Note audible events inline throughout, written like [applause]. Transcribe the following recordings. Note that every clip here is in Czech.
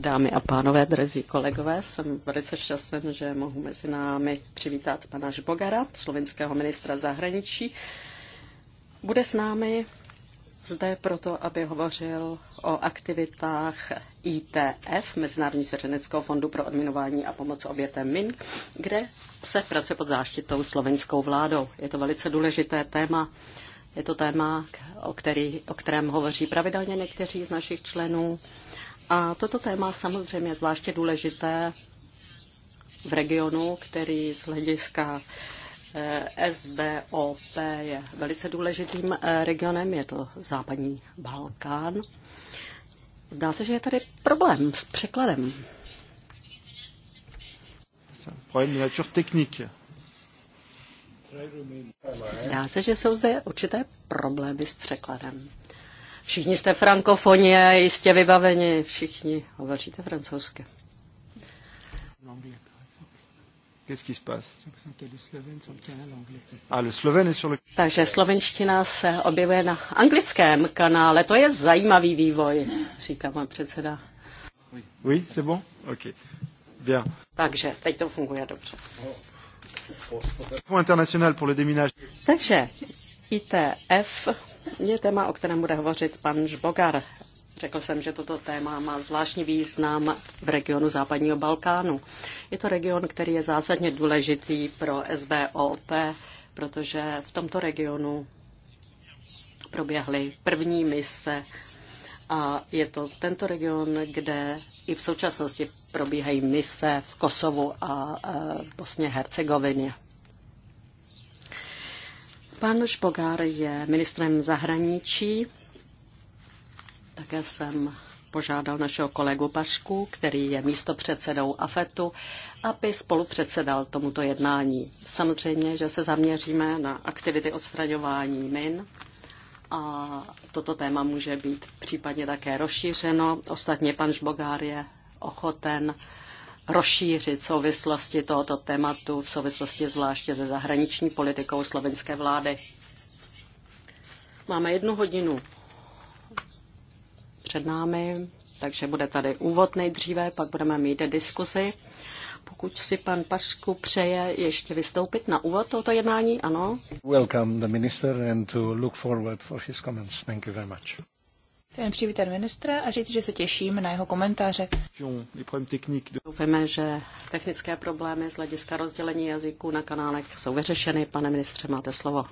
Dámy a pánové, drazí kolegové, jsem velice šťastný, že mohu mezi námi přivítat pana Žbogara, slovenského ministra zahraničí. Bude s námi zde proto, aby hovořil o aktivitách ITF, Mezinárodní svěřeneckého fondu pro odminování a pomoc obětem min, kde se pracuje pod záštitou slovenskou vládou. Je to velice důležité téma. Je to téma, o, který, o kterém hovoří pravidelně někteří z našich členů. A toto téma samozřejmě je zvláště důležité v regionu, který z hlediska eh, SBOP je velice důležitým eh, regionem, je to západní Balkán. Zdá se, že je tady problém s překladem. Problém Zdá se, že jsou zde určité problémy s překladem. Všichni jste frankofoni a jistě vybaveni. Všichni hovoříte francouzsky. Qu'est-ce qui se passe ah, Takže slovenština se objevuje na anglickém kanále. To je zajímavý vývoj, říká pan předseda. Oui, c'est bon? OK. Bien. Takže teď to funguje dobře. Takže ITF je téma, o kterém bude hovořit pan Žbogar. Řekl jsem, že toto téma má zvláštní význam v regionu západního Balkánu. Je to region, který je zásadně důležitý pro SBOP, protože v tomto regionu proběhly první mise a je to tento region, kde i v současnosti probíhají mise v Kosovu a v e, Bosně Hercegovině. Pan Špogár je ministrem zahraničí. Také jsem požádal našeho kolegu Pašku, který je místopředsedou AFETu, aby spolupředsedal tomuto jednání. Samozřejmě, že se zaměříme na aktivity odstraňování min a toto téma může být případně také rozšířeno. Ostatně pan Žbogár je ochoten rozšířit souvislosti tohoto tématu v souvislosti zvláště se zahraniční politikou slovenské vlády. Máme jednu hodinu před námi, takže bude tady úvod nejdříve, pak budeme mít diskuzi pokud si pan Pašku přeje ještě vystoupit na úvod tohoto jednání, ano. Welcome the minister and to look forward for his comments. Thank you very much. Chceme přivítat ministra a říct, že se těším na jeho komentáře. Doufáme, že technické problémy z hlediska rozdělení jazyků na kanálech jsou vyřešeny. Pane ministře, máte slovo.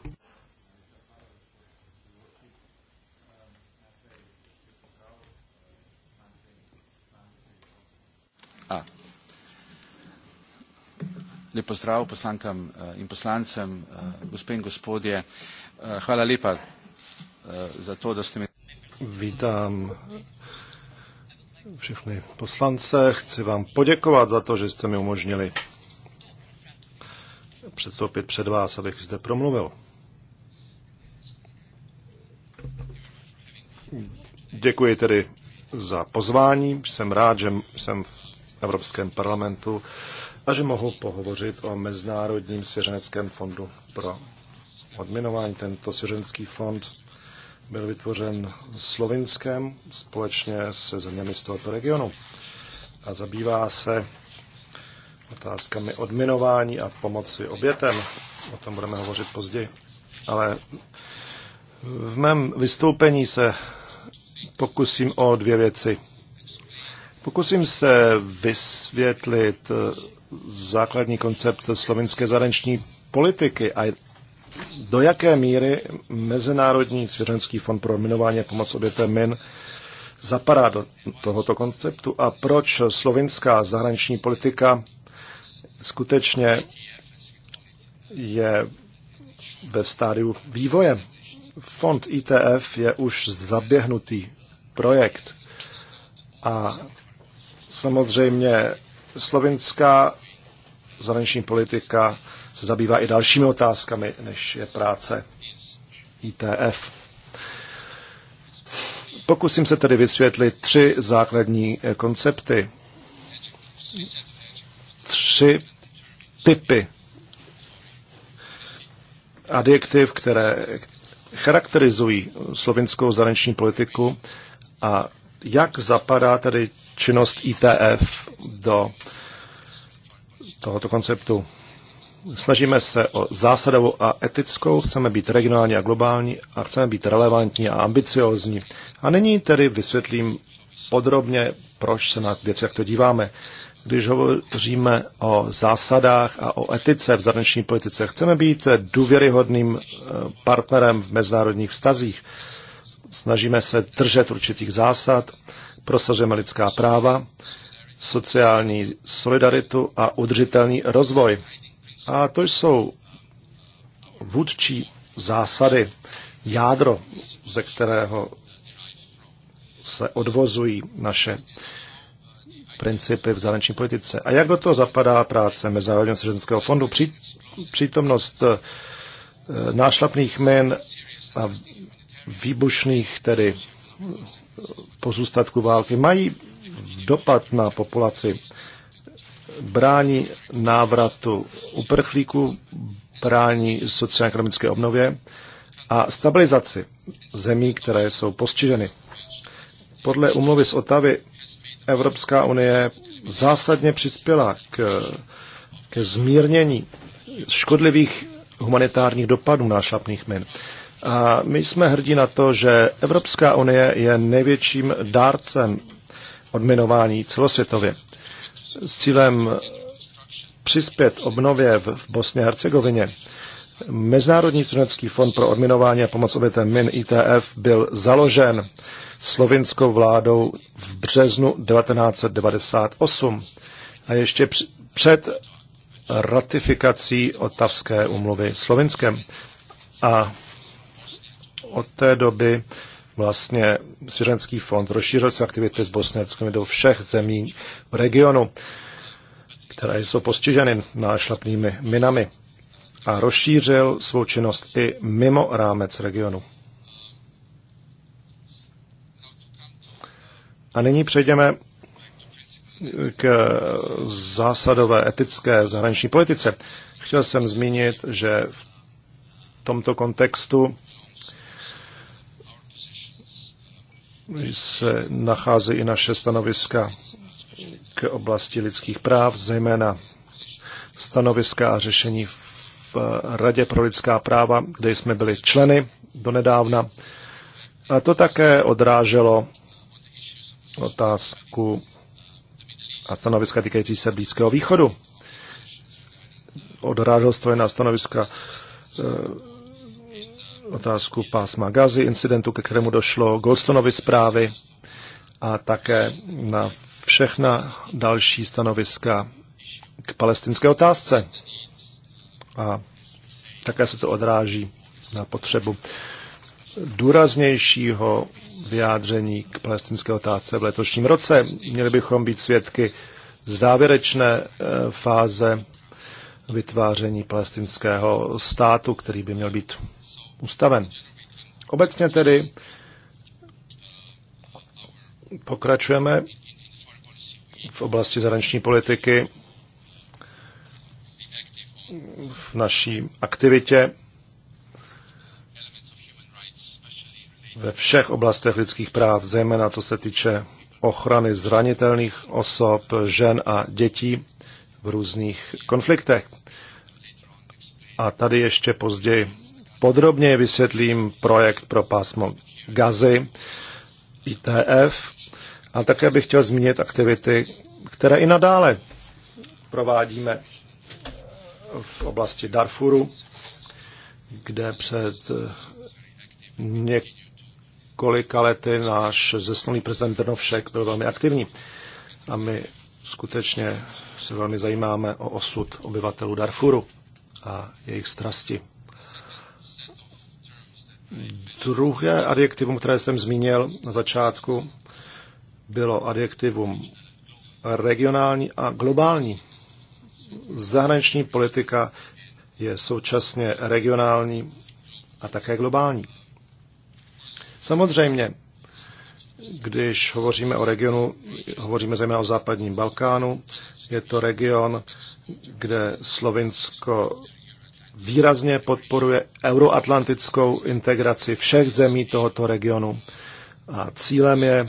Lep pozdrav poslankam eh, in poslancem, eh, gospe in gospodje. Eh, hvala lepa za to, da ste me. Vítám všechny poslance. Chci vám poděkovat za to, že jste mi umožnili předstoupit před vás, abych zde promluvil. Děkuji tedy za pozvání. Jsem rád, že jsem v Evropském parlamentu a že mohu pohovořit o Mezinárodním svěřeneckém fondu pro odminování. Tento svěřenský fond byl vytvořen Slovinskem společně se zeměmi z tohoto regionu a zabývá se otázkami odminování a pomoci obětem. O tom budeme hovořit později. Ale v mém vystoupení se pokusím o dvě věci. Pokusím se vysvětlit základní koncept slovinské zahraniční politiky a do jaké míry Mezinárodní svěřenský fond pro minování a pomoc obětem min zapadá do tohoto konceptu a proč slovinská zahraniční politika skutečně je ve stádiu vývoje. Fond ITF je už zaběhnutý projekt a samozřejmě slovinská zahraniční politika se zabývá i dalšími otázkami, než je práce ITF. Pokusím se tedy vysvětlit tři základní eh, koncepty, tři typy adjektiv, které charakterizují slovinskou zahraniční politiku a jak zapadá tedy činnost ITF do tohoto konceptu. Snažíme se o zásadovou a etickou, chceme být regionální a globální a chceme být relevantní a ambiciozní. A nyní tedy vysvětlím podrobně, proč se na věci jak to díváme. Když hovoříme o zásadách a o etice v zahraniční politice, chceme být důvěryhodným eh, partnerem v mezinárodních vztazích. Snažíme se držet určitých zásad, prosazujeme lidská práva, sociální solidaritu a udržitelný rozvoj. A to jsou vůdčí zásady, jádro, ze kterého se odvozují naše principy v zahraniční politice. A jak do toho zapadá práce Mezinárodního svěřenského fondu? Při, přítomnost eh, nášlapných men a výbušných tedy pozůstatků války mají dopad na populaci brání návratu uprchlíků, brání sociálně-ekonomické obnově a stabilizaci zemí, které jsou postiženy. Podle umluvy z Otavy Evropská unie zásadně přispěla k, k zmírnění škodlivých humanitárních dopadů na šlapných min. A my jsme hrdí na to, že Evropská unie je největším dárcem odminování celosvětově s cílem přispět obnově v, v Bosně a Hercegovině. Mezinárodní studentský fond pro odminování a pomoc obětem min ITF byl založen slovinskou vládou v březnu 1998 a ještě před ratifikací Otavské umluvy Slovinskem. A od té doby vlastně Svěřenský fond rozšířil své aktivity z Bosny a do všech zemí v regionu, které jsou postiženy nášlapnými minami a rozšířil svou činnost i mimo rámec regionu. A nyní přejdeme k zásadové etické zahraniční politice. Chtěl jsem zmínit, že v tomto kontextu se nacházejí i naše stanoviska k oblasti lidských práv, zejména stanoviska a řešení v Radě pro lidská práva, kde jsme byli členy donedávna. A to také odráželo otázku a stanoviska týkající se Blízkého východu. Odráželo se to na stanoviska eh, otázku pásma Gazy, incidentu, ke kterému došlo, Goldstoneovy zprávy a také na všechna další stanoviska k palestinské otázce. A také se to odráží na potřebu důraznějšího vyjádření k palestinské otázce v letošním roce. Měli bychom být svědky závěrečné eh, fáze vytváření palestinského státu, který by měl být ustaven. Obecně tedy pokračujeme v oblasti zahraniční politiky v naší aktivitě ve všech oblastech lidských práv, zejména co se týče ochrany zranitelných osob, žen a dětí v různých konfliktech. A tady ještě později podrobně vysvětlím projekt pro pásmo Gazy, ITF, a také bych chtěl zmínit aktivity, které i nadále provádíme v oblasti Darfuru, kde před eh, několika lety náš zesnulý prezident Drnovšek byl velmi aktivní. A my skutečně se velmi zajímáme o osud obyvatelů Darfuru a jejich strasti. Druhé adjektivum, které jsem zmínil na začátku, bylo adjektivum regionální a globální. Zahraniční politika je současně regionální a také globální. Samozřejmě, když hovoříme o regionu, hovoříme zejména o západním Balkánu, je to region, kde Slovinsko výrazně podporuje euroatlantickou integraci všech zemí tohoto regionu. A cílem je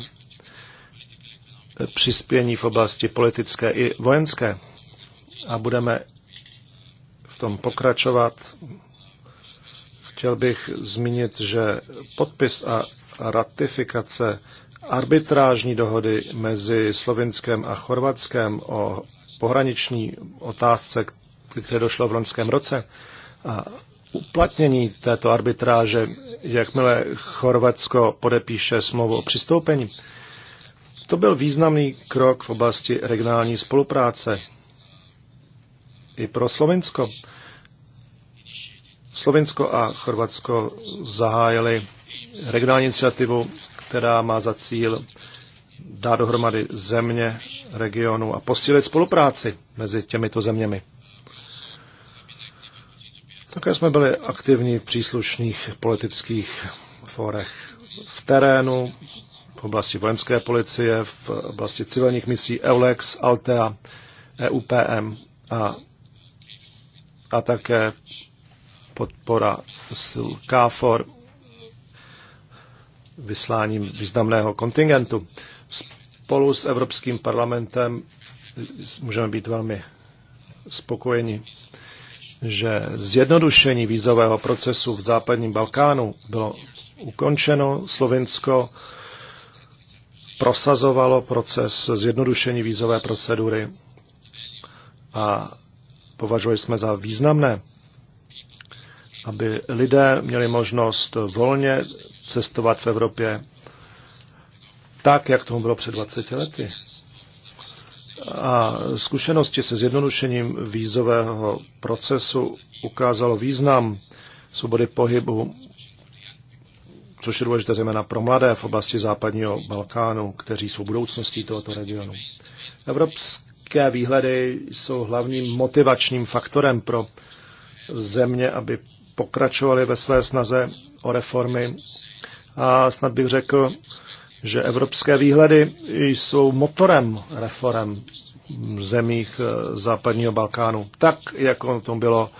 přispění v oblasti politické i vojenské. A budeme v tom pokračovat. Chtěl bych zmínit, že podpis a ratifikace arbitrážní dohody mezi Slovinskem a Chorvatskem o pohraniční otázce, které došlo v loňském roce, a uplatnění této arbitráže, jakmile Chorvatsko podepíše smlouvu o přistoupení, to byl významný krok v oblasti regionální spolupráce i pro Slovensko. Slovensko a Chorvatsko zahájili regionální iniciativu, která má za cíl dát dohromady země, regionu a posílit spolupráci mezi těmito zeměmi. Také jsme byli aktivní v příslušných politických fórech v terénu, v oblasti vojenské policie, v oblasti civilních misí EULEX, Altea, EUPM a, a také podpora z KFOR vysláním významného kontingentu. Spolu s Evropským parlamentem můžeme být velmi spokojeni že zjednodušení vízového procesu v západním Balkánu bylo ukončeno. Slovinsko prosazovalo proces zjednodušení vízové procedury a považovali jsme za významné, aby lidé měli možnost volně cestovat v Evropě tak, jak tomu bylo před 20 lety. A zkušenosti se zjednodušením vízového procesu ukázalo význam svobody pohybu, což je důležité zejména pro mladé v oblasti západního Balkánu, kteří jsou budoucností tohoto regionu. Evropské výhledy jsou hlavním motivačním faktorem pro země, aby pokračovali ve své snaze o reformy. A snad bych řekl, že evropské výhledy jsou motorem reform v zemích eh, západního Balkánu, tak jako to bylo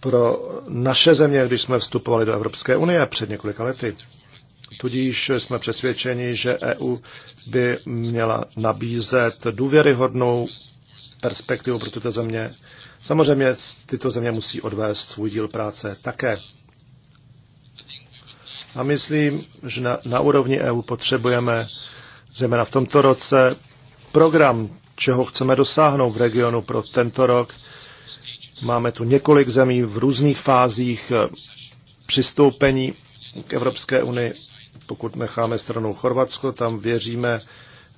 pro naše země, když jsme vstupovali do Evropské unie před několika lety. Tudíž jsme přesvědčeni, že EU by měla nabízet důvěryhodnou perspektivu pro tyto země. Samozřejmě tyto země musí odvést svůj díl práce také. A myslím, že na, na úrovni EU potřebujeme, zejména v tomto roce, program, čeho chceme dosáhnout v regionu pro tento rok. Máme tu několik zemí v různých fázích eh, přistoupení k Evropské unii. Pokud necháme stranou Chorvatsko, tam věříme,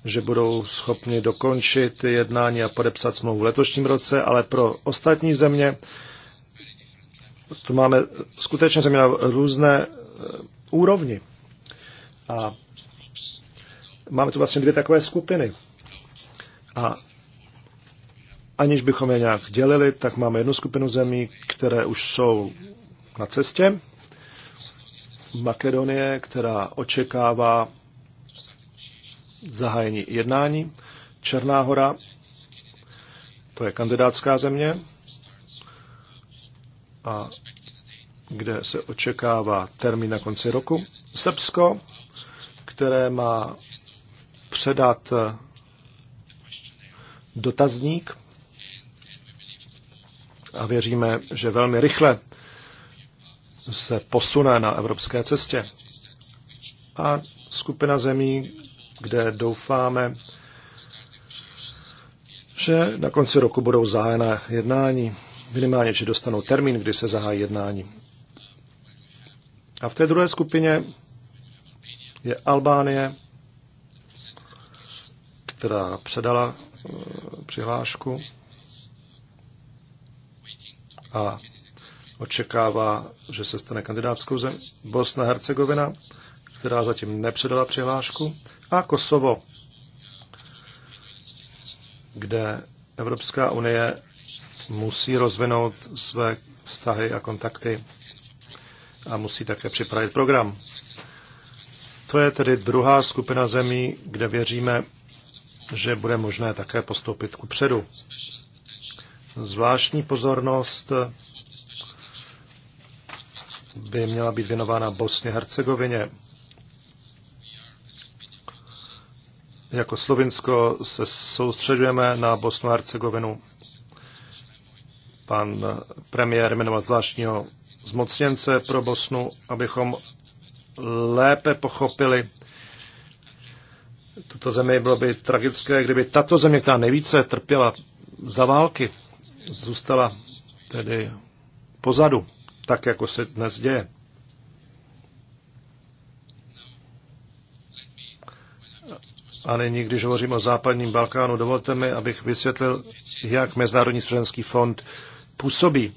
že budou schopni dokončit jednání a podepsat smlouvu v letošním roce, ale pro ostatní země tu máme skutečně země na různé eh, úrovni. A máme tu vlastně dvě takové skupiny. A aniž bychom je nějak dělili, tak máme jednu skupinu zemí, které už jsou na cestě. Makedonie, která očekává zahájení jednání. Černá hora, to je kandidátská země. A kde se očekává termín na konci roku. Srbsko, které má předat eh, dotazník a věříme, že velmi rychle se posune na evropské cestě. A skupina zemí, kde doufáme, že na konci roku budou zahájena jednání. Minimálně, že dostanou termín, kdy se zahájí jednání. A v té druhé skupině je Albánie, která předala eh, přihlášku a očekává, že se stane kandidátskou zem. Bosna Hercegovina, která zatím nepředala přihlášku, a Kosovo, kde Evropská unie musí rozvinout své vztahy a kontakty a musí také připravit program. To je tedy druhá skupina zemí, kde věříme, že bude možné také postoupit ku předu. Zvláštní pozornost by měla být věnována Bosně Hercegovině. Jako Slovinsko se soustředujeme na Bosnu a Hercegovinu. Pan premiér jmenoval zvláštního zmocněnce pro Bosnu, abychom lépe pochopili tuto zemi. Bylo by tragické, kdyby tato země, která nejvíce trpěla za války, zůstala tedy pozadu, tak jako se dnes děje. A nyní, když hovořím o západním Balkánu, dovolte mi, abych vysvětlil, jak Mezinárodní svěřenský fond působí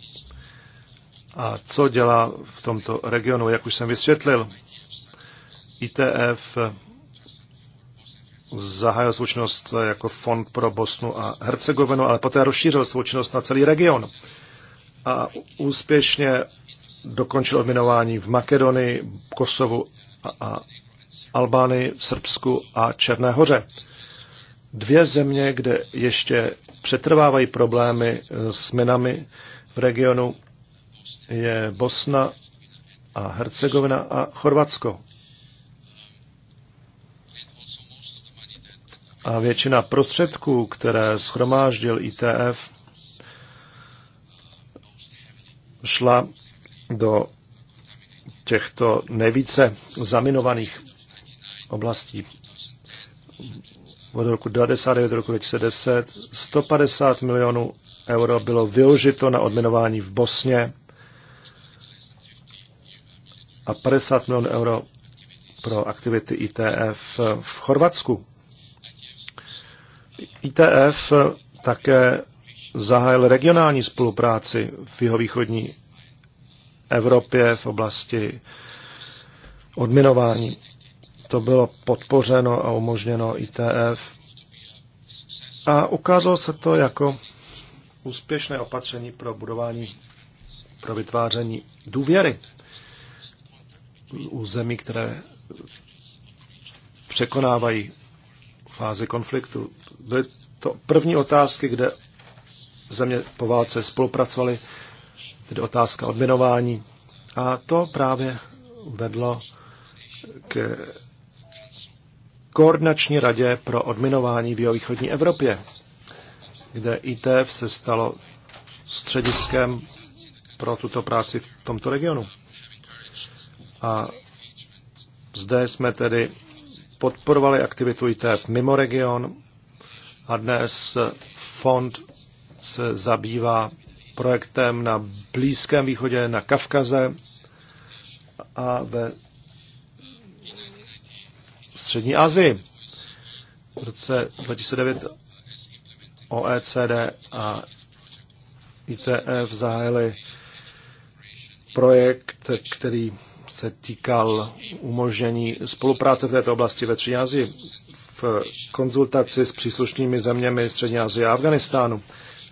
a co dělá v tomto regionu, jak už jsem vysvětlil. ITF zahájil svou činnost jako fond pro Bosnu a Hercegovinu, ale poté rozšířil svou činnost na celý region a úspěšně dokončil odminování v Makedonii, Kosovu a, a Albánii, Srbsku a Černé hoře. Dvě země, kde ještě přetrvávají problémy s minami v regionu, je Bosna a Hercegovina a Chorvatsko. A většina prostředků, které schromáždil ITF, šla do těchto nejvíce zaminovaných oblastí. Od roku 1999 do roku 2010 150 milionů euro bylo využito na odminování v Bosně a 50 milionů euro pro aktivity ITF v Chorvatsku. ITF také zahájil regionální spolupráci v jihovýchodní Evropě v oblasti odminování. To bylo podpořeno a umožněno ITF a ukázalo se to jako úspěšné opatření pro budování, pro vytváření důvěry u zemí, které překonávají fázi konfliktu. Byly to první otázky, kde země po válce spolupracovaly, tedy otázka odminování. A to právě vedlo k koordinační radě pro odminování v jihovýchodní Evropě, kde ITF se stalo střediskem pro tuto práci v tomto regionu. A zde jsme tedy podporovali aktivitu ITF mimo region a dnes fond se zabývá projektem na Blízkém východě, na Kavkaze a ve Střední Asii. V roce 2009 OECD a ITF zahájili projekt, který se týkal umožnění spolupráce v této oblasti ve Střední Asii v konzultaci s příslušnými zeměmi Střední Asie a Afganistánu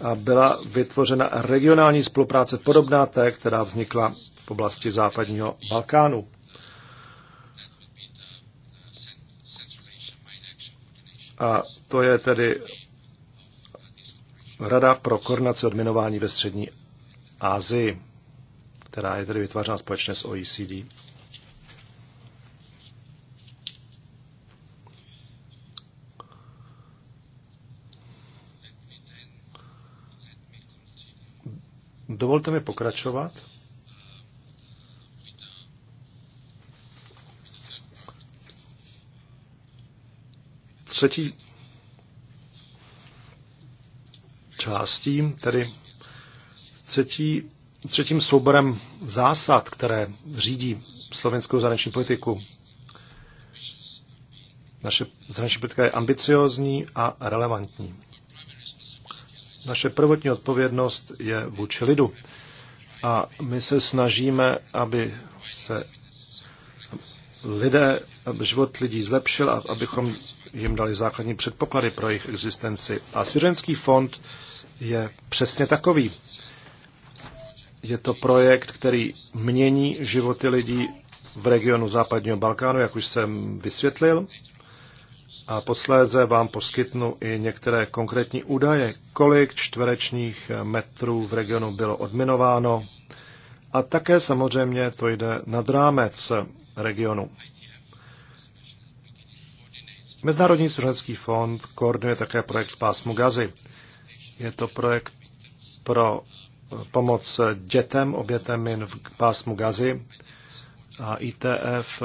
a byla vytvořena regionální spolupráce podobná té, která vznikla v oblasti západního Balkánu. A to je tedy Rada pro koordinaci odminování ve střední Asii která je tedy vytvářena společně s OECD. Dovolte mi pokračovat. Třetí částí, tedy třetí třetím souborem zásad, které řídí slovenskou zahraniční politiku. Naše zahraniční politika je ambiciozní a relevantní. Naše prvotní odpovědnost je vůči lidu. A my se snažíme, aby se lidé, aby život lidí zlepšil a abychom jim dali základní předpoklady pro jejich existenci. A Svěřenský fond je přesně takový. Je to projekt, který mění životy lidí v regionu západního Balkánu, jak už jsem vysvětlil. A posléze vám poskytnu i některé konkrétní údaje, kolik čtverečních metrů v regionu bylo odminováno. A také samozřejmě to jde nad rámec regionu. Mezinárodní svěřenský fond koordinuje také projekt v pásmu Gazy. Je to projekt pro pomoc dětem, obětem jen v pásmu Gazy a ITF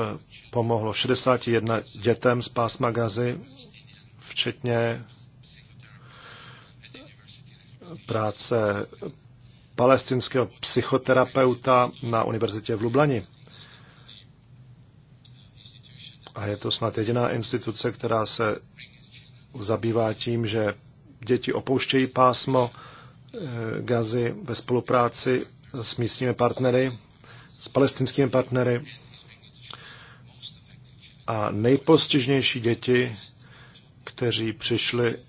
pomohlo 61 dětem z pásma Gazy, včetně práce palestinského psychoterapeuta na univerzitě v Lublani. A je to snad jediná instituce, která se zabývá tím, že děti opouštějí pásmo Eh, Gazy ve spolupráci s místními partnery, s palestinskými partnery. A nejpostižnější děti, kteří přišli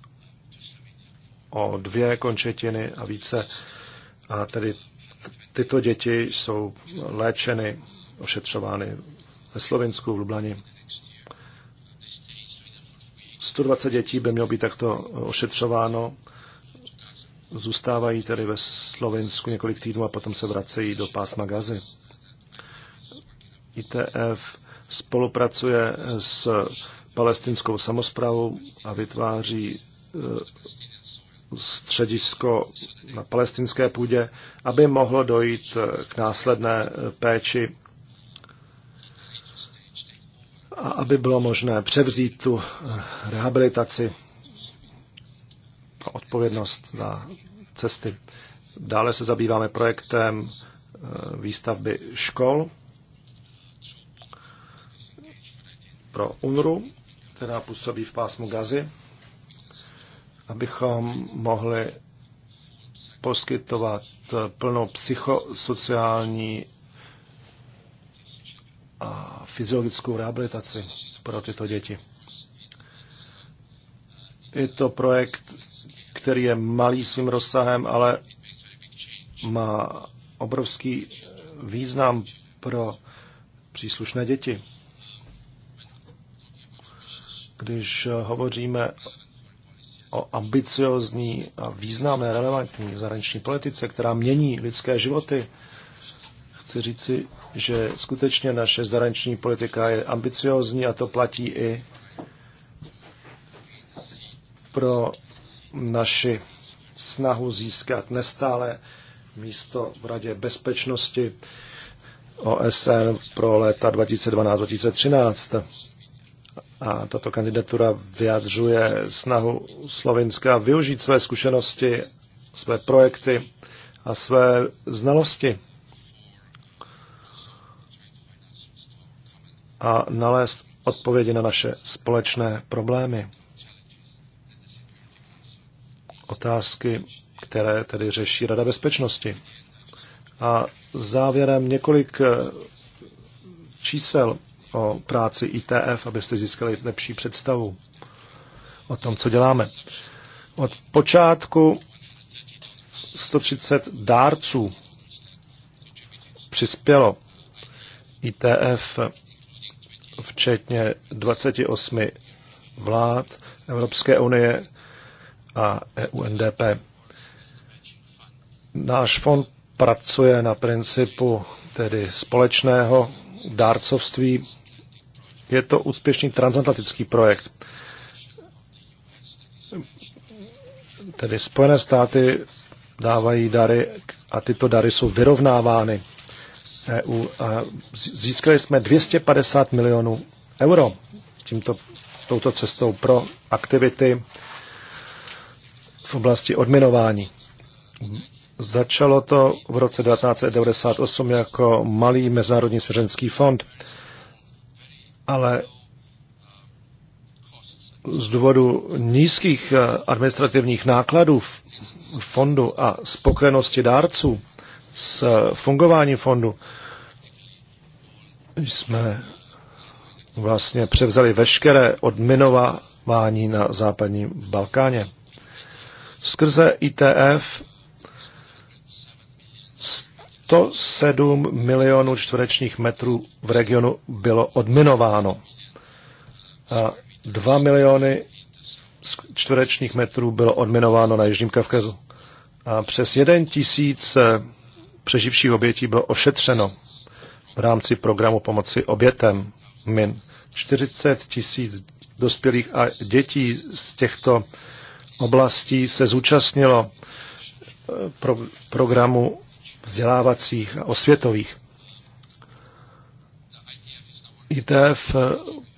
o dvě končetiny a více, a tedy tyto děti jsou léčeny, ošetřovány ve Slovensku, v Lublani. 120 dětí by mělo být takto ošetřováno zůstávají tedy ve Slovensku několik týdnů a potom se vracejí do pásma gazy. ITF spolupracuje s palestinskou samozprávou a vytváří e, středisko na palestinské půdě, aby mohlo dojít e, k následné e, péči a aby bylo možné převzít tu rehabilitaci a odpovědnost za cesty. Dále se zabýváme projektem eh, výstavby škol pro UNRU, která působí v pásmu Gazy, abychom mohli poskytovat eh, plnou psychosociální a fyziologickou rehabilitaci pro tyto děti. Je to projekt který je malý svým rozsahem, ale má obrovský význam pro příslušné děti. Když hovoříme o ambiciozní a významné, relevantní zahraniční politice, která mění lidské životy, chci říci, že skutečně naše zahraniční politika je ambiciozní a to platí i pro naši snahu získat nestále místo v Radě bezpečnosti OSN pro léta 2012-2013. A tato kandidatura vyjadřuje snahu Slovenska využít své zkušenosti, své projekty a své znalosti a nalézt odpovědi na naše společné problémy otázky, které tedy řeší Rada bezpečnosti. A závěrem několik eh, čísel o práci ITF, abyste získali lepší představu o tom, co děláme. Od počátku 130 dárců přispělo ITF, včetně 28 vlád Evropské unie, a EUNDP. Náš fond pracuje na principu tedy společného dárcovství. Je to úspěšný transatlantický projekt. Tedy Spojené státy dávají dary a tyto dary jsou vyrovnávány EU. A získali jsme 250 milionů euro tímto, touto cestou pro aktivity v oblasti odminování. Začalo to v roce 1998 jako malý mezinárodní svěřenský fond, ale z důvodu nízkých eh, administrativních nákladů fondu a spokojenosti dárců s eh, fungováním fondu jsme vlastně převzali veškeré odminování na západním Balkáně. Skrze ITF 107 milionů čtverečních metrů v regionu bylo odminováno. A 2 miliony čtverečních metrů bylo odminováno na Jižním Kavkazu. A přes 1 tisíc eh, přeživších obětí bylo ošetřeno v rámci programu pomoci obětem min. 40 tisíc dospělých a dětí z těchto oblastí se zúčastnilo eh, pro, programu vzdělávacích a osvětových. ITF eh,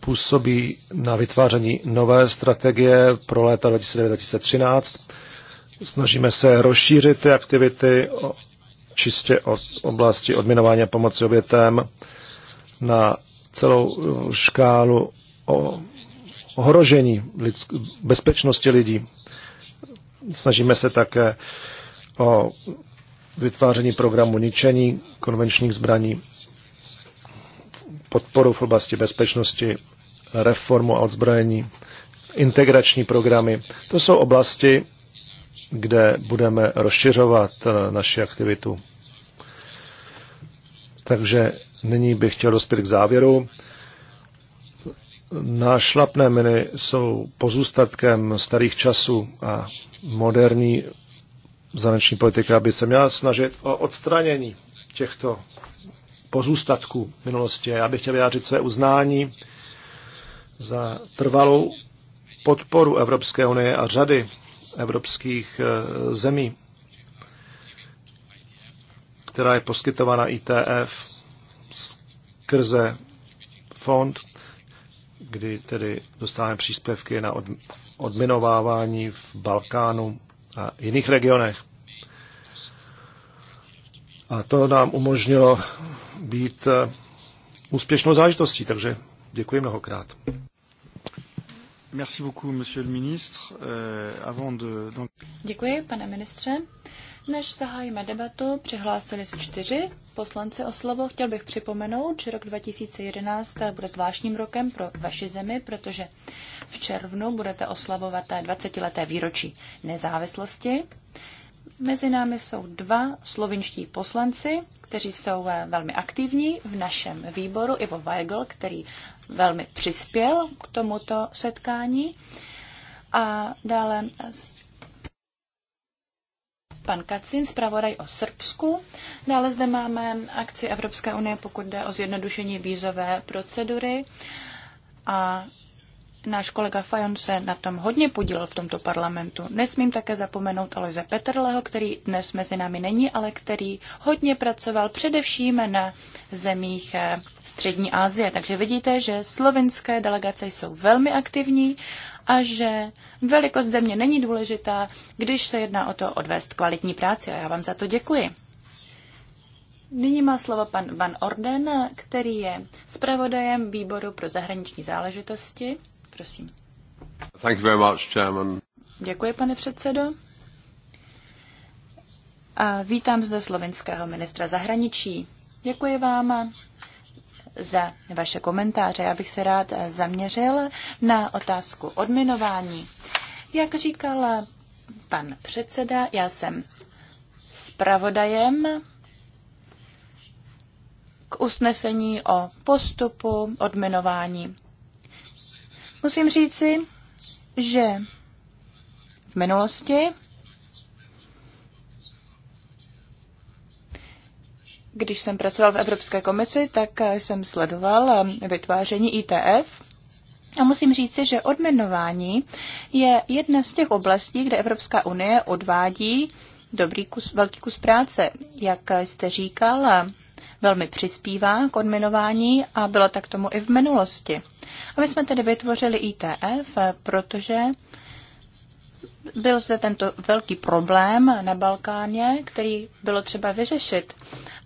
působí na vytváření nové strategie pro léta 2009-2013. Snažíme se rozšířit ty aktivity čistě od oblasti odminování a pomoci obětem na celou eh, škálu o ohrožení lidsk- bezpečnosti lidí, Snažíme se také o vytváření programu ničení konvenčních zbraní, podporu v oblasti bezpečnosti, reformu a odzbrojení, integrační programy. To jsou oblasti, kde budeme rozšiřovat eh, naši aktivitu. Takže nyní bych chtěl dospět k závěru. Nášlapné miny jsou pozůstatkem starých časů a moderní zahraniční politika by se měla snažit o odstranění těchto pozůstatků minulosti. Já bych chtěl vyjádřit své uznání za trvalou podporu Evropské unie a řady evropských e, zemí, která je poskytována ITF skrze fond kdy tedy dostáváme příspěvky na odminovávání v Balkánu a jiných regionech. A to nám umožnilo být eh, úspěšnou zážitostí, takže děkuji mnohokrát. Merci beaucoup, monsieur le ministre. Euh, avant de... Děkuji, pane ministře. Než zahájíme debatu, přihlásili se čtyři poslanci o slovo. Chtěl bych připomenout, že rok 2011 bude zvláštním rokem pro vaši zemi, protože v červnu budete oslavovat 20-leté výročí nezávislosti. Mezi námi jsou dva slovinští poslanci, kteří jsou eh, velmi aktivní v našem výboru. Ivo Weigl, který velmi přispěl k tomuto setkání. A dále pan Kacin, zpravodaj o Srbsku. Dále zde máme akci Evropské unie, pokud jde o zjednodušení vízové procedury. A náš kolega Fajon se na tom hodně podílel v tomto parlamentu. Nesmím také zapomenout Aloise Petrleho, který dnes mezi námi není, ale který hodně pracoval především na zemích eh, Střední Asie. Takže vidíte, že slovinské delegace jsou velmi aktivní a že velikost země není důležitá, když se jedná o to odvést kvalitní práci a já vám za to děkuji. Nyní má slovo pan Van Orden, který je zpravodajem výboru pro zahraniční záležitosti. Prosím. Thank you very much, Chairman. Děkuji, pane předsedo. A vítám zde slovenského ministra zahraničí. Děkuji vám za vaše komentáře. Já bych se rád zaměřil na otázku odminování. Jak říkal pan předseda, já jsem zpravodajem k usnesení o postupu odminování. Musím říci, že v minulosti Když jsem pracoval v Evropské komisi, tak jsem sledoval um, vytváření ITF. A musím říci, že odměnování je jedna z těch oblastí, kde Evropská unie odvádí dobrý kus, velký kus práce. Jak jste říkal, velmi přispívá k odminování a bylo tak tomu i v minulosti. A my jsme tedy vytvořili ITF, protože byl zde tento velký problém na Balkáně, který bylo třeba vyřešit.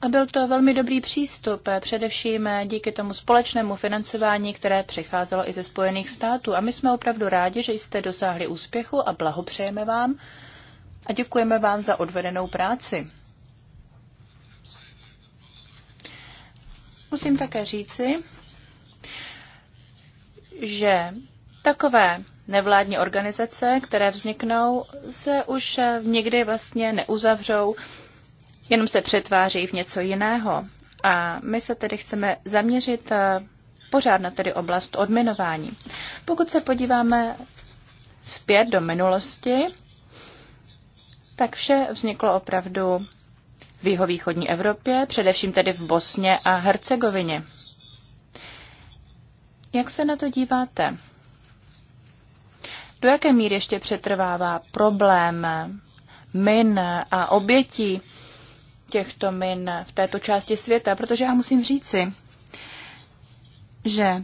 A byl to velmi dobrý přístup, především díky tomu společnému financování, které přicházelo i ze Spojených států. A my jsme opravdu rádi, že jste dosáhli úspěchu a blahopřejeme vám a děkujeme vám za odvedenou práci. Musím také říci, že takové nevládní organizace, které vzniknou, se už někdy vlastně neuzavřou jenom se přetváří v něco jiného. A my se tedy chceme zaměřit eh, pořád na tedy oblast odminování. Pokud se podíváme zpět do minulosti, tak vše vzniklo opravdu v jihovýchodní Evropě, především tedy v Bosně a Hercegovině. Jak se na to díváte? Do jaké míry ještě přetrvává problém min a obětí těchto min v této části světa, protože já musím říci, že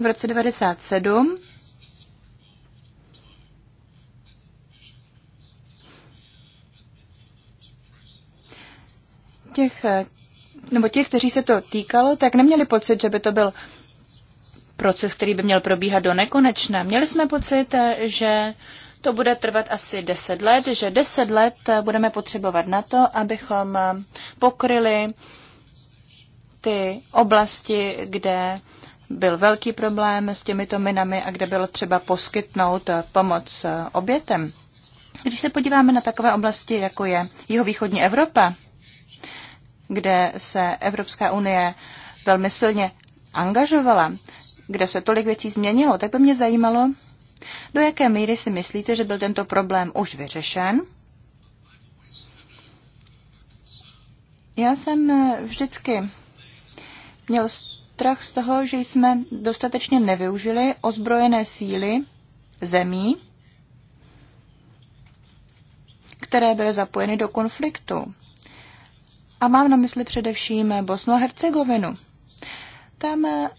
v roce 97 těch, nebo těch, kteří se to týkalo, tak neměli pocit, že by to byl proces, který by měl probíhat do nekonečna. Měli jsme pocit, že to bude trvat asi 10 let, že 10 let budeme potřebovat na to, abychom pokryli ty oblasti, kde byl velký problém s těmito minami a kde bylo třeba poskytnout pomoc obětem. Když se podíváme na takové oblasti, jako je jihovýchodní Evropa, kde se Evropská unie velmi silně angažovala, kde se tolik věcí změnilo, tak by mě zajímalo, do jaké míry si myslíte, že byl tento problém už vyřešen? Já jsem eh, vždycky měl strach z toho, že jsme dostatečně nevyužili ozbrojené síly zemí, které byly zapojeny do konfliktu. A mám na mysli především Bosnu a Hercegovinu. Tam eh,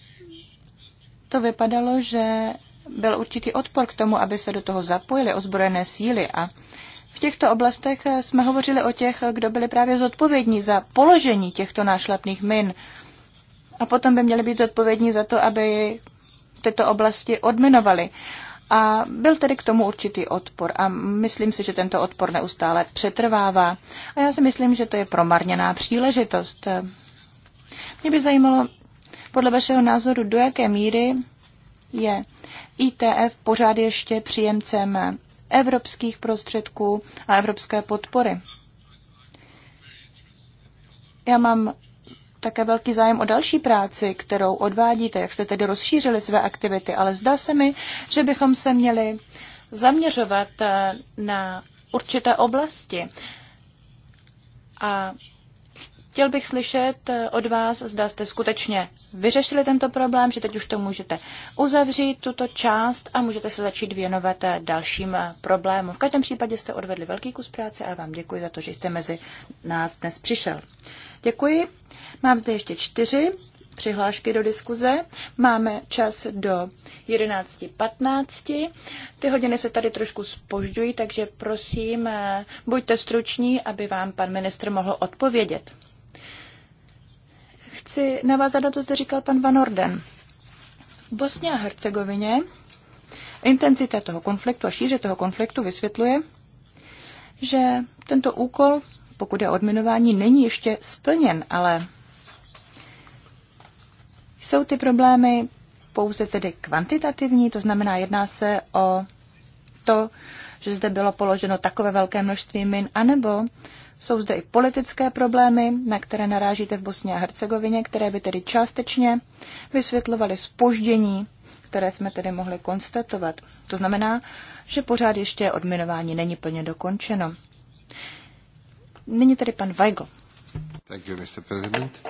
to vypadalo, že byl určitý odpor k tomu, aby se do toho zapojily ozbrojené síly a v těchto oblastech eh, jsme hovořili o těch, eh, kdo byli právě zodpovědní za položení těchto nášlapných min a potom by měli být zodpovědní za to, aby tyto oblasti odminovali. A byl tedy k tomu určitý odpor a myslím si, že tento odpor neustále přetrvává. A já si myslím, že to je promarněná příležitost. Mě by zajímalo, podle vašeho názoru, do jaké míry je ITF pořád ještě příjemcem evropských prostředků a evropské podpory. Já mám také velký zájem o další práci, kterou odvádíte, jak jste tedy rozšířili své aktivity, ale zdá se mi, že bychom se měli zaměřovat na určité oblasti a Chtěl bych slyšet eh, od vás, zda jste skutečně vyřešili tento problém, že teď už to můžete uzavřít, tuto část, a můžete se začít věnovat eh, dalším eh, problémům. V každém případě jste odvedli velký kus práce a vám děkuji za to, že jste mezi nás dnes přišel. Děkuji. Mám zde ještě čtyři přihlášky do diskuze. Máme čas do 11.15. Ty hodiny se tady trošku spožďují, takže prosím, buďte struční, aby vám pan ministr mohl odpovědět chci navázat na to, co říkal pan Van Orden. V Bosně a Hercegovině intenzita toho konfliktu a šíře toho konfliktu vysvětluje, že tento úkol, pokud je odminování, není ještě splněn, ale jsou ty problémy pouze tedy kvantitativní, to znamená, jedná se o to, že zde bylo položeno takové velké množství min, anebo jsou zde i politické problémy, na které narážíte v Bosně a Hercegovině, které by tedy částečně vysvětlovaly spoždění, které jsme tedy mohli konstatovat. To znamená, že pořád ještě odminování není plně dokončeno. Nyní tedy pan Weigl. Thank you, Mr. President.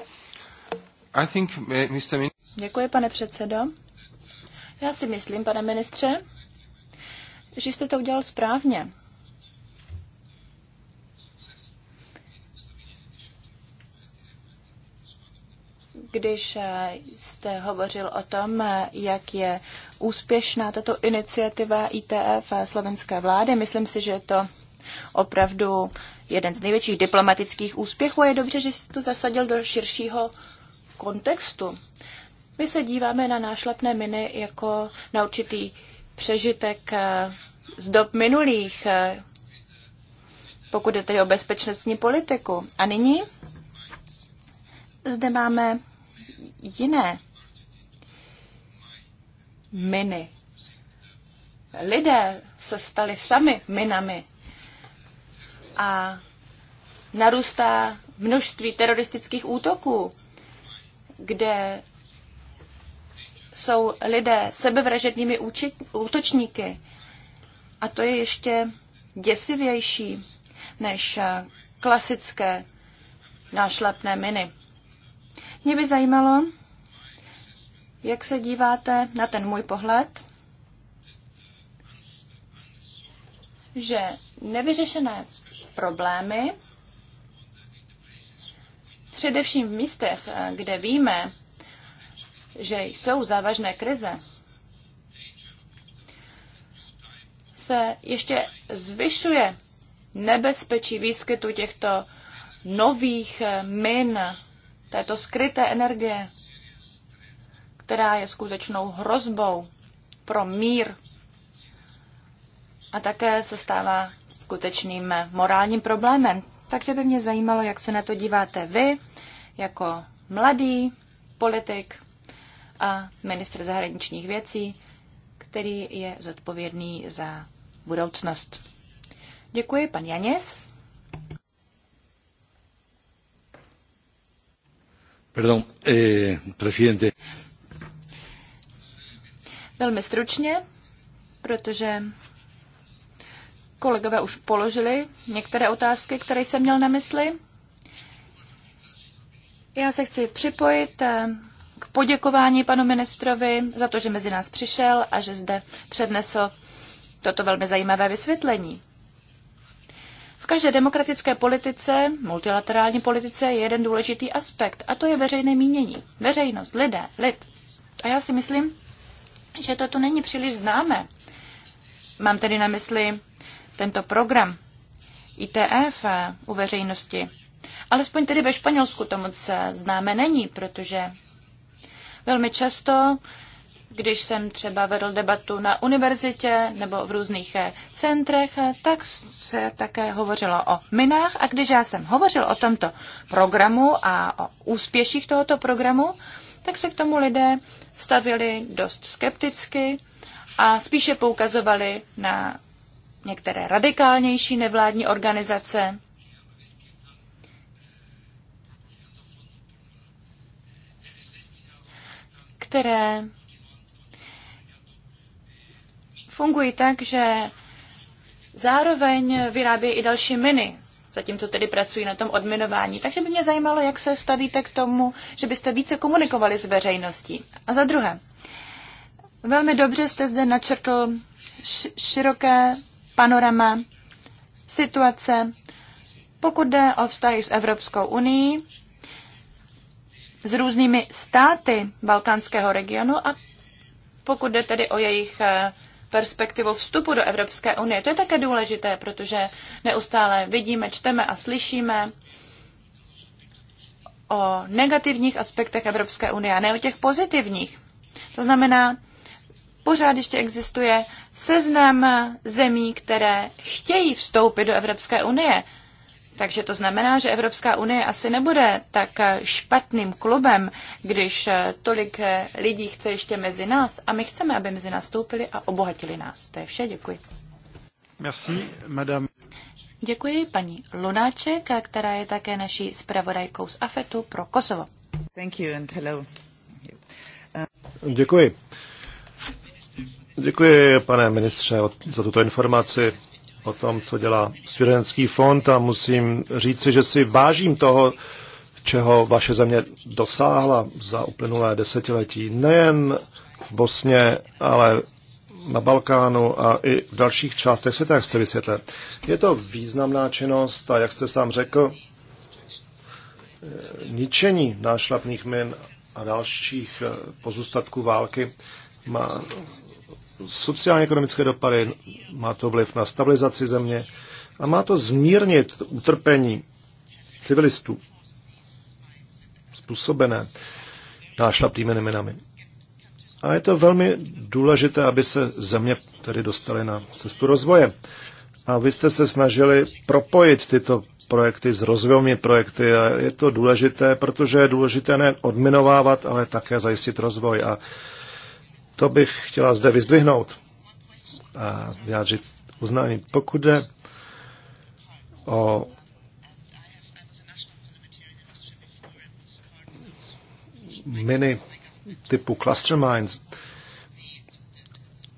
I think, eh, Mr. Min- Děkuji, pane předsedo. Já si myslím, pane ministře, že jste to udělal správně. když eh, jste hovořil o tom, eh, jak je úspěšná tato iniciativa ITF eh, slovenské vlády. Myslím si, že je to opravdu jeden z největších diplomatických úspěchů a je dobře, že jste to zasadil do širšího kontextu. My se díváme na nášlepné miny jako na určitý přežitek z dob minulých, pokud je tedy o bezpečnostní politiku. A nyní zde máme jiné miny. Lidé se stali sami minami a narůstá množství teroristických útoků, kde jsou lidé sebevražednými útočníky. A to je ještě děsivější než klasické nášlepné miny. Mě by zajímalo, jak se díváte na ten můj pohled, že nevyřešené problémy, především v místech, kde víme, že jsou závažné krize, se ještě zvyšuje nebezpečí výskytu těchto nových min této skryté energie, která je skutečnou hrozbou pro mír a také se stává skutečným morálním problémem. Takže by mě zajímalo, jak se na to díváte vy, jako mladý politik a ministr zahraničních věcí, který je zodpovědný za budoucnost. Děkuji, pan Janěs. Perdón, eh, presidente. Velmi stručně, protože kolegové už položili některé otázky, které jsem měl na mysli. Já se chci připojit eh, k poděkování panu ministrovi za to, že mezi nás přišel a že zde přednesl toto velmi zajímavé vysvětlení. V každé demokratické politice, multilaterální politice je jeden důležitý aspekt a to je veřejné mínění. Veřejnost, lidé, lid. A já si myslím, že to tu není příliš známé. Mám tedy na mysli tento program ITF eh, u veřejnosti. Alespoň tedy ve Španělsku to moc eh, známe není, protože velmi často když jsem třeba vedl debatu na univerzitě nebo v různých eh, centrech, eh, tak se také hovořilo o minách a když já jsem hovořil o tomto programu a o úspěších tohoto programu, tak se k tomu lidé stavili dost skepticky a spíše poukazovali na některé radikálnější nevládní organizace, které fungují tak, že zároveň vyrábějí i další miny, zatímco tedy pracují na tom odminování. Takže by mě zajímalo, jak se stavíte k tomu, že byste více komunikovali s veřejností. A za druhé, velmi dobře jste zde načrtl široké panorama situace, pokud jde o vztahy s Evropskou unii, s různými státy balkánského regionu a pokud jde tedy o jejich eh, Perspektivu vstupu do Evropské unie. To je také důležité, protože neustále vidíme, čteme a slyšíme o negativních aspektech Evropské unie a ne o těch pozitivních. To znamená, pořád ještě existuje seznam zemí, které chtějí vstoupit do Evropské unie takže to znamená, že Evropská unie asi nebude tak špatným klubem, když tolik lidí chce ještě mezi nás a my chceme, aby mezi nás stoupili a obohatili nás. To je vše, děkuji. Merci, madame. Děkuji paní Lunáček, která je také naší zpravodajkou z AFETu pro Kosovo. Thank you and hello. Děkuji. Děkuji, pane ministře, za tuto informaci o tom, co dělá Svěřenský fond a musím říci, že si vážím toho, čeho vaše země dosáhla za uplynulé desetiletí. Nejen v Bosně, ale na Balkánu a i v dalších částech světa, jak jste vysvětlil. Je to významná činnost a jak jste sám řekl, ničení nášlapných min a dalších pozůstatků války má sociálně-ekonomické dopady, má to vliv na stabilizaci země a má to zmírnit utrpení civilistů způsobené nášlapnými neminami. A je to velmi důležité, aby se země tedy dostaly na cestu rozvoje. A vy jste se snažili propojit tyto projekty s rozvojovými projekty a je to důležité, protože je důležité ne odminovávat, ale také zajistit rozvoj. A to bych chtěla zde vyzdvihnout a vyjádřit uznání. Pokud jde o mini typu cluster mines,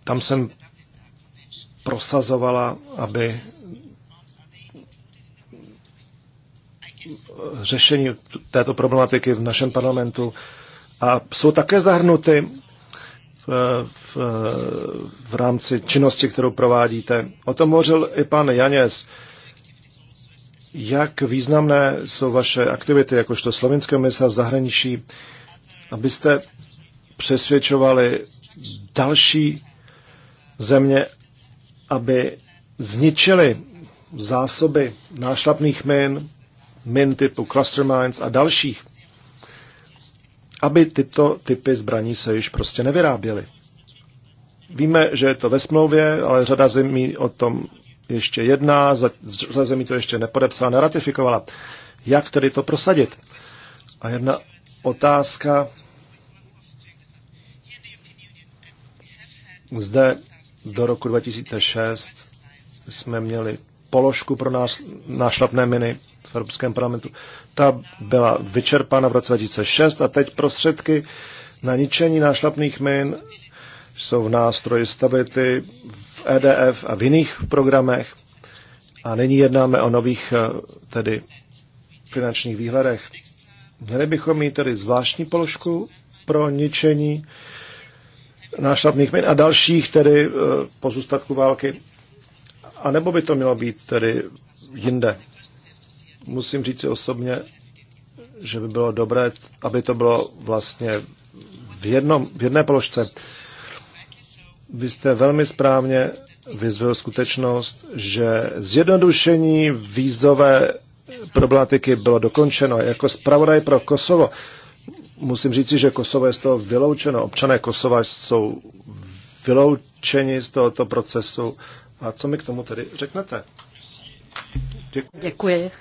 tam jsem prosazovala, aby řešení této problematiky v našem parlamentu a jsou také zahrnuty v, v rámci činnosti, kterou provádíte. O tom hovořil i pan Janěz. Jak významné jsou vaše aktivity, jakožto slovinského ministra zahraničí, abyste přesvědčovali další země, aby zničili zásoby nášlapných min, min typu cluster mines a dalších aby tyto typy zbraní se již prostě nevyráběly. Víme, že je to ve smlouvě, ale řada zemí o tom ještě jedná, řada zemí to ještě nepodepsala, neratifikovala. Jak tedy to prosadit? A jedna otázka. Zde do roku 2006 jsme měli položku pro nás nášlapné miny Evropském parlamentu. Ta byla vyčerpána v roce 2006 a teď prostředky na ničení nášlapných min jsou v nástroji stability v EDF a v jiných programech. A nyní jednáme o nových eh, tedy finančních výhledech. Měli bychom mít tedy zvláštní položku pro ničení nášlapných min a dalších tedy eh, pozůstatků války. A nebo by to mělo být tedy jinde musím říct si osobně, že by bylo dobré, aby to bylo vlastně v, jednom, v jedné položce. Vy jste velmi správně vyzvil skutečnost, že zjednodušení vízové problematiky bylo dokončeno. Jako zpravodaj pro Kosovo musím říci, že Kosovo je z toho vyloučeno. Občané Kosova jsou vyloučeni z tohoto procesu. A co mi k tomu tedy řeknete? Děkuji. Děkuji.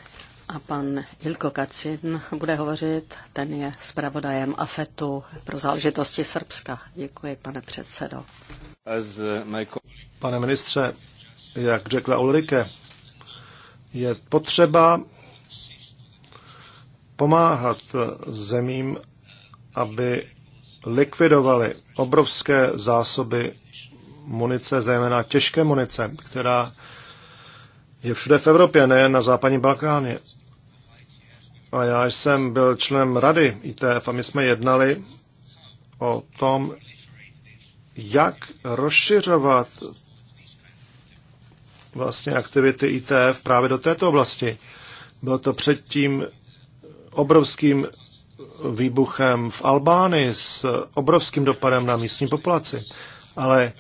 A pan Ilko Kacin bude hovořit, ten je zpravodajem AFETu pro záležitosti Srbska. Děkuji, pane předsedo. Eh, pane ministře, jak řekla Ulrike, je potřeba pomáhat zemím, aby likvidovali obrovské zásoby munice, zejména těžké munice, která je všude v Evropě, nejen na západní Balkáně. A já jsem byl členem rady ITF a my jsme jednali o tom, jak rozšiřovat vlastně aktivity ITF právě do této oblasti. Bylo to předtím obrovským výbuchem v Albánii s obrovským dopadem na místní populaci. Ale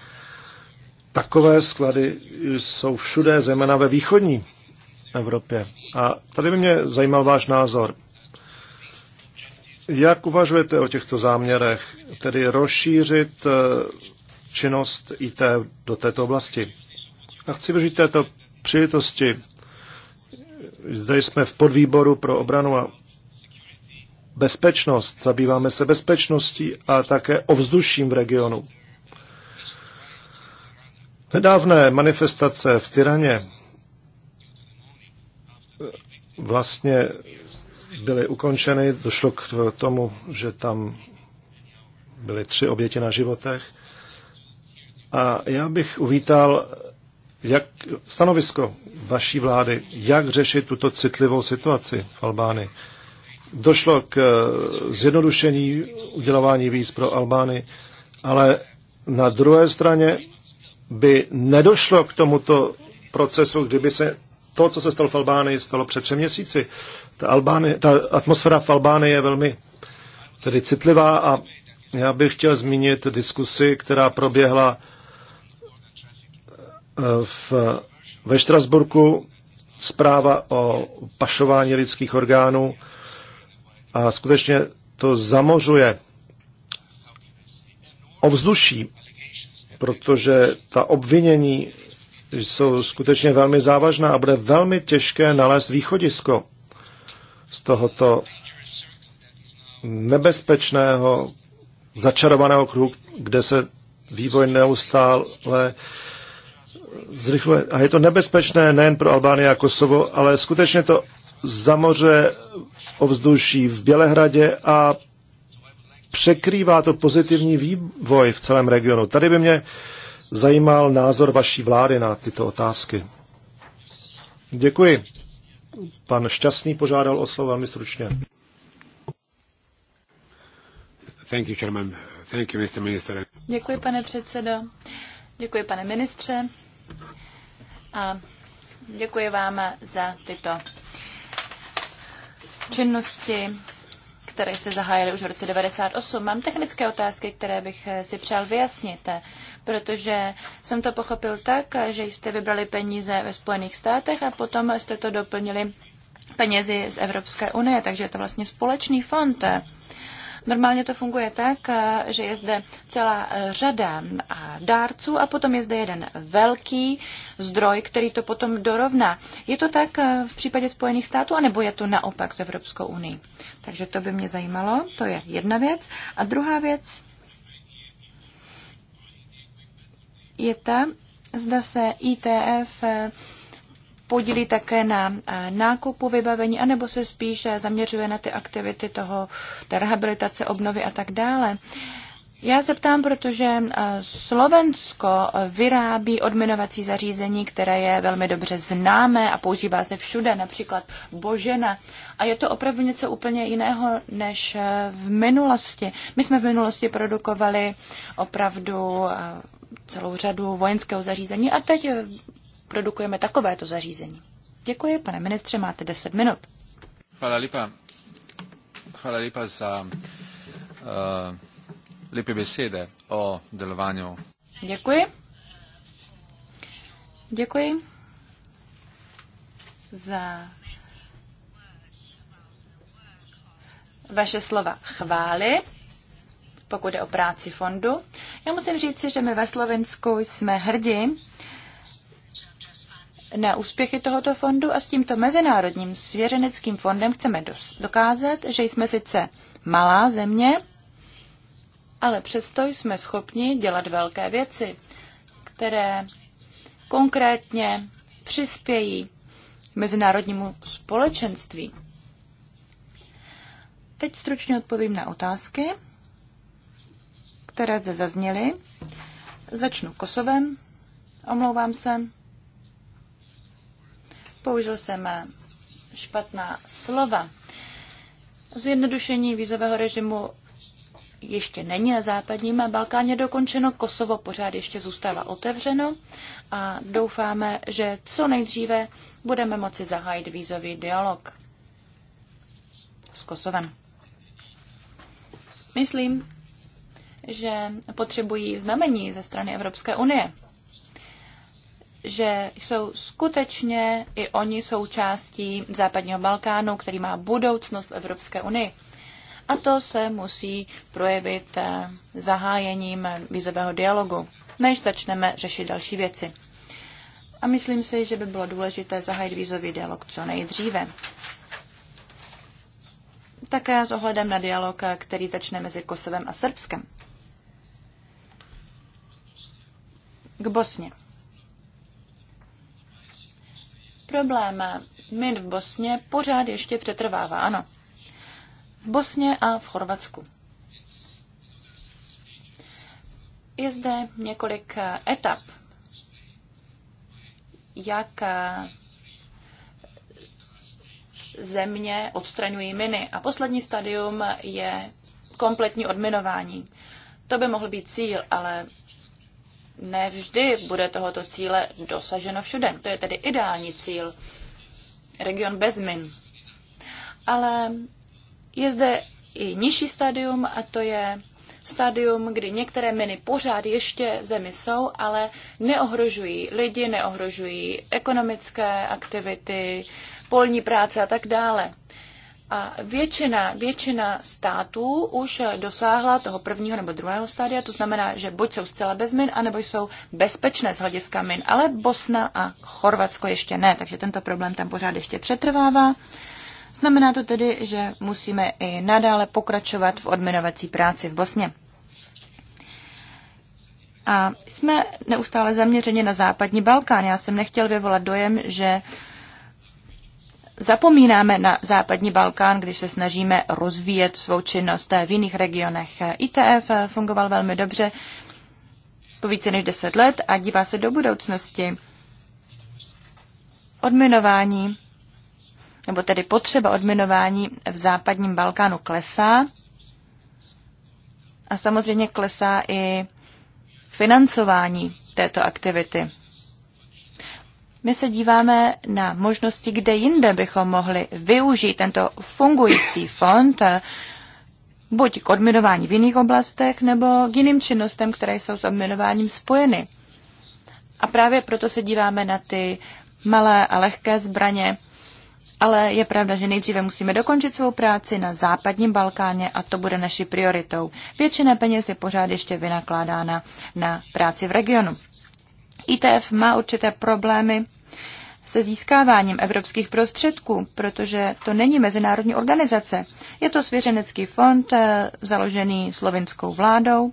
takové sklady jsou všude, zejména ve východní Evropě. A tady by mě zajímal váš názor. Jak uvažujete o těchto záměrech, tedy rozšířit eh, činnost IT do této oblasti? A chci využít této příležitosti. Zde jsme v podvýboru pro obranu a bezpečnost. Zabýváme se bezpečností a také ovzduším v regionu. Nedávné manifestace v Tyraně vlastně byly ukončeny. Došlo k tomu, že tam byly tři oběti na životech. A já bych uvítal jak stanovisko vaší vlády, jak řešit tuto citlivou situaci v Albánii. Došlo k zjednodušení udělování víz pro Albány, ale na druhé straně by nedošlo k tomuto procesu, kdyby se to, co se stalo v Albánii, stalo před třemi měsíci. Ta, Albány, ta atmosféra v Albánii je velmi tedy citlivá a já bych chtěl zmínit diskusi, která proběhla eh, v, ve Štrasburku zpráva o pašování lidských orgánů a skutečně to zamořuje ovzduší, protože ta obvinění jsou skutečně velmi závažná a bude velmi těžké nalézt východisko z tohoto nebezpečného, začarovaného kruhu, kde se vývoj neustále zrychluje. A je to nebezpečné nejen pro Albánii a Kosovo, ale skutečně to zamoře ovzduší v Bělehradě a překrývá to pozitivní vývoj v celém regionu. Tady by mě zajímal názor vaší vlády na tyto otázky. Děkuji. Pan Šťastný požádal o slovo velmi stručně. Thank you, Chairman. Thank you, Mr. Minister. Děkuji, pane předsedo. Děkuji, pane ministře. A děkuji vám za tyto činnosti, které jste zahájili už v roce 1998. Mám technické otázky, které bych si přál vyjasnit protože jsem to pochopil tak, že jste vybrali peníze ve Spojených státech a potom jste to doplnili penězi z Evropské unie, takže je to vlastně společný fond. Normálně to funguje tak, že je zde celá řada dárců a potom je zde jeden velký zdroj, který to potom dorovná. Je to tak v případě Spojených států, anebo je to naopak s Evropskou unii? Takže to by mě zajímalo, to je jedna věc. A druhá věc, je ta, zda se ITF eh, podílí také na eh, nákupu vybavení, anebo se spíše zaměřuje na ty aktivity toho, té rehabilitace, obnovy a tak dále. Já se ptám, protože eh, Slovensko vyrábí odminovací zařízení, které je velmi dobře známé a používá se všude, například Božena. A je to opravdu něco úplně jiného než v minulosti. My jsme v minulosti produkovali opravdu celou řadu vojenského zařízení a teď eh, produkujeme takovéto zařízení. Děkuji, pane ministře, máte 10 minut. Hvala lipa. Hvala lipa za uh, eh, lipy besede o delování. Děkuji. Děkuji za vaše slova chvály pokud je o práci fondu. Já musím říci, že my ve Slovensku jsme hrdí na úspěchy tohoto fondu a s tímto mezinárodním svěřeneckým fondem chceme dokázat, že jsme sice malá země, ale přesto jsme schopni dělat velké věci, které konkrétně přispějí mezinárodnímu společenství. Teď stručně odpovím na otázky které zde zazněly. Začnu Kosovem. Omlouvám se. Použil jsem špatná slova. Zjednodušení vízového režimu ještě není na západním Balkáně dokončeno, Kosovo pořád ještě zůstává otevřeno a doufáme, že co nejdříve budeme moci zahájit vízový dialog s Kosovem. Myslím, že potřebují znamení ze strany Evropské unie, že jsou skutečně i oni součástí západního Balkánu, který má budoucnost v Evropské unii. A to se musí projevit eh, zahájením vízového dialogu, než začneme řešit další věci. A myslím si, že by bylo důležité zahájit vízový dialog co nejdříve. Také s ohledem na dialog, eh, který začne mezi Kosovem a Srbskem. k Bosně. Problém min v Bosně pořád ještě přetrvává, ano. V Bosně a v Chorvatsku. Je zde několik etap, jak země odstraňují miny. A poslední stadium je kompletní odminování. To by mohl být cíl, ale ne vždy bude tohoto cíle dosaženo všude. To je tedy ideální cíl. Region bez min. Ale je zde i nižší stadium a to je stadium, kdy některé miny pořád ještě v zemi jsou, ale neohrožují lidi, neohrožují ekonomické aktivity, polní práce a tak dále. A většina, většina států už dosáhla toho prvního nebo druhého stádia, to znamená, že buď jsou zcela bez min, anebo jsou bezpečné z hlediska min, ale Bosna a Chorvatsko ještě ne, takže tento problém tam pořád ještě přetrvává. Znamená to tedy, že musíme i nadále pokračovat v odminovací práci v Bosně. A jsme neustále zaměřeni na západní Balkán. Já jsem nechtěl vyvolat dojem, že uh, zapomínáme na západní Balkán, když se snažíme rozvíjet svou činnost eh, v jiných regionech. ITF eh, fungoval velmi dobře po více než deset let a dívá se do budoucnosti. Odminování, nebo tedy potřeba odminování v západním Balkánu klesá a samozřejmě klesá i financování této aktivity. My se díváme na možnosti, kde jinde bychom mohli využít tento fungující fond, eh, buď k odminování v jiných oblastech, nebo k jiným činnostem, které jsou s odminováním spojeny. A právě proto se díváme na ty malé a lehké zbraně, ale je pravda, že nejdříve musíme dokončit svou práci na západním Balkáně a to bude naší prioritou. Většina peněz je pořád ještě vynakládána na práci v regionu. ITF má určité problémy se získáváním evropských prostředků, protože to není mezinárodní organizace. Je to svěřenecký fond eh, založený slovinskou vládou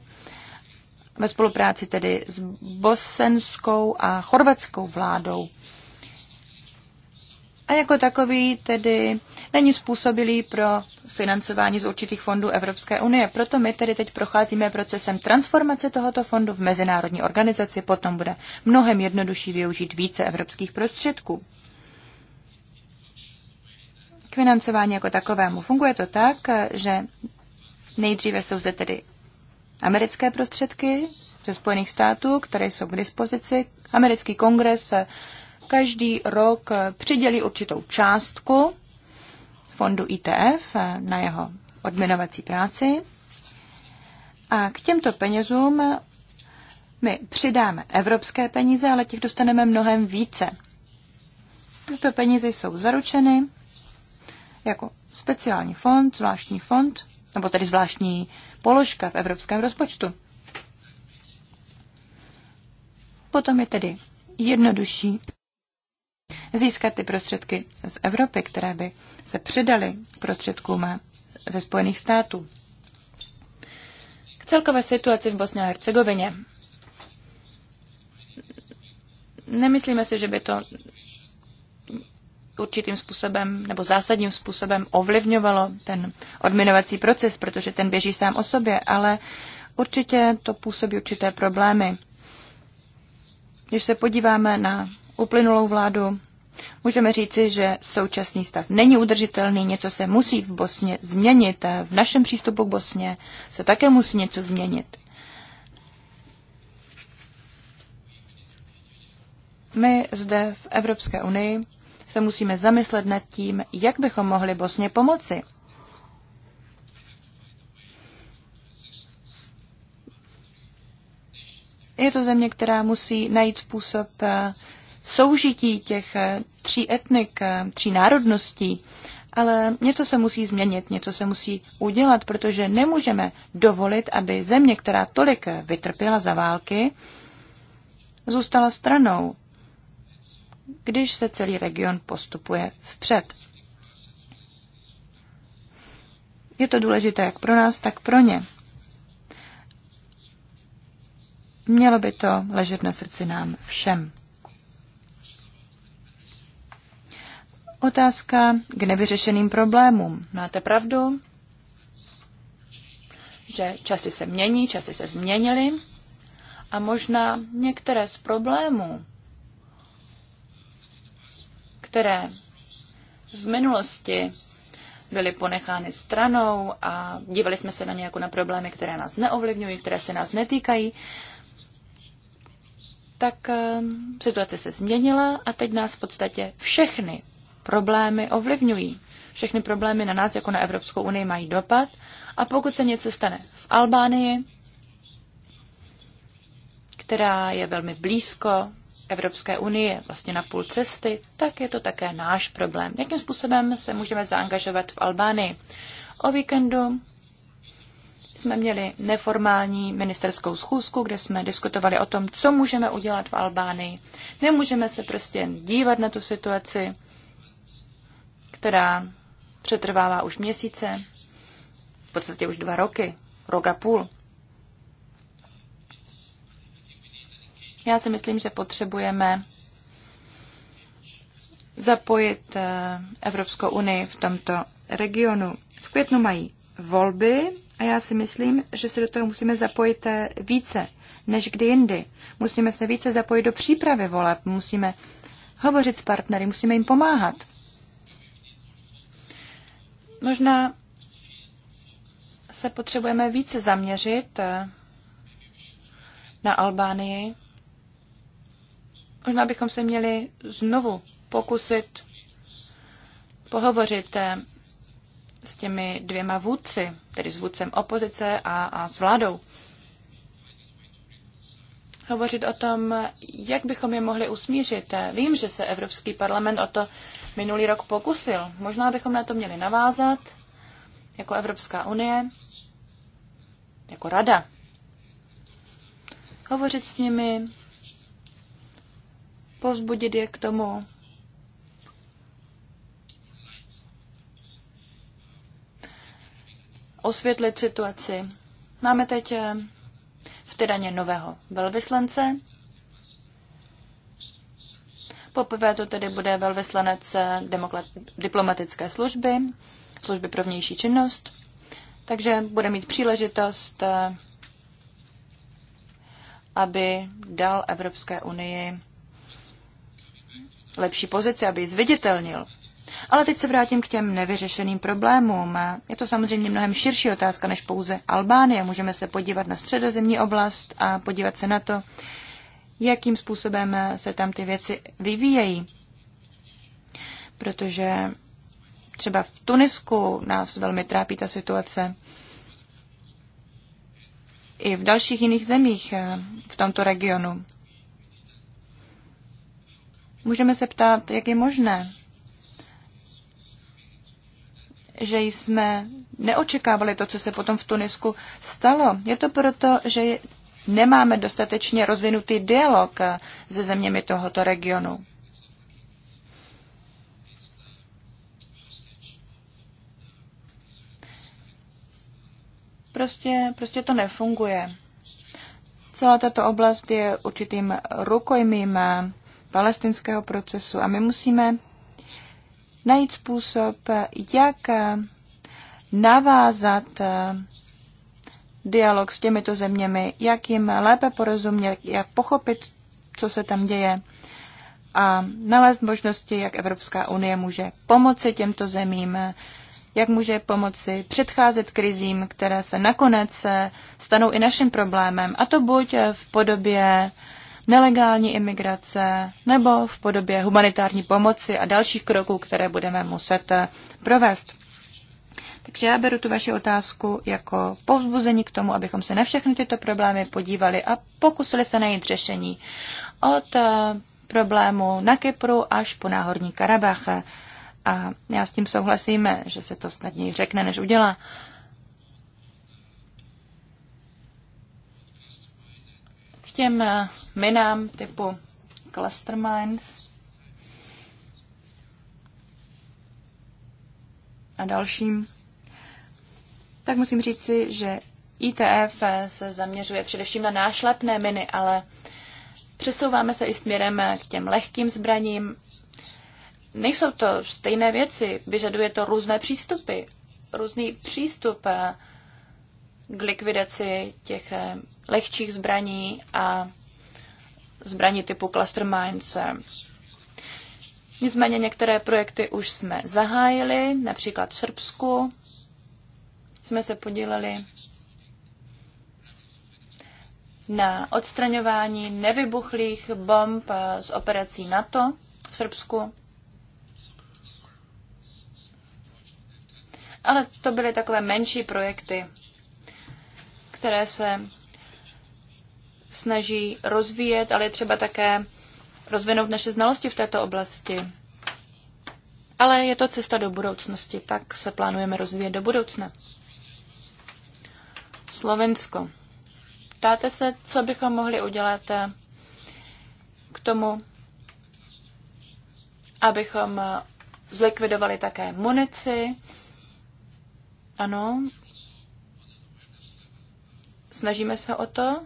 ve spolupráci tedy s bosenskou a chorvatskou vládou a jako takový tedy není způsobilý pro financování z určitých fondů Evropské unie. Proto my tedy teď procházíme procesem transformace tohoto fondu v mezinárodní organizaci. Potom bude mnohem jednodušší využít více evropských prostředků. K financování jako takovému funguje to tak, že nejdříve jsou zde tedy americké prostředky ze Spojených států, které jsou k dispozici. Americký kongres každý rok přidělí určitou částku fondu ITF na jeho odminovací práci. A k těmto penězům my přidáme evropské peníze, ale těch dostaneme mnohem více. Tyto peníze jsou zaručeny jako speciální fond, zvláštní fond, nebo tedy zvláštní položka v evropském rozpočtu. Potom je tedy jednodušší získat ty prostředky z Evropy, které by se přidaly prostředkům ze Spojených států. K celkové situaci v Bosně a Hercegovině. Nemyslíme si, že by to určitým způsobem nebo zásadním způsobem ovlivňovalo ten odminovací proces, protože ten běží sám o sobě, ale určitě to působí určité problémy. Když se podíváme na uplynulou vládu. Můžeme říci, že současný stav není udržitelný, něco se musí v Bosně změnit. A v našem přístupu k Bosně se také musí něco změnit. My zde v Evropské unii se musíme zamyslet nad tím, jak bychom mohli Bosně pomoci. Je to země, která musí najít způsob, eh, soužití těch eh, tří etnik, eh, tří národností, ale něco se musí změnit, něco se musí udělat, protože nemůžeme dovolit, aby země, která tolik eh, vytrpěla za války, zůstala stranou, když se celý region postupuje vpřed. Je to důležité jak pro nás, tak pro ně. Mělo by to ležet na srdci nám všem. Otázka k nevyřešeným problémům. Máte pravdu, že časy se mění, časy se změnily a možná některé z problémů, které v minulosti byly ponechány stranou a dívali jsme se na ně jako na problémy, které nás neovlivňují, které se nás netýkají, tak eh, situace se změnila a teď nás v podstatě všechny problémy ovlivňují. Všechny problémy na nás jako na Evropskou unii mají dopad a pokud se něco stane v Albánii, která je velmi blízko Evropské unie, vlastně na půl cesty, tak je to také náš problém. Jakým způsobem se můžeme zaangažovat v Albánii? O víkendu jsme měli neformální ministerskou schůzku, kde jsme diskutovali o tom, co můžeme udělat v Albánii. Nemůžeme se prostě dívat na tu situaci která přetrvává už měsíce, v podstatě už dva roky, rok a půl. Já si myslím, že potřebujeme zapojit eh, Evropskou unii v tomto regionu. V květnu mají volby a já si myslím, že se do toho musíme zapojit eh, více než kdy jindy. Musíme se více zapojit do přípravy voleb, musíme hovořit s partnery, musíme jim pomáhat. Možná se potřebujeme více zaměřit eh, na Albánii. Možná bychom se měli znovu pokusit pohovořit eh, s těmi dvěma vůdci, tedy s vůdcem opozice a, a s vládou. Hovořit o tom, jak bychom je mohli usmířit. Eh, vím, že se Evropský parlament o to minulý rok pokusil. Možná bychom na to měli navázat jako Evropská unie, jako rada. Hovořit s nimi, pozbudit je k tomu, osvětlit situaci. Máme teď eh, v Tyraně nového velvyslance, Poprvé to tedy bude velvyslanec eh, diplomatické služby, služby pro vnější činnost, takže bude mít příležitost, eh, aby dal Evropské unii lepší pozici, aby ji zviditelnil. Ale teď se vrátím k těm nevyřešeným problémům. Je to samozřejmě mnohem širší otázka než pouze Albánie. Můžeme se podívat na středozemní oblast a podívat se na to, jakým způsobem se tam ty věci vyvíjejí. Protože třeba v Tunisku nás velmi trápí ta situace. I v dalších jiných zemích eh, v tomto regionu. Můžeme se ptát, jak je možné, že jsme neočekávali to, co se potom v Tunisku stalo. Je to proto, že nemáme dostatečně rozvinutý dialog se zeměmi tohoto regionu. Prostě, prostě to nefunguje. Celá tato oblast je určitým rukojmím palestinského procesu a my musíme najít způsob, jak navázat dialog s těmito zeměmi, jak jim lépe porozumět, jak pochopit, co se tam děje a nalézt možnosti, jak Evropská unie může pomoci těmto zemím, jak může pomoci předcházet krizím, které se nakonec stanou i naším problémem, a to buď v podobě nelegální imigrace nebo v podobě humanitární pomoci a dalších kroků, které budeme muset provést. Takže já beru tu vaši otázku jako povzbuzení k tomu, abychom se na všechny tyto problémy podívali a pokusili se najít řešení. Od eh, problému na Kypru až po náhorní Karabach. A já s tím souhlasím, že se to snadněji řekne, než udělá. K těm eh, minám typu cluster mines a dalším tak musím říci, že ITF eh, se zaměřuje především na nášlepné miny, ale přesouváme se i směrem eh, k těm lehkým zbraním. Nejsou to stejné věci, vyžaduje to různé přístupy, různý přístup eh, k likvidaci těch lehčích zbraní a zbraní typu cluster mines. Nicméně některé projekty už jsme zahájili, například v Srbsku, jsme se podíleli na odstraňování nevybuchlých bomb eh, z operací NATO v Srbsku. Ale to byly takové menší projekty, které se snaží rozvíjet, ale je třeba také rozvinout naše znalosti v této oblasti. Ale je to cesta do budoucnosti, tak se plánujeme rozvíjet do budoucna. Slovensko. Ptáte se, co bychom mohli udělat eh, k tomu, abychom eh, zlikvidovali také munici. Ano, snažíme se o to.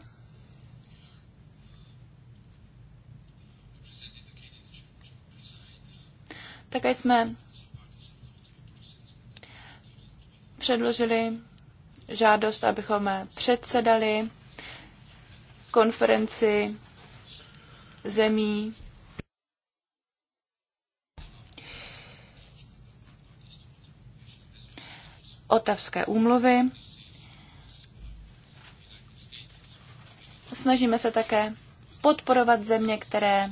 Také jsme předložili žádost, abychom předsedali konferenci zemí Otavské úmluvy. Snažíme se také podporovat země, které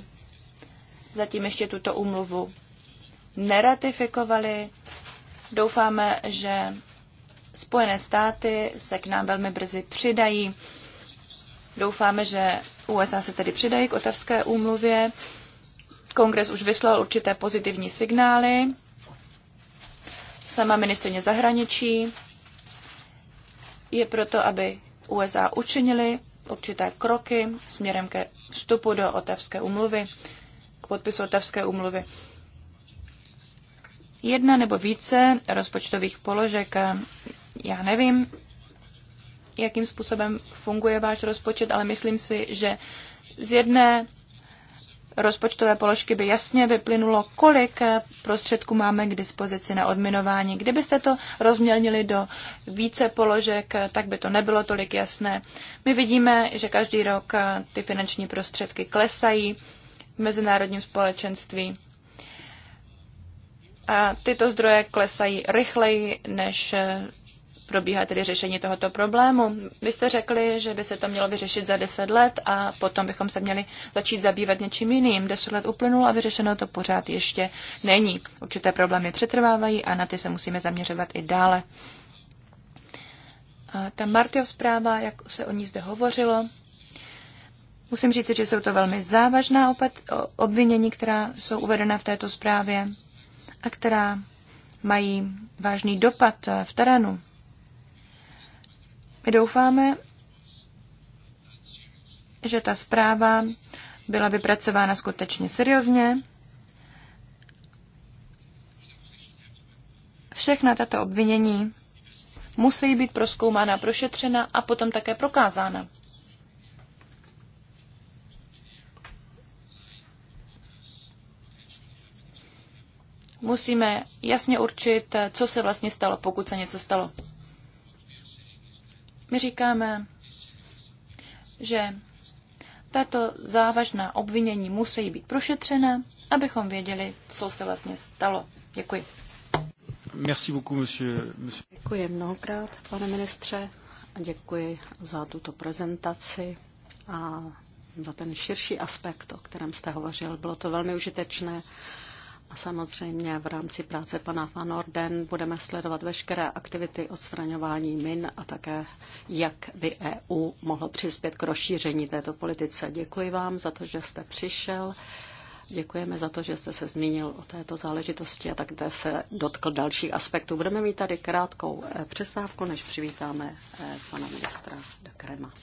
zatím ještě tuto úmluvu neratifikovaly. Doufáme, že Spojené státy se k nám velmi brzy přidají. Doufáme, že USA se tedy přidají k otevské úmluvě. Kongres už vyslal určité pozitivní signály. Sama ministrně zahraničí je proto, aby USA učinili určité kroky směrem ke vstupu do otevské úmluvy, k podpisu otevské úmluvy. Jedna nebo více rozpočtových položek já nevím, jakým způsobem funguje váš rozpočet, ale myslím si, že z jedné rozpočtové položky by jasně vyplynulo, kolik prostředků máme k dispozici na odminování. Kdybyste to rozmělnili do více položek, tak by to nebylo tolik jasné. My vidíme, že každý rok ty finanční prostředky klesají v mezinárodním společenství. A tyto zdroje klesají rychleji než probíhá tedy řešení tohoto problému. Vy jste řekli, že by se to mělo vyřešit za deset let a potom bychom se měli začít zabývat něčím jiným. Deset let uplynulo a vyřešeno to pořád ještě není. Určité problémy přetrvávají a na ty se musíme zaměřovat i dále. A ta Martiov zpráva, jak se o ní zde hovořilo, musím říct, že jsou to velmi závažná obvinění, která jsou uvedena v této zprávě a která mají vážný dopad v terénu. My doufáme, že ta zpráva byla vypracována skutečně seriózně. Všechna tato obvinění musí být proskoumána, prošetřena a potom také prokázána. Musíme jasně určit, co se vlastně stalo, pokud se něco stalo. My říkáme, že tato závažná obvinění musí být prošetřena, abychom věděli, co se vlastně stalo. Děkuji. Merci beaucoup, monsieur, monsieur. Děkuji mnohokrát, pane ministře, a děkuji za tuto prezentaci a za ten širší aspekt, o kterém jste hovořil. Bylo to velmi užitečné a samozřejmě v rámci práce pana Van Orden budeme sledovat veškeré aktivity odstraňování min a také, jak by EU mohlo přispět k rozšíření této politice. Děkuji vám za to, že jste přišel. Děkujeme za to, že jste se zmínil o této záležitosti a také se dotkl dalších aspektů. Budeme mít tady krátkou eh, přestávku, než přivítáme eh, pana ministra Dekrema.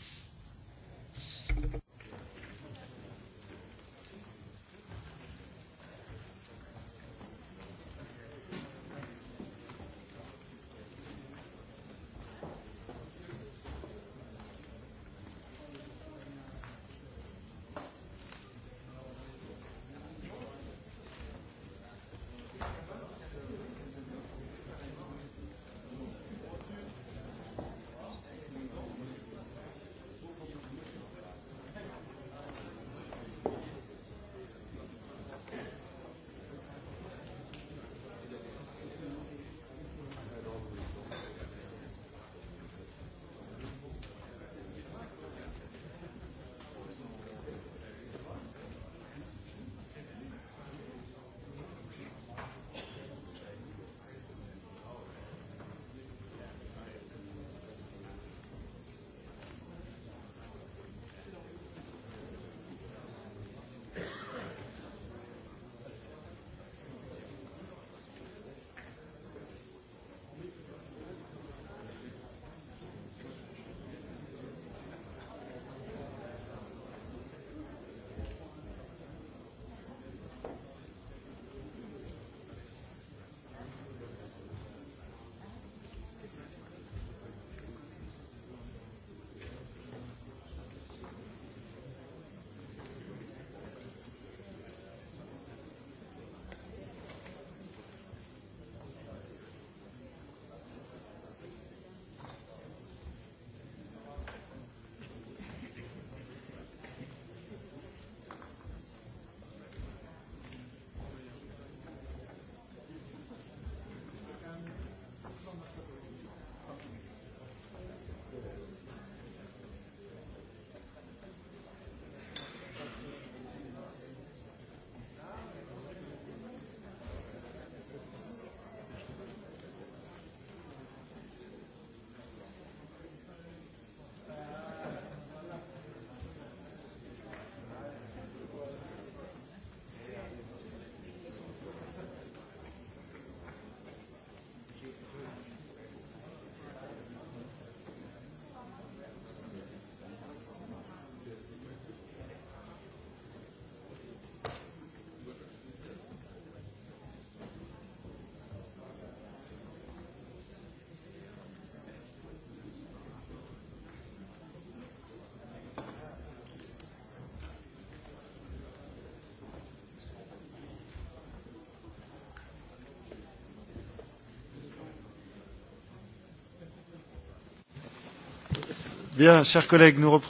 Bien, chers collègues, nous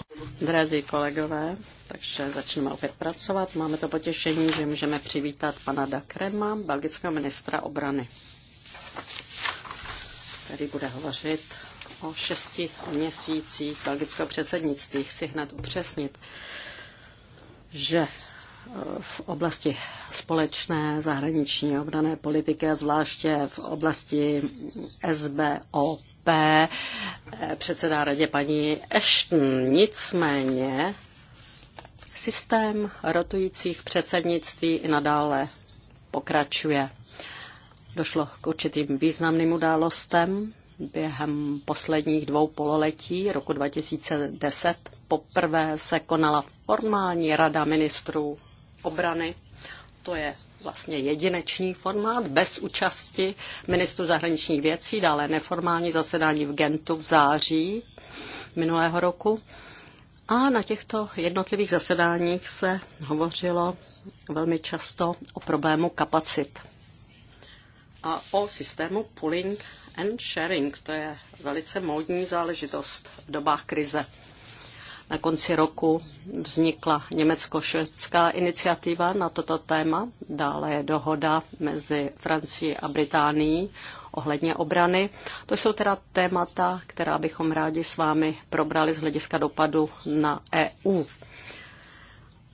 Drazí kolegové, takže začneme opět pracovat. Máme to potěšení, že můžeme přivítat pana Dakrema, belgického ministra obrany, který bude hovořit o šesti měsících belgického předsednictví. Chci hned upřesnit, že eh, v oblasti společné zahraniční obrané politiky a zvláště v oblasti SBOP předsedá radě paní Ashton. Nicméně systém rotujících předsednictví i nadále pokračuje. Došlo k určitým významným událostem během posledních dvou pololetí roku 2010. Poprvé se konala formální rada ministrů obrany. To je vlastně jedinečný formát bez účasti ministru zahraničních věcí, dále neformální zasedání v Gentu v září minulého roku. A na těchto jednotlivých zasedáních se hovořilo velmi často o problému kapacit a o systému pooling and sharing. To je velice módní záležitost v dobách krize. Na konci roku vznikla německo-švédská iniciativa na toto téma, dále je dohoda mezi Francií a Británií ohledně obrany. To jsou teda témata, která bychom rádi s vámi probrali z hlediska dopadu na EU.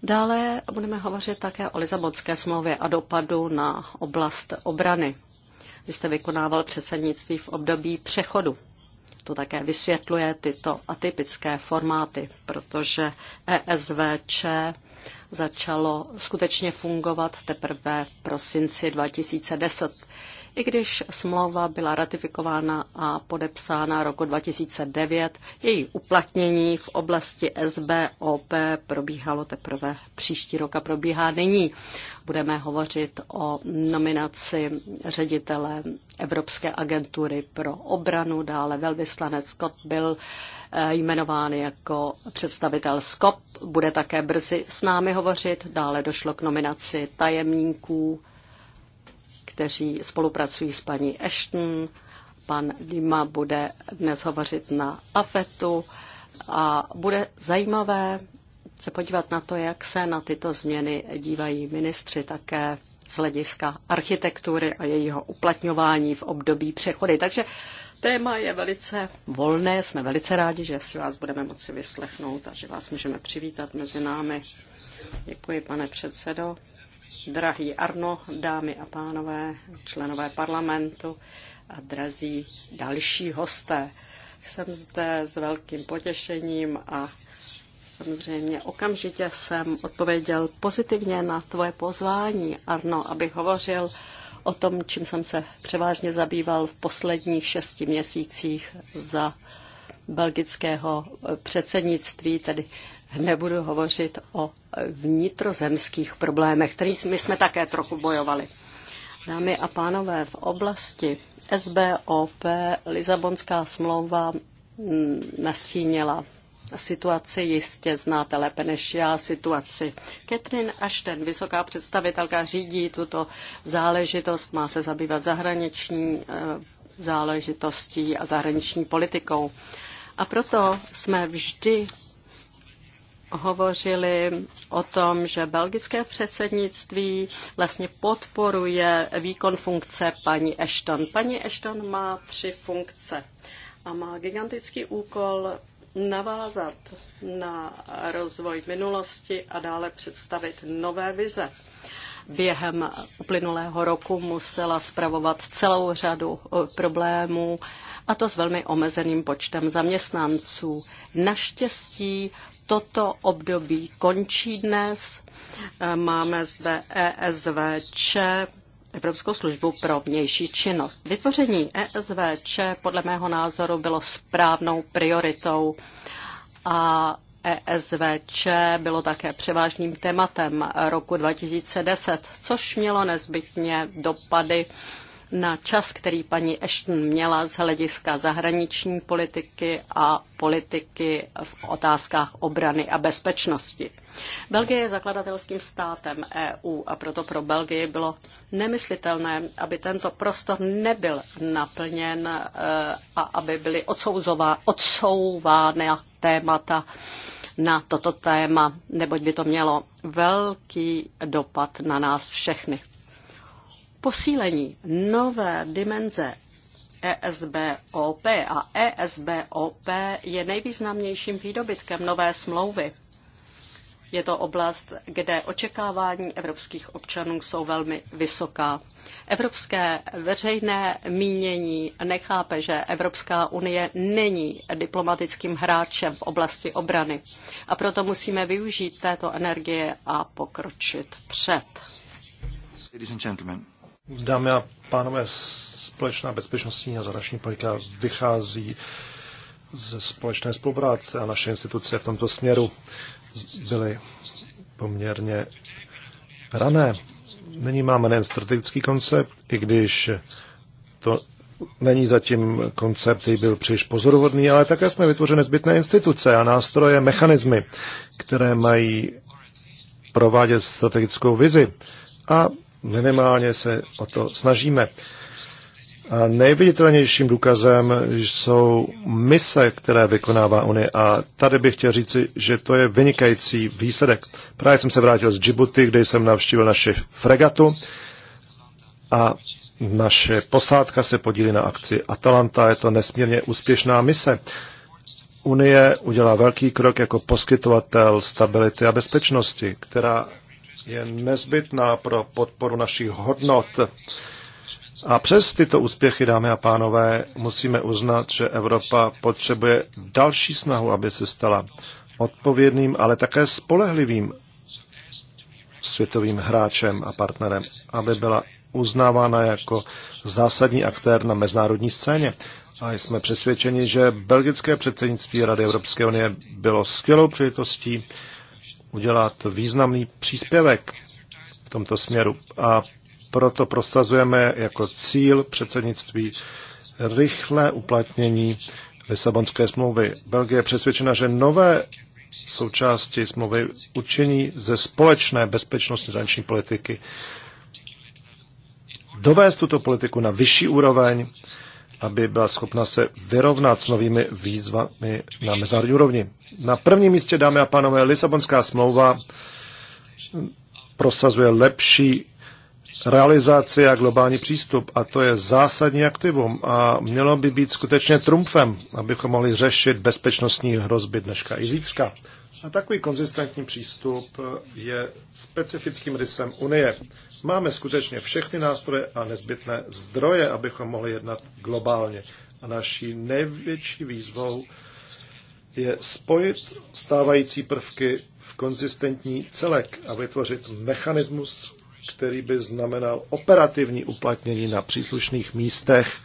Dále budeme hovořit také o Lizabonské smlouvě a dopadu na oblast obrany. Vy jste vykonával předsednictví v období přechodu. To také vysvětluje tyto atypické formáty, protože ESVČ začalo skutečně fungovat teprve v prosinci 2010. I když smlouva byla ratifikována a podepsána roku 2009, její uplatnění v oblasti SBOP probíhalo teprve příští rok a probíhá nyní. Budeme hovořit o nominaci ředitele Evropské agentury pro obranu, dále velvyslanec Scott byl eh, jmenován jako představitel SCOP, bude také brzy s námi hovořit. Dále došlo k nominaci tajemníků kteří spolupracují s paní Ashton. Pan Dima bude dnes hovořit na AFETu a bude zajímavé se podívat na to, jak se na tyto změny dívají ministři také z hlediska architektury a jejího uplatňování v období přechody. Takže téma je velice volné, jsme velice rádi, že si vás budeme moci vyslechnout a že vás můžeme přivítat mezi námi. Děkuji, pane předsedo. Drahý Arno, dámy a pánové, členové parlamentu a drazí další hosté. Jsem zde s velkým potěšením a samozřejmě okamžitě jsem odpověděl pozitivně na tvoje pozvání, Arno, abych hovořil o tom, čím jsem se převážně zabýval v posledních šesti měsících za belgického předsednictví, tedy nebudu hovořit o vnitrozemských problémech, s kterými jsme také trochu bojovali. Dámy a pánové, v oblasti SBOP Lizabonská smlouva mm, nastínila situaci jistě znáte lépe než já situaci. Catherine Ashton, vysoká představitelka, řídí tuto záležitost, má se zabývat zahraniční eh, záležitostí a zahraniční politikou. A proto jsme vždy hovořili o tom, že belgické předsednictví vlastně podporuje výkon funkce paní Ashton. Paní Ashton má tři funkce a má gigantický úkol navázat na rozvoj minulosti a dále představit nové vize. Během uplynulého roku musela spravovat celou řadu eh, problémů, a to s velmi omezeným počtem zaměstnanců. Naštěstí toto období končí dnes. Eh, máme zde ESVČ, Evropskou službu pro vnější činnost. Vytvoření ESVČ podle mého názoru bylo správnou prioritou a ESVČ bylo také převážným tématem roku 2010, což mělo nezbytně dopady na čas, který paní Ashton měla z hlediska zahraniční politiky a politiky v otázkách obrany a bezpečnosti. Belgie je zakladatelským státem EU a proto pro Belgii bylo nemyslitelné, aby tento prostor nebyl naplněn e, a aby byly odsouvány témata na toto téma, neboť by to mělo velký dopad na nás všechny. Posílení nové dimenze ESBOP a ESBOP je nejvýznamnějším výdobytkem nové smlouvy. Je to oblast, kde očekávání evropských občanů jsou velmi vysoká. Evropské veřejné mínění nechápe, že Evropská unie není diplomatickým hráčem v oblasti obrany. A proto musíme využít této energie a pokročit před. Ladies and gentlemen. Dámy a pánové, společná bezpečnostní a zahraniční politika vychází ze společné spolupráce a naše instituce v tomto směru byly poměrně rané. Nyní máme nejen strategický koncept, i když to není zatím koncept, který byl příliš pozorovodný, ale také jsme vytvořili nezbytné instituce a nástroje, mechanismy, které mají provádět strategickou vizi a Minimálně se o to snažíme. A nejviditelnějším důkazem jsou mise, které vykonává Unie. A tady bych chtěl říci, že to je vynikající výsledek. Právě jsem se vrátil z Djibouti, kde jsem navštívil naši fregatu a naše posádka se podílí na akci Atalanta. Je to nesmírně úspěšná mise. Unie udělá velký krok jako poskytovatel stability a bezpečnosti, která je nezbytná pro podporu našich hodnot. A přes tyto úspěchy, dámy a pánové, musíme uznat, že Evropa potřebuje další snahu, aby se stala odpovědným, ale také spolehlivým světovým hráčem a partnerem, aby byla uznávána jako zásadní aktér na mezinárodní scéně. A jsme přesvědčeni, že belgické předsednictví Rady Evropské unie bylo skvělou příležitostí udělat významný příspěvek v tomto směru. A proto prosazujeme jako cíl předsednictví rychlé uplatnění Lisabonské smlouvy. Belgie je přesvědčena, že nové součásti smlouvy učiní ze společné bezpečnostní zahraniční politiky dovést tuto politiku na vyšší úroveň aby byla schopna se vyrovnat s novými výzvami na mezinárodní úrovni. Na prvním místě, dámy a pánové, Lisabonská smlouva prosazuje lepší realizaci a globální přístup. A to je zásadní aktivum a mělo by být skutečně trumfem, abychom mohli řešit bezpečnostní hrozby dneška i zítřka. A takový konzistentní přístup je specifickým rysem Unie. Máme skutečně všechny nástroje a nezbytné zdroje, abychom mohli jednat globálně. A naší největší výzvou je spojit stávající prvky v konzistentní celek a vytvořit mechanismus, který by znamenal operativní uplatnění na příslušných místech,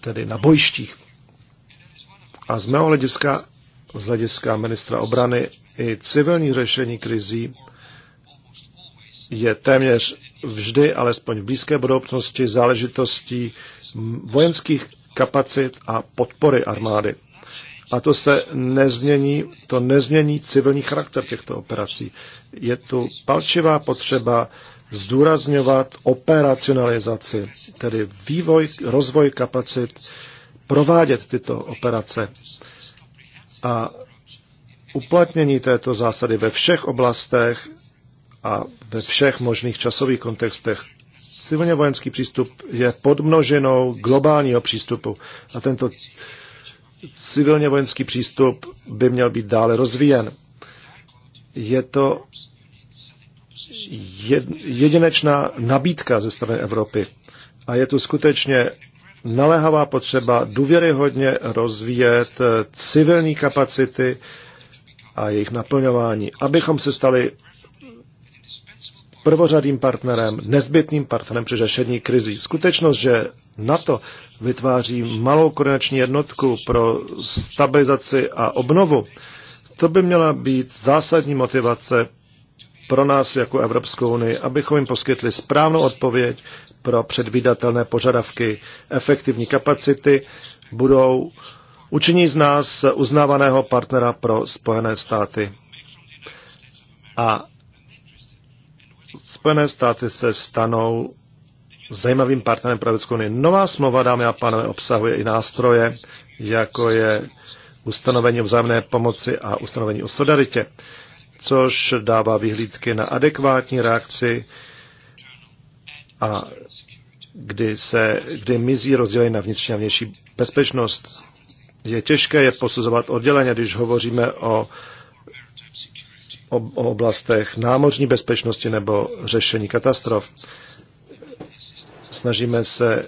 tedy na bojištích. A z mého hlediska, z hlediska ministra obrany, i civilní řešení krizí je téměř vždy, alespoň v blízké budoucnosti, záležitostí vojenských kapacit a podpory armády. A to se nezmění, to nezmění civilní charakter těchto operací. Je tu palčivá potřeba zdůrazňovat operacionalizaci, tedy vývoj, rozvoj kapacit, provádět tyto operace a uplatnění této zásady ve všech oblastech a ve všech možných časových kontextech. Civilně vojenský přístup je podmnoženou globálního přístupu a tento civilně vojenský přístup by měl být dále rozvíjen. Je to jedinečná nabídka ze strany Evropy a je tu skutečně naléhavá potřeba důvěryhodně rozvíjet eh, civilní kapacity a jejich naplňování, abychom se stali prvořadým partnerem, nezbytným partnerem při řešení krizí. Skutečnost, že NATO vytváří malou koordinační jednotku pro stabilizaci a obnovu, to by měla být zásadní motivace pro nás jako Evropskou unii, abychom jim poskytli správnou odpověď pro předvídatelné požadavky, efektivní kapacity, budou učiní z nás uznávaného partnera pro Spojené státy. A Spojené státy se stanou zajímavým partnerem pro Evropskou unii. Nová smlouva, dámy a pánové, obsahuje i nástroje, jako je ustanovení o vzájemné pomoci a ustanovení o solidaritě, což dává vyhlídky na adekvátní reakci a kdy, se, kdy mizí rozdělení na vnitřní a vnější bezpečnost. Je těžké je posuzovat odděleně, když hovoříme o oblastech námořní bezpečnosti nebo řešení katastrof. Snažíme se eh,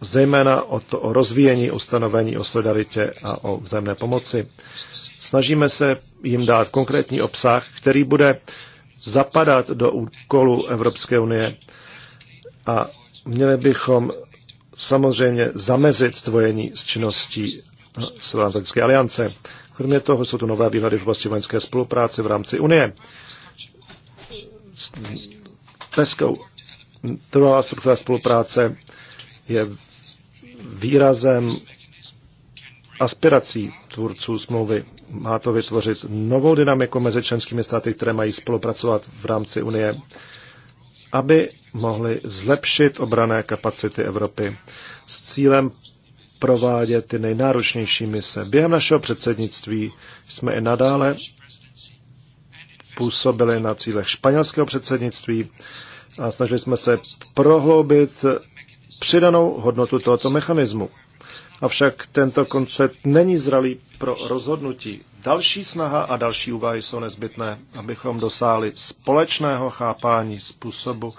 zejména o, to, o rozvíjení ustanovení o solidaritě a o vzájemné pomoci. Snažíme se jim dát konkrétní obsah, který bude zapadat do úkolu Evropské unie a měli bychom samozřejmě zamezit stvojení s činností Severoatlantické aliance. Kromě toho jsou tu nové výhledy v oblasti vojenské spolupráce v rámci Unie. Peskou trvalá struktura spolupráce je výrazem aspirací tvůrců smlouvy. Má to vytvořit novou dynamiku mezi členskými státy, které mají spolupracovat v rámci Unie, aby mohly zlepšit obrané kapacity Evropy s cílem provádět ty nejnáročnější mise. Během našeho předsednictví jsme i nadále působili na cílech španělského předsednictví a snažili jsme se prohloubit přidanou hodnotu tohoto mechanismu. Avšak tento koncept není zralý pro rozhodnutí. Další snaha a další úvahy jsou nezbytné, abychom dosáhli společného chápání způsobu,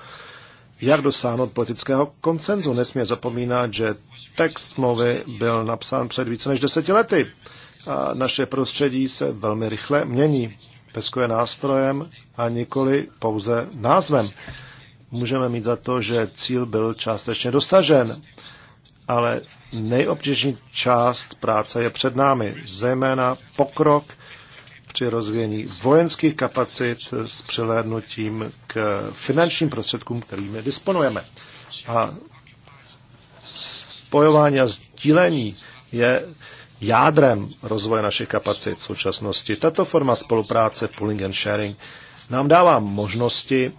jak dosáhnout politického koncenzu. Nesmí zapomínat, že text smlouvy byl napsán před více než deseti lety a naše prostředí se velmi rychle mění. Pesko je nástrojem a nikoli pouze názvem. Můžeme mít za to, že cíl byl částečně dosažen, ale nejobtížnější část práce je před námi, zejména pokrok při rozvíjení vojenských kapacit s přilédnutím k finančním prostředkům, kterými disponujeme. A spojování a sdílení je jádrem rozvoje našich kapacit v současnosti. Tato forma spolupráce, pooling and sharing, nám dává možnosti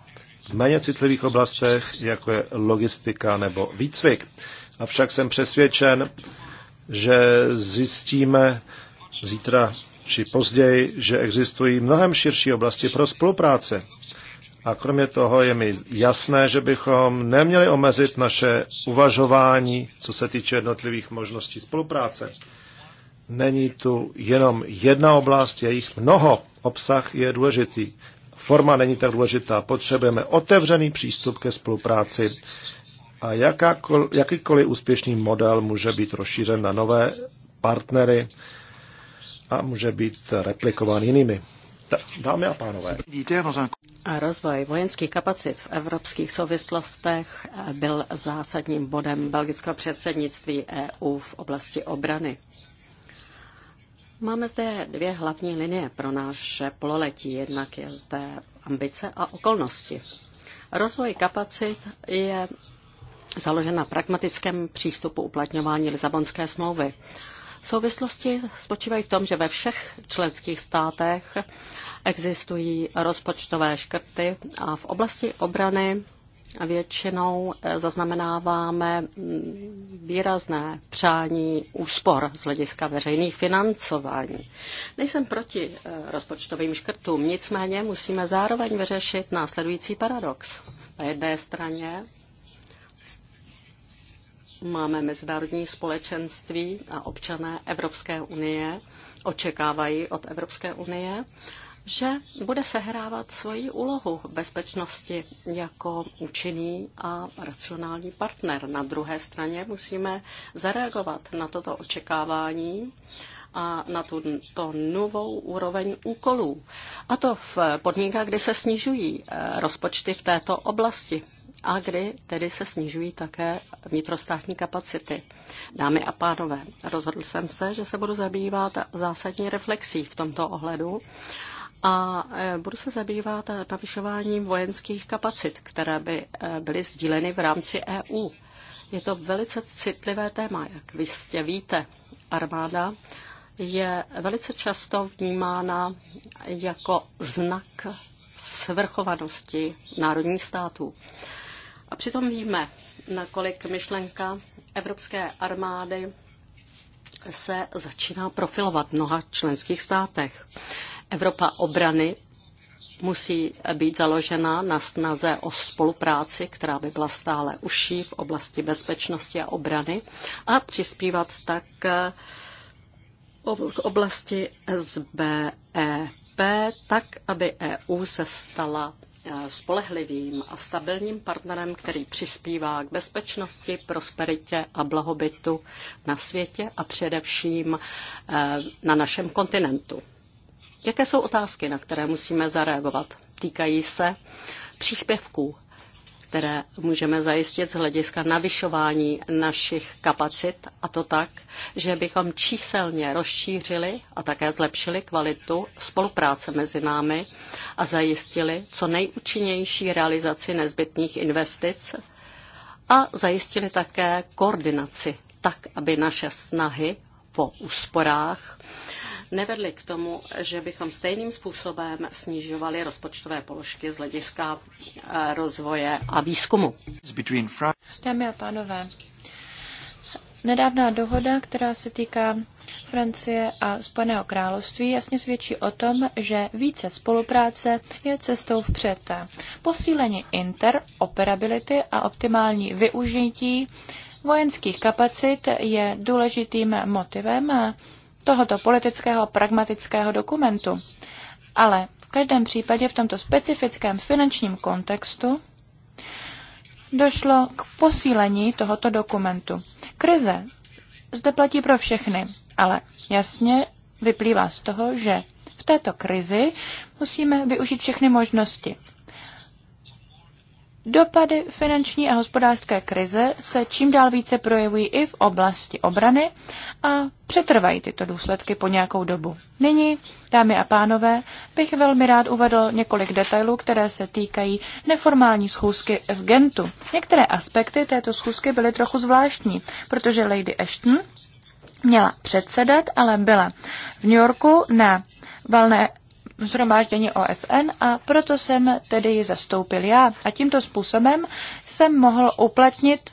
v méně citlivých oblastech, jako je logistika nebo výcvik. Avšak jsem přesvědčen, že zjistíme zítra či později, že existují mnohem širší oblasti pro spolupráce. A kromě toho je mi jasné, že bychom neměli omezit naše uvažování, co se týče jednotlivých možností spolupráce. Není tu jenom jedna oblast, je jich mnoho. Obsah je důležitý. Forma není tak důležitá. Potřebujeme otevřený přístup ke spolupráci a jakýkoliv úspěšný model může být rozšířen na nové partnery, a může být replikován jinými. Dámy a pánové. Rozvoj vojenských kapacit v evropských souvislostech byl zásadním bodem belgického předsednictví EU v oblasti obrany. Máme zde dvě hlavní linie pro naše pololetí. Jednak je zde ambice a okolnosti. Rozvoj kapacit je založen na pragmatickém přístupu uplatňování Lisabonské smlouvy. Souvislosti spočívají v tom, že ve všech členských státech existují rozpočtové škrty a v oblasti obrany většinou eh, zaznamenáváme mm, výrazné přání úspor z hlediska veřejných financování. Nejsem proti eh, rozpočtovým škrtům, nicméně musíme zároveň vyřešit následující paradox. Na jedné straně máme mezinárodní společenství a občané Evropské unie očekávají od Evropské unie, že bude sehrávat svoji úlohu v bezpečnosti jako účinný a racionální partner. Na druhé straně musíme zareagovat na toto očekávání a na tuto novou úroveň úkolů. A to v podmínkách, kdy se snižují eh, rozpočty v této oblasti a kdy tedy se snižují také vnitrostátní kapacity. Dámy a pánové, rozhodl jsem se, že se budu zabývat zásadní reflexí v tomto ohledu a e, budu se zabývat navyšováním vojenských kapacit, které by e, byly sdíleny v rámci EU. Je to velice citlivé téma, jak vy jistě víte. Armáda je velice často vnímána jako znak svrchovanosti národních států. A přitom víme, nakolik myšlenka evropské armády se začíná profilovat v mnoha členských státech. Evropa obrany musí být založena na snaze o spolupráci, která by byla stále užší v oblasti bezpečnosti a obrany a přispívat tak k eh, oblasti SBEP, tak aby EU se stala spolehlivým a stabilním partnerem, který přispívá k bezpečnosti, prosperitě a blahobytu na světě a především eh, na našem kontinentu. Jaké jsou otázky, na které musíme zareagovat? Týkají se příspěvků které můžeme zajistit z hlediska navyšování našich kapacit a to tak, že bychom číselně rozšířili a také zlepšili kvalitu spolupráce mezi námi a zajistili co nejúčinnější realizaci nezbytných investic a zajistili také koordinaci tak, aby naše snahy po úsporách nevedly k tomu, že bychom stejným způsobem snižovali rozpočtové položky z hlediska eh, rozvoje a výzkumu. Dámy a pánové, nedávná dohoda, která se týká Francie a Spojeného království jasně svědčí o tom, že více spolupráce je cestou vpřed. Posílení interoperability a optimální využití vojenských kapacit je důležitým motivem tohoto politického pragmatického dokumentu. Ale v každém případě v tomto specifickém finančním kontextu došlo k posílení tohoto dokumentu. Krize zde platí pro všechny, ale jasně vyplývá z toho, že v této krizi musíme využít všechny možnosti. Dopady finanční a hospodářské krize se čím dál více projevují i v oblasti obrany a přetrvají tyto důsledky po nějakou dobu. Nyní, dámy a pánové, bych velmi rád uvedl několik detailů, které se týkají neformální schůzky v Gentu. Některé aspekty této schůzky byly trochu zvláštní, protože Lady Ashton měla předsedat, ale byla v New Yorku na valné zhromáždění OSN a proto jsem tedy ji zastoupil já. A tímto způsobem jsem mohl uplatnit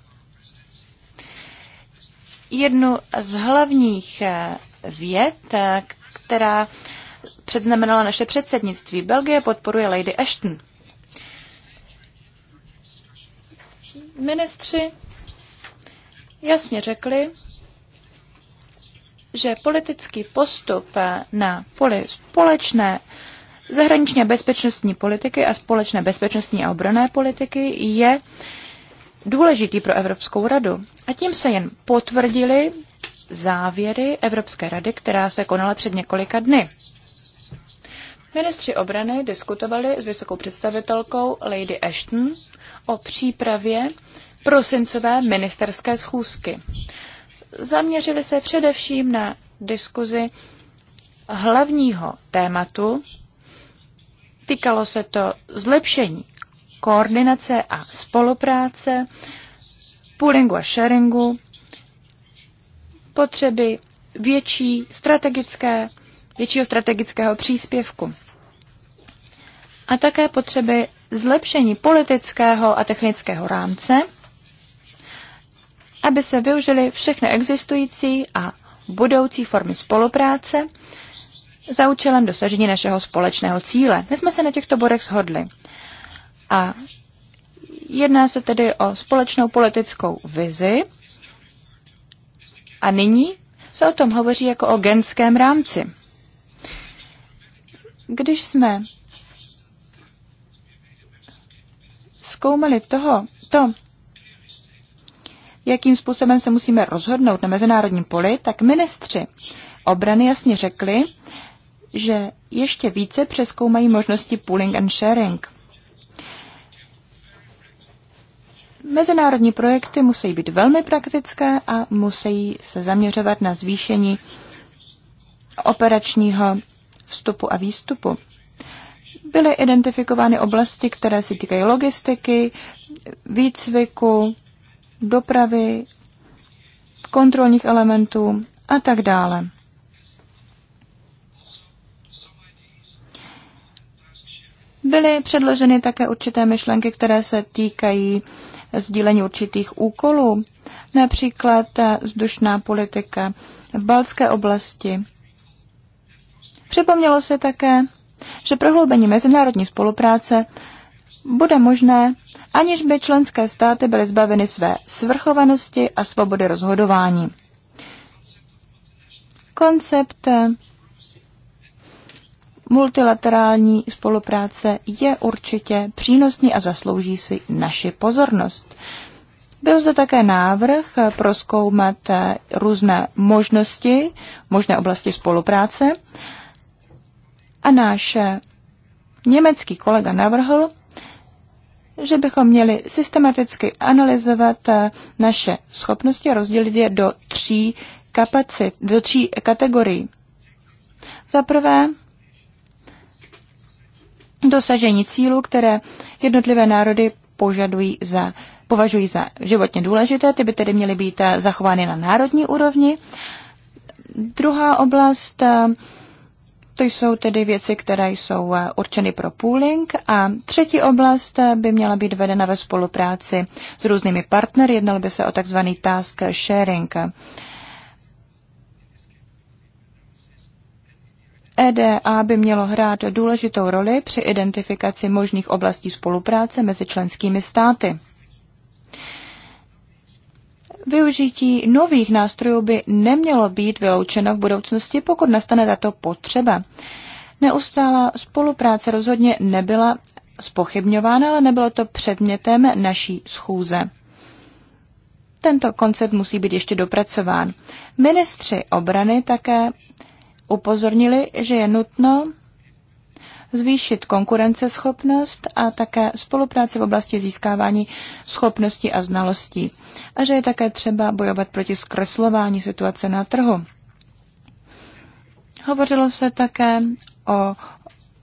jednu z hlavních eh, věd, eh, která předznamenala naše předsednictví. Belgie podporuje Lady Ashton. Ministři jasně řekli, že politický postup na poli společné zahraniční bezpečnostní politiky a společné bezpečnostní a obrané politiky je důležitý pro Evropskou radu. A tím se jen potvrdili závěry Evropské rady, která se konala před několika dny. Ministři obrany diskutovali s vysokou představitelkou Lady Ashton o přípravě prosincové ministerské schůzky zaměřili se především na diskuzi hlavního tématu. Týkalo se to zlepšení koordinace a spolupráce, poolingu a sharingu, potřeby větší strategické, většího strategického příspěvku a také potřeby zlepšení politického a technického rámce aby se využily všechny existující a budoucí formy spolupráce za účelem dosažení našeho společného cíle. My jsme se na těchto bodech shodli. A jedná se tedy o společnou politickou vizi a nyní se o tom hovoří jako o genském rámci. Když jsme zkoumali toho, to, jakým způsobem se musíme rozhodnout na mezinárodním poli, tak ministři obrany jasně řekli, že ještě více přeskoumají možnosti pooling and sharing. Mezinárodní projekty musí být velmi praktické a musí se zaměřovat na zvýšení operačního vstupu a výstupu. Byly identifikovány oblasti, které se týkají logistiky, výcviku, dopravy, kontrolních elementů a tak dále. Byly předloženy také určité myšlenky, které se týkají sdílení určitých úkolů, například vzdušná politika v Balské oblasti. Připomnělo se také, že prohloubení mezinárodní spolupráce bude možné aniž by členské státy byly zbaveny své svrchovanosti a svobody rozhodování. Koncept eh, multilaterální spolupráce je určitě přínosný a zaslouží si naši pozornost. Byl zde také návrh proskoumat eh, různé možnosti, možné oblasti spolupráce a náš eh, německý kolega navrhl, že bychom měli systematicky analyzovat eh, naše schopnosti a rozdělit je do tří kapacit, do tří kategorií. Za prvé, dosažení cílů, které jednotlivé národy požadují za, považují za životně důležité, ty by tedy měly být eh, zachovány na národní úrovni. Druhá oblast eh, to jsou tedy věci, které jsou eh, určeny pro pooling a třetí oblast eh, by měla být vedena ve spolupráci s různými partnery, jednalo by se o takzvaný task sharing. EDA by mělo hrát důležitou roli při identifikaci možných oblastí spolupráce mezi členskými státy. Využití nových nástrojů by nemělo být vyloučeno v budoucnosti, pokud nastane tato potřeba. Neustála spolupráce rozhodně nebyla spochybňována, ale nebylo to předmětem naší schůze. Tento koncept musí být ještě dopracován. Ministři obrany také upozornili, že je nutno zvýšit konkurenceschopnost a také spolupráci v oblasti získávání schopností a znalostí. A že je také třeba bojovat proti zkreslování situace na trhu. Hovořilo se také o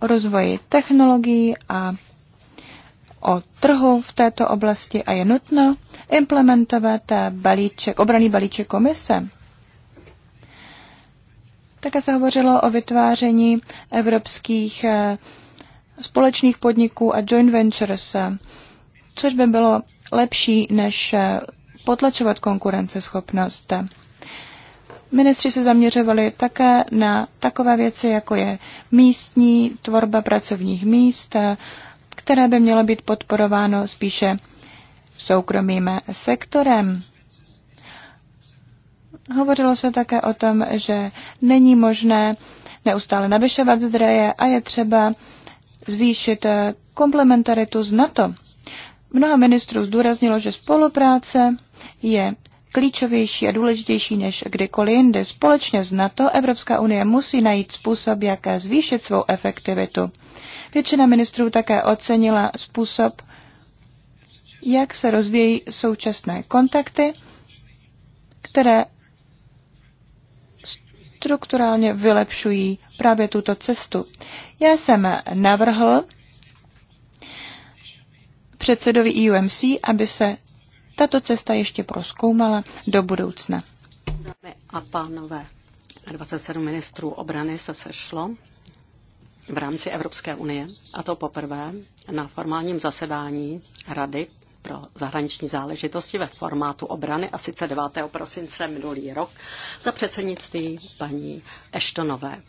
rozvoji technologií a o trhu v této oblasti a je nutno implementovat balíček, obraný balíček komise také se hovořilo o vytváření evropských eh, společných podniků a joint ventures, eh, což by bylo lepší, než eh, potlačovat konkurenceschopnost. Ministři se zaměřovali také na takové věci, jako je místní tvorba pracovních míst, které by mělo být podporováno spíše soukromým sektorem. Hovořilo se také o tom, že není možné neustále navyšovat zdroje a je třeba zvýšit eh, komplementaritu z NATO. Mnoho ministrů zdůraznilo, že spolupráce je klíčovější a důležitější než kdykoliv jindy. Společně s NATO Evropská unie musí najít způsob, jak zvýšit svou efektivitu. Většina ministrů také ocenila způsob, jak se rozvíjí současné kontakty, které strukturálně vylepšují právě tuto cestu. Já jsem navrhl předsedovi e UMC, aby se tato cesta ještě proskoumala do budoucna. Dámy a pánové, 27 ministrů obrany se sešlo v rámci Evropské unie, a to poprvé na formálním zasedání Rady pro zahraniční záležitosti ve formátu obrany a sice 9. prosince minulý rok za předsednictví paní Eštonové.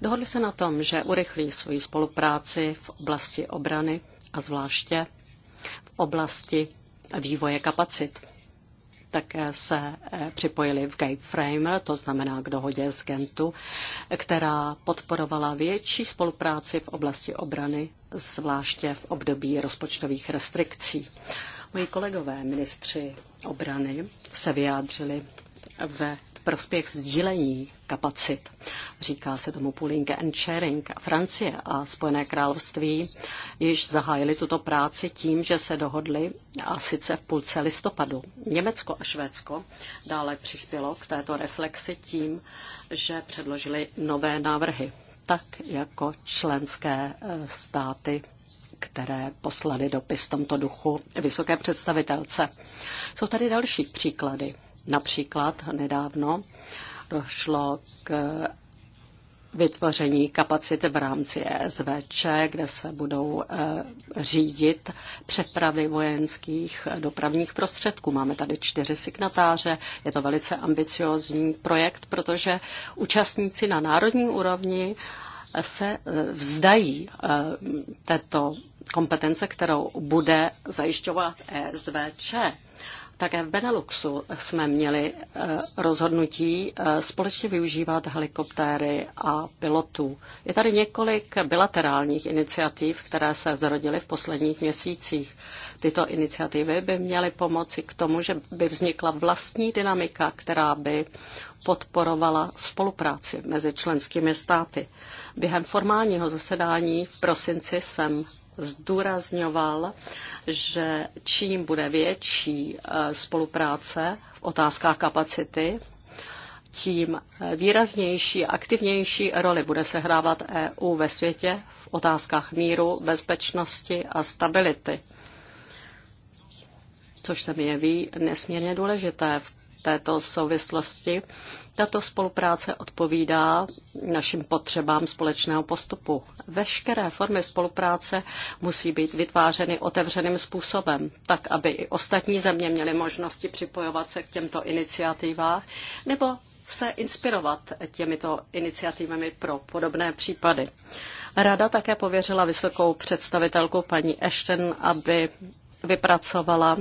Dohodli se na tom, že urychlí svoji spolupráci v oblasti obrany a zvláště v oblasti vývoje kapacit také se eh, připojili v Gateframer, to znamená k dohodě z Gentu, která podporovala větší spolupráci v oblasti obrany, zvláště v období rozpočtových restrikcí. Moji kolegové ministři obrany se vyjádřili ve prospěch sdílení kapacit. Říká se tomu pooling and sharing. Francie a Spojené království již zahájili tuto práci tím, že se dohodli a sice v půlce listopadu. Německo a Švédsko dále přispělo k této reflexi tím, že předložili nové návrhy, tak jako členské e, státy které poslali dopis v tomto duchu vysoké představitelce. Jsou tady další příklady. Například nedávno došlo k vytvoření kapacity v rámci ESVČ, kde se budou eh, řídit přepravy vojenských dopravních prostředků. Máme tady čtyři signatáře, je to velice ambiciozní projekt, protože účastníci na národní úrovni eh, se eh, vzdají této kompetence, kterou bude zajišťovat ESVČ. Také v Beneluxu jsme měli eh, rozhodnutí eh, společně využívat helikoptéry a pilotů. Je tady několik bilaterálních iniciativ, které se zrodily v posledních měsících. Tyto iniciativy by měly pomoci k tomu, že by vznikla vlastní dynamika, která by podporovala spolupráci mezi členskými státy. Během formálního zasedání v prosinci jsem zdůrazňoval, že čím bude větší eh, spolupráce v otázkách kapacity, tím výraznější, aktivnější roli bude sehrávat EU ve světě v otázkách míru, bezpečnosti a stability. Což se mi jeví nesmírně důležité v této souvislosti. Tato spolupráce odpovídá našim potřebám společného postupu. Veškeré formy spolupráce musí být vytvářeny otevřeným způsobem, tak aby i ostatní země měly možnosti připojovat se k těmto iniciativách nebo se inspirovat těmito iniciativami pro podobné případy. Rada také pověřila vysokou představitelku paní Ashton, aby vypracovala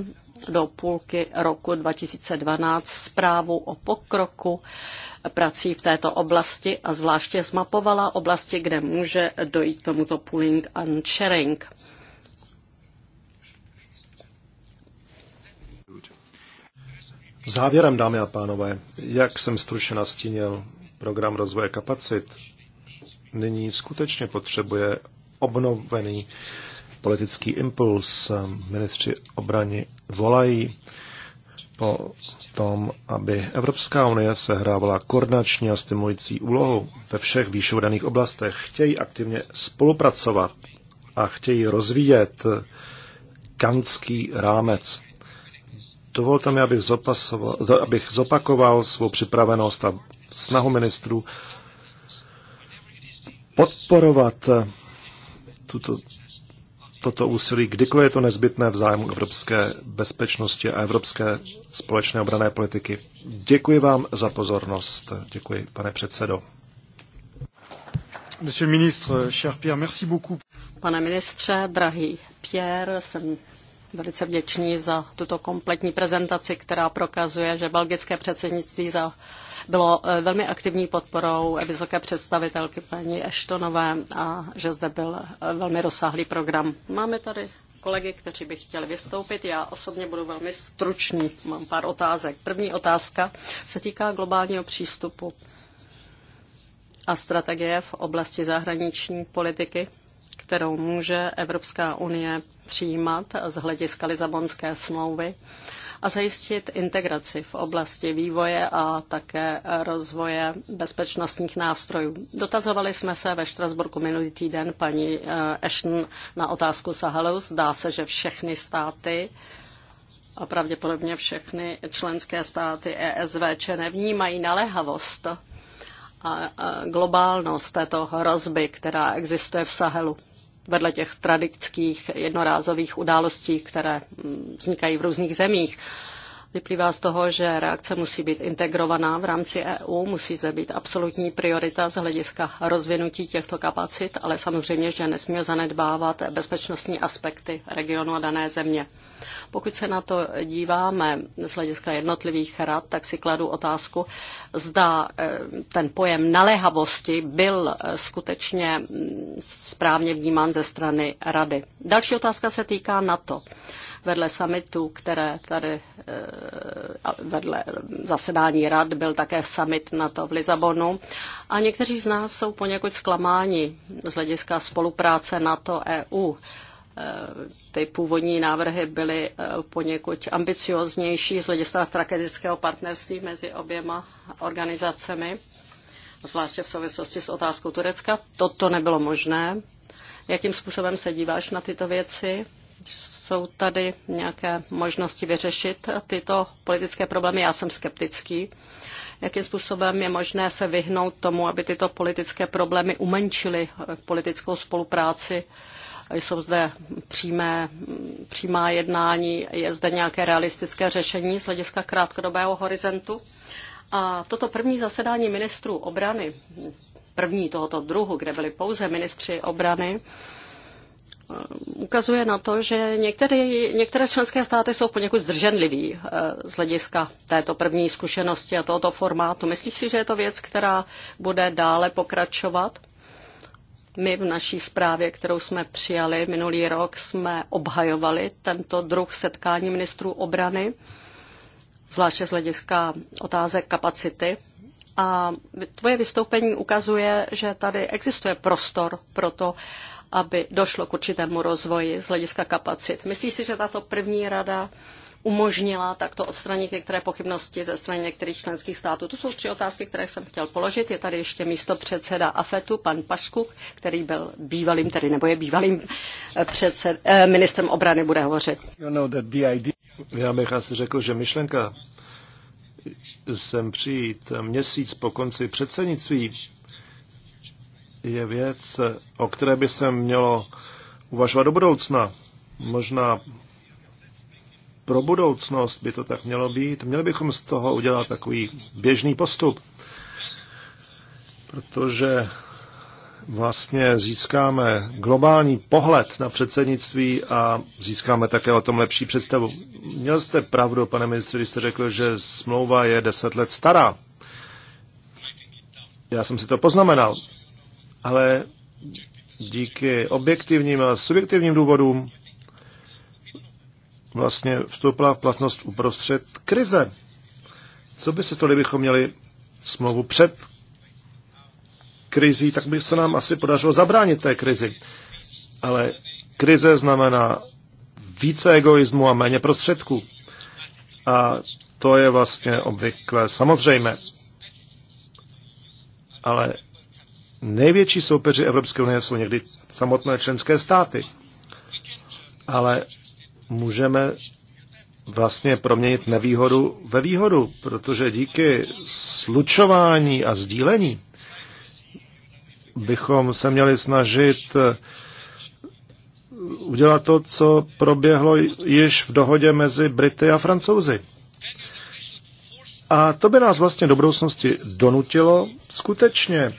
do půlky roku 2012 zprávu o pokroku prací v této oblasti a zvláště zmapovala oblasti, kde může dojít k tomuto pooling and sharing. Závěrem, dámy a pánové, jak jsem stručně nastínil program rozvoje kapacit, nyní skutečně potřebuje obnovený politický impuls. Ministři obrany volají po tom, aby Evropská unie sehrávala koordinační a stimulující úlohu ve všech výše udaných oblastech. Chtějí aktivně spolupracovat a chtějí rozvíjet kanský rámec. Dovolte mi, abych, abych zopakoval svou připravenost a snahu ministrů podporovat tuto toto úsilí, kdykoliv je to nezbytné v zájmu evropské bezpečnosti a evropské společné obrané politiky. Děkuji vám za pozornost. Děkuji, pane předsedo. Monsieur ministre, cher Pierre, merci beaucoup. Pane ministře, drahý Pierre, jsem velice vděční za tuto kompletní prezentaci, která prokazuje, že belgické předsednictví za, bylo eh, velmi aktivní podporou vysoké představitelky paní Eštonové a že zde byl eh, velmi rozsáhlý program. Máme tady kolegy, kteří by chtěli vystoupit. Já osobně budu velmi stručný. Mám pár otázek. První otázka se týká globálního přístupu a strategie v oblasti zahraniční politiky kterou může Evropská unie přijímat z hlediska Lizabonské smlouvy a zajistit integraci v oblasti vývoje a také rozvoje bezpečnostních nástrojů. Dotazovali jsme se ve Štrasburku minulý týden paní eh, Ashton na otázku Sahelu. Zdá se, že všechny státy a pravděpodobně všechny členské státy ESVČ nevnímají naléhavost a globálnost této hrozby, která existuje v Sahelu vedle těch tradických jednorázových událostí, které mm, vznikají v různých zemích. Vyplývá z toho, že reakce musí být integrovaná v rámci EU, musí zde být absolutní priorita z hlediska rozvinutí těchto kapacit, ale samozřejmě, že nesmíme zanedbávat bezpečnostní aspekty regionu a dané země. Pokud se na to díváme z hlediska jednotlivých rad, tak si kladu otázku, zda eh, ten pojem naléhavosti byl eh, skutečně mm, správně vnímán ze strany rady. Další otázka se týká NATO vedle summitu, které tady eh, vedle zasedání rad byl také summit NATO v Lisabonu. A někteří z nás jsou poněkud zklamáni z hlediska spolupráce NATO-EU. Eh, ty původní návrhy byly eh, poněkud ambicioznější z hlediska strategického partnerství mezi oběma organizacemi, zvláště v souvislosti s otázkou Turecka. Toto nebylo možné. Jakým způsobem se díváš na tyto věci? Jsou tady nějaké možnosti vyřešit tyto politické problémy? Já jsem skeptický. Jakým způsobem je možné se vyhnout tomu, aby tyto politické problémy umenčily eh, politickou spolupráci jsou zde přímé, přímá jednání, je zde nějaké realistické řešení z hlediska krátkodobého horizontu. A toto první zasedání ministrů obrany, první tohoto druhu, kde byli pouze ministři obrany, ukazuje na to, že některé, některé členské státy jsou poněkud zdrženliví eh, z hlediska této první zkušenosti a tohoto formátu. Myslíš si, že je to věc, která bude dále pokračovat? My v naší zprávě, kterou jsme přijali minulý rok, jsme obhajovali tento druh setkání ministrů obrany, zvláště z hlediska otázek kapacity. A tvoje vystoupení ukazuje, že tady existuje prostor pro to, aby došlo k určitému rozvoji z hlediska kapacit. Myslíš si, že tato první rada umožnila takto odstranit některé pochybnosti ze strany některých členských států. To jsou tři otázky, které jsem chtěl položit. Je tady ještě místo předseda AFETu, pan Pašku, který byl bývalým, tedy nebo je bývalým eh, předsed, eh, ministrem obrany, bude hovořit. You know Já bych asi řekl, že myšlenka sem přijít měsíc po konci předsednictví je věc, o které by se mělo uvažovat do budoucna. Možná pro budoucnost by to tak mělo být. Měli bychom z toho udělat takový běžný postup, protože vlastně získáme globální pohled na předsednictví a získáme také o tom lepší představu. Měl jste pravdu, pane ministře, když jste řekl, že smlouva je deset let stará. Já jsem si to poznamenal, ale díky objektivním a subjektivním důvodům vlastně vstoupila v platnost uprostřed krize. Co by se to kdybychom měli smlouvu před krizí, tak by se nám asi podařilo zabránit té krizi. Ale krize znamená více egoismu a méně prostředků. A to je vlastně obvykle samozřejmé. Ale největší soupeři Evropské unie jsou někdy samotné členské státy. Ale můžeme vlastně proměnit nevýhodu ve výhodu, protože díky slučování a sdílení bychom se měli snažit eh, udělat to, co proběhlo již v dohodě mezi Brity a Francouzi. A to by nás vlastně do budoucnosti donutilo skutečně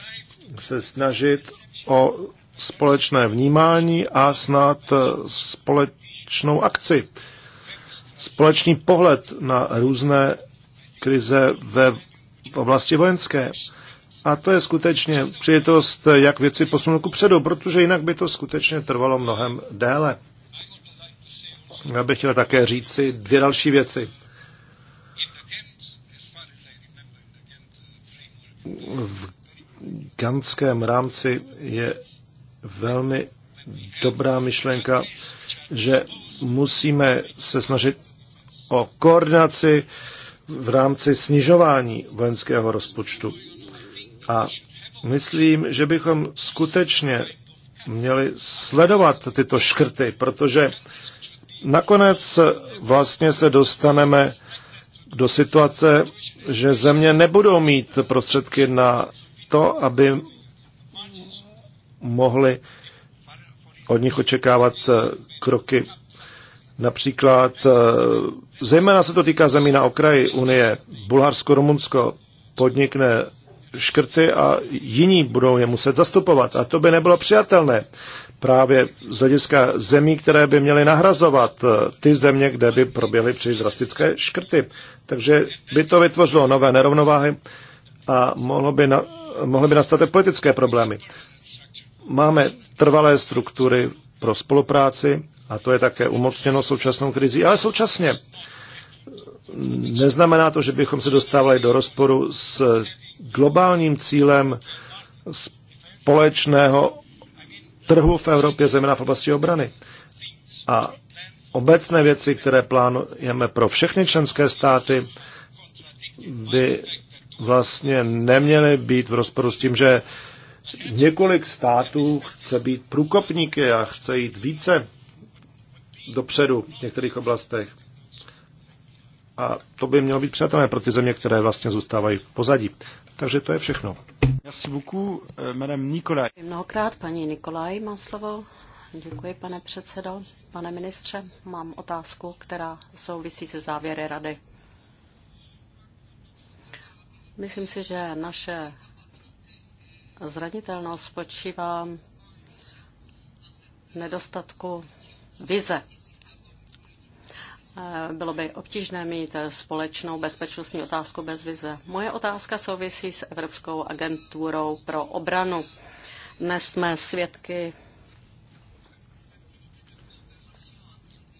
se snažit o společné vnímání a snad eh, společné společnou akci, společný pohled na různé krize ve, v oblasti vojenské. A to je skutečně přijetost, jak věci posunout ku předu, protože jinak by to skutečně trvalo mnohem déle. Já bych chtěl také říci dvě další věci. V ganském rámci je velmi dobrá myšlenka že musíme se snažit o koordinaci v rámci snižování vojenského rozpočtu. A myslím, že bychom skutečně měli sledovat tyto škrty, protože nakonec vlastně se dostaneme do situace, že země nebudou mít prostředky na to, aby mohly od nich očekávat eh, kroky. Například, eh, zejména se to týká zemí na okraji Unie, Bulharsko, Rumunsko podnikne škrty a jiní budou je muset zastupovat. A to by nebylo přijatelné právě z hlediska zemí, které by měly nahrazovat eh, ty země, kde by proběhly příliš drastické škrty. Takže by to vytvořilo nové nerovnováhy a mohlo by, na, mohly by nastat politické problémy. Máme trvalé struktury pro spolupráci a to je také umocněno současnou krizí, ale současně neznamená to, že bychom se dostávali do rozporu s globálním cílem společného trhu v Evropě, zejména v oblasti obrany. A obecné věci, které plánujeme pro všechny členské státy, by vlastně neměly být v rozporu s tím, že několik států chce být průkopníky a chce jít více dopředu v některých oblastech. A to by mělo být přátelé pro ty země, které vlastně zůstávají v pozadí. Takže to je všechno. Merci beaucoup, euh, madame Nikolaj. Mnohokrát paní Nikolaj má slovo. Děkuji, pane předsedo. Pane ministře, mám otázku, která souvisí se závěry rady. Myslím si, že naše Zranitelnost spočívá v nedostatku vize. Eh, bylo by obtížné mít společnou bezpečnostní otázku bez vize. Moje otázka souvisí s Evropskou agenturou pro obranu. Dnes jsme svědky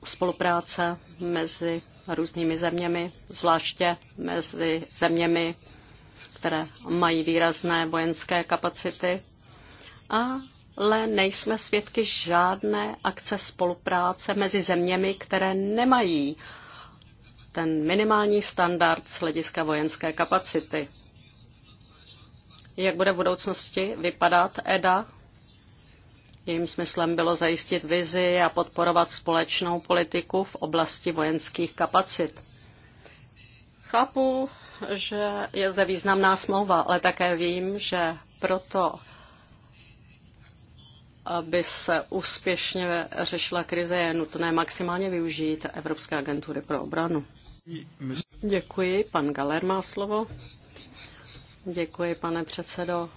spolupráce mezi různými zeměmi, zvláště mezi zeměmi které mají výrazné vojenské kapacity, ale nejsme svědky žádné akce spolupráce mezi zeměmi, které nemají ten minimální standard z hlediska vojenské kapacity. Jak bude v budoucnosti vypadat EDA? Jejím smyslem bylo zajistit vizi a podporovat společnou politiku v oblasti vojenských kapacit. Chápu, že je zde významná smlouva, ale také vím, že proto, aby se úspěšně řešila krize, je nutné maximálně využít Evropské agentury pro obranu. Děkuji. Pan Galer má slovo. Děkuji, pane předsedo,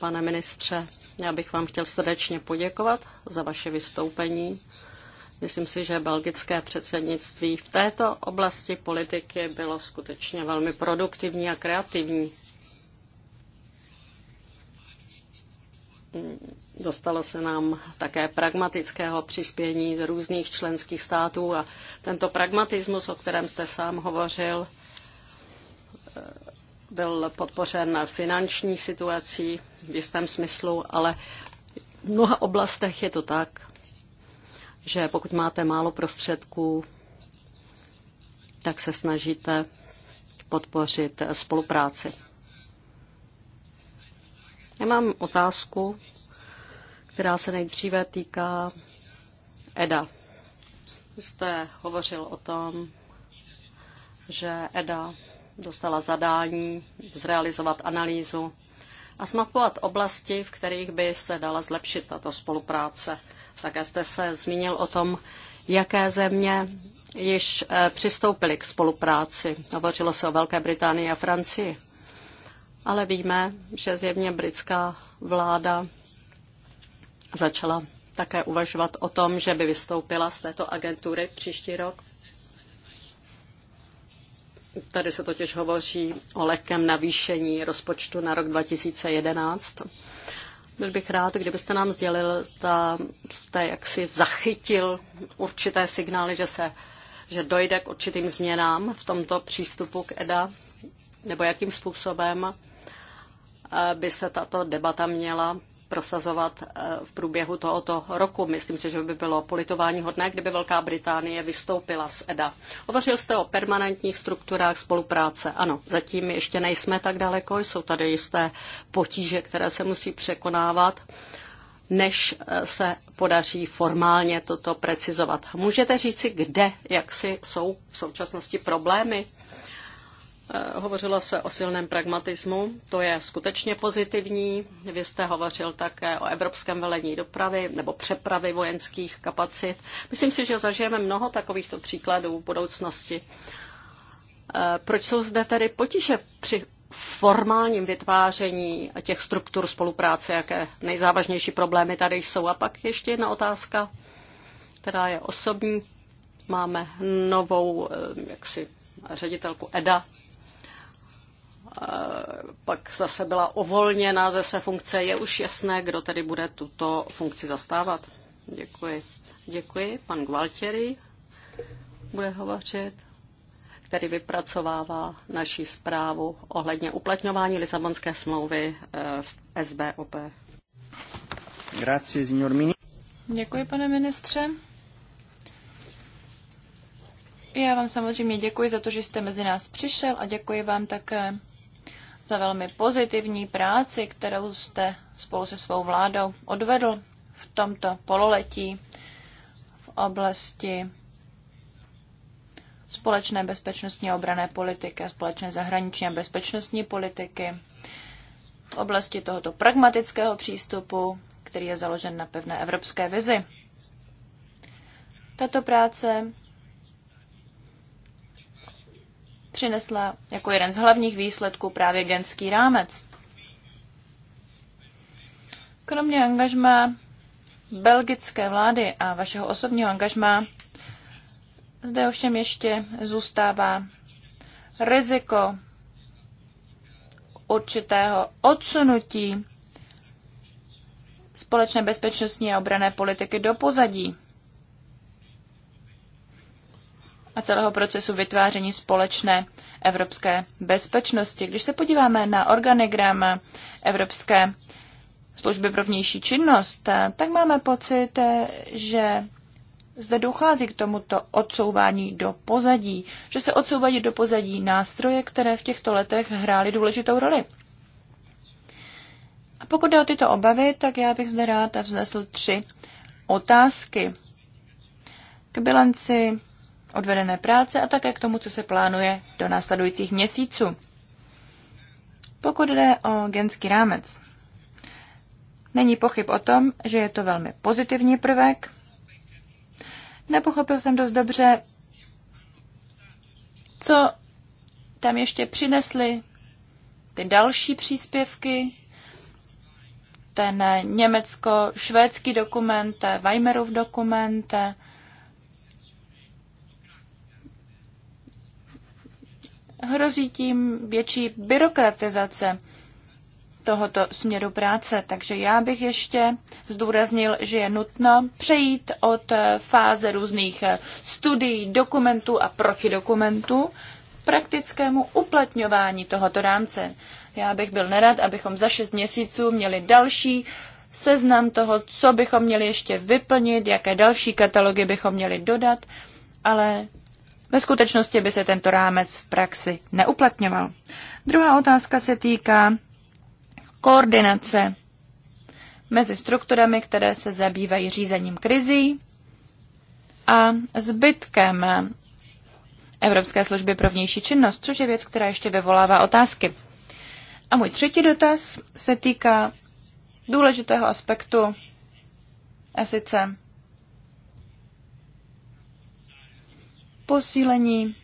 pane ministře. Já bych vám chtěl srdečně poděkovat za vaše vystoupení Myslím si, že belgické předsednictví v této oblasti politiky bylo skutečně velmi produktivní a kreativní. Dostalo se nám také pragmatického přispění z různých členských států a tento pragmatismus, o kterém jste sám hovořil, byl podpořen finanční situací v jistém smyslu, ale v mnoha oblastech je to tak, že pokud máte málo prostředků, tak se snažíte podpořit spolupráci. Já mám otázku, která se nejdříve týká EDA. Vy jste hovořil o tom, že EDA dostala zadání zrealizovat analýzu a zmapovat oblasti, v kterých by se dala zlepšit tato spolupráce. Také jste se zmínil o tom, jaké země již eh, přistoupily k spolupráci. Hovořilo se o Velké Británii a Francii. Ale víme, že zjevně britská vláda začala také uvažovat o tom, že by vystoupila z této agentury příští rok. Tady se totiž hovoří o lehkém navýšení rozpočtu na rok 2011 byl bych rád, kdybyste nám sdělil, zda jste jaksi zachytil určité signály, že se že dojde k určitým změnám v tomto přístupu k EDA, nebo jakým způsobem eh, by se tato debata měla prosazovat eh, v průběhu tohoto roku. Myslím si, že by bylo politování hodné, kdyby Velká Británie vystoupila z EDA. Hovořil jste o permanentních strukturách spolupráce. Ano, zatím ještě nejsme tak daleko, jsou tady jisté potíže, které se musí překonávat než eh, se podaří formálně toto precizovat. Můžete říci, kde, jak si jsou v současnosti problémy? Eh, hovořilo se o silném pragmatismu, to je skutečně pozitivní. Vy jste hovořil také o evropském velení dopravy nebo přepravy vojenských kapacit. Myslím si, že zažijeme mnoho takovýchto příkladů v budoucnosti. Eh, proč jsou zde tedy potíže při formálním vytváření těch struktur spolupráce, jaké nejzávažnější problémy tady jsou? A pak ještě jedna otázka, která je osobní. Máme novou eh, jaksi, ředitelku EDA pak zase byla ovolněna ze své funkce. Je už jasné, kdo tedy bude tuto funkci zastávat. Děkuji. Děkuji. Pan Gualtieri bude hovořit, který vypracovává naši zprávu ohledně uplatňování Lisabonské smlouvy eh, v SBOP. Grazie, signor Děkuji, pane ministře. Já vám samozřejmě děkuji za to, že jste mezi nás přišel a děkuji vám také za velmi pozitivní práci, kterou jste spolu se svou vládou odvedl v tomto pololetí v oblasti společné bezpečnostní a obrané politiky a společné zahraniční a bezpečnostní politiky v oblasti tohoto pragmatického přístupu, který je založen na pevné evropské vizi. Tato práce přinesla jako jeden z hlavních výsledků právě genský rámec. Kromě angažma belgické vlády a vašeho osobního angažma zde ovšem ještě zůstává riziko určitého odsunutí společné bezpečnostní a obrané politiky do pozadí. a celého procesu vytváření společné evropské bezpečnosti. Když se podíváme na organigram Evropské služby pro vnější činnost, tak máme pocit, že zde dochází k tomuto odsouvání do pozadí, že se odsouvají do pozadí nástroje, které v těchto letech hrály důležitou roli. A pokud jde o tyto obavy, tak já bych zde rád vznesl tři otázky k bilanci odvedené práce a také k tomu, co se plánuje do následujících měsíců. Pokud jde o genský rámec, není pochyb o tom, že je to velmi pozitivní prvek. Nepochopil jsem dost dobře, co tam ještě přinesly ty další příspěvky, ten německo-švédský dokument, Weimerův dokument, hrozí tím větší byrokratizace tohoto směru práce. Takže já bych ještě zdůraznil, že je nutno přejít od fáze různých studií, dokumentů a protidokumentů praktickému uplatňování tohoto rámce. Já bych byl nerad, abychom za šest měsíců měli další seznam toho, co bychom měli ještě vyplnit, jaké další katalogy bychom měli dodat, ale ve skutečnosti by se tento rámec v praxi neuplatňoval. Druhá otázka se týká koordinace mezi strukturami, které se zabývají řízením krizí a zbytkem Evropské služby pro vnější činnost, což je věc, která ještě vyvolává otázky. A můj třetí dotaz se týká důležitého aspektu, a sice posílení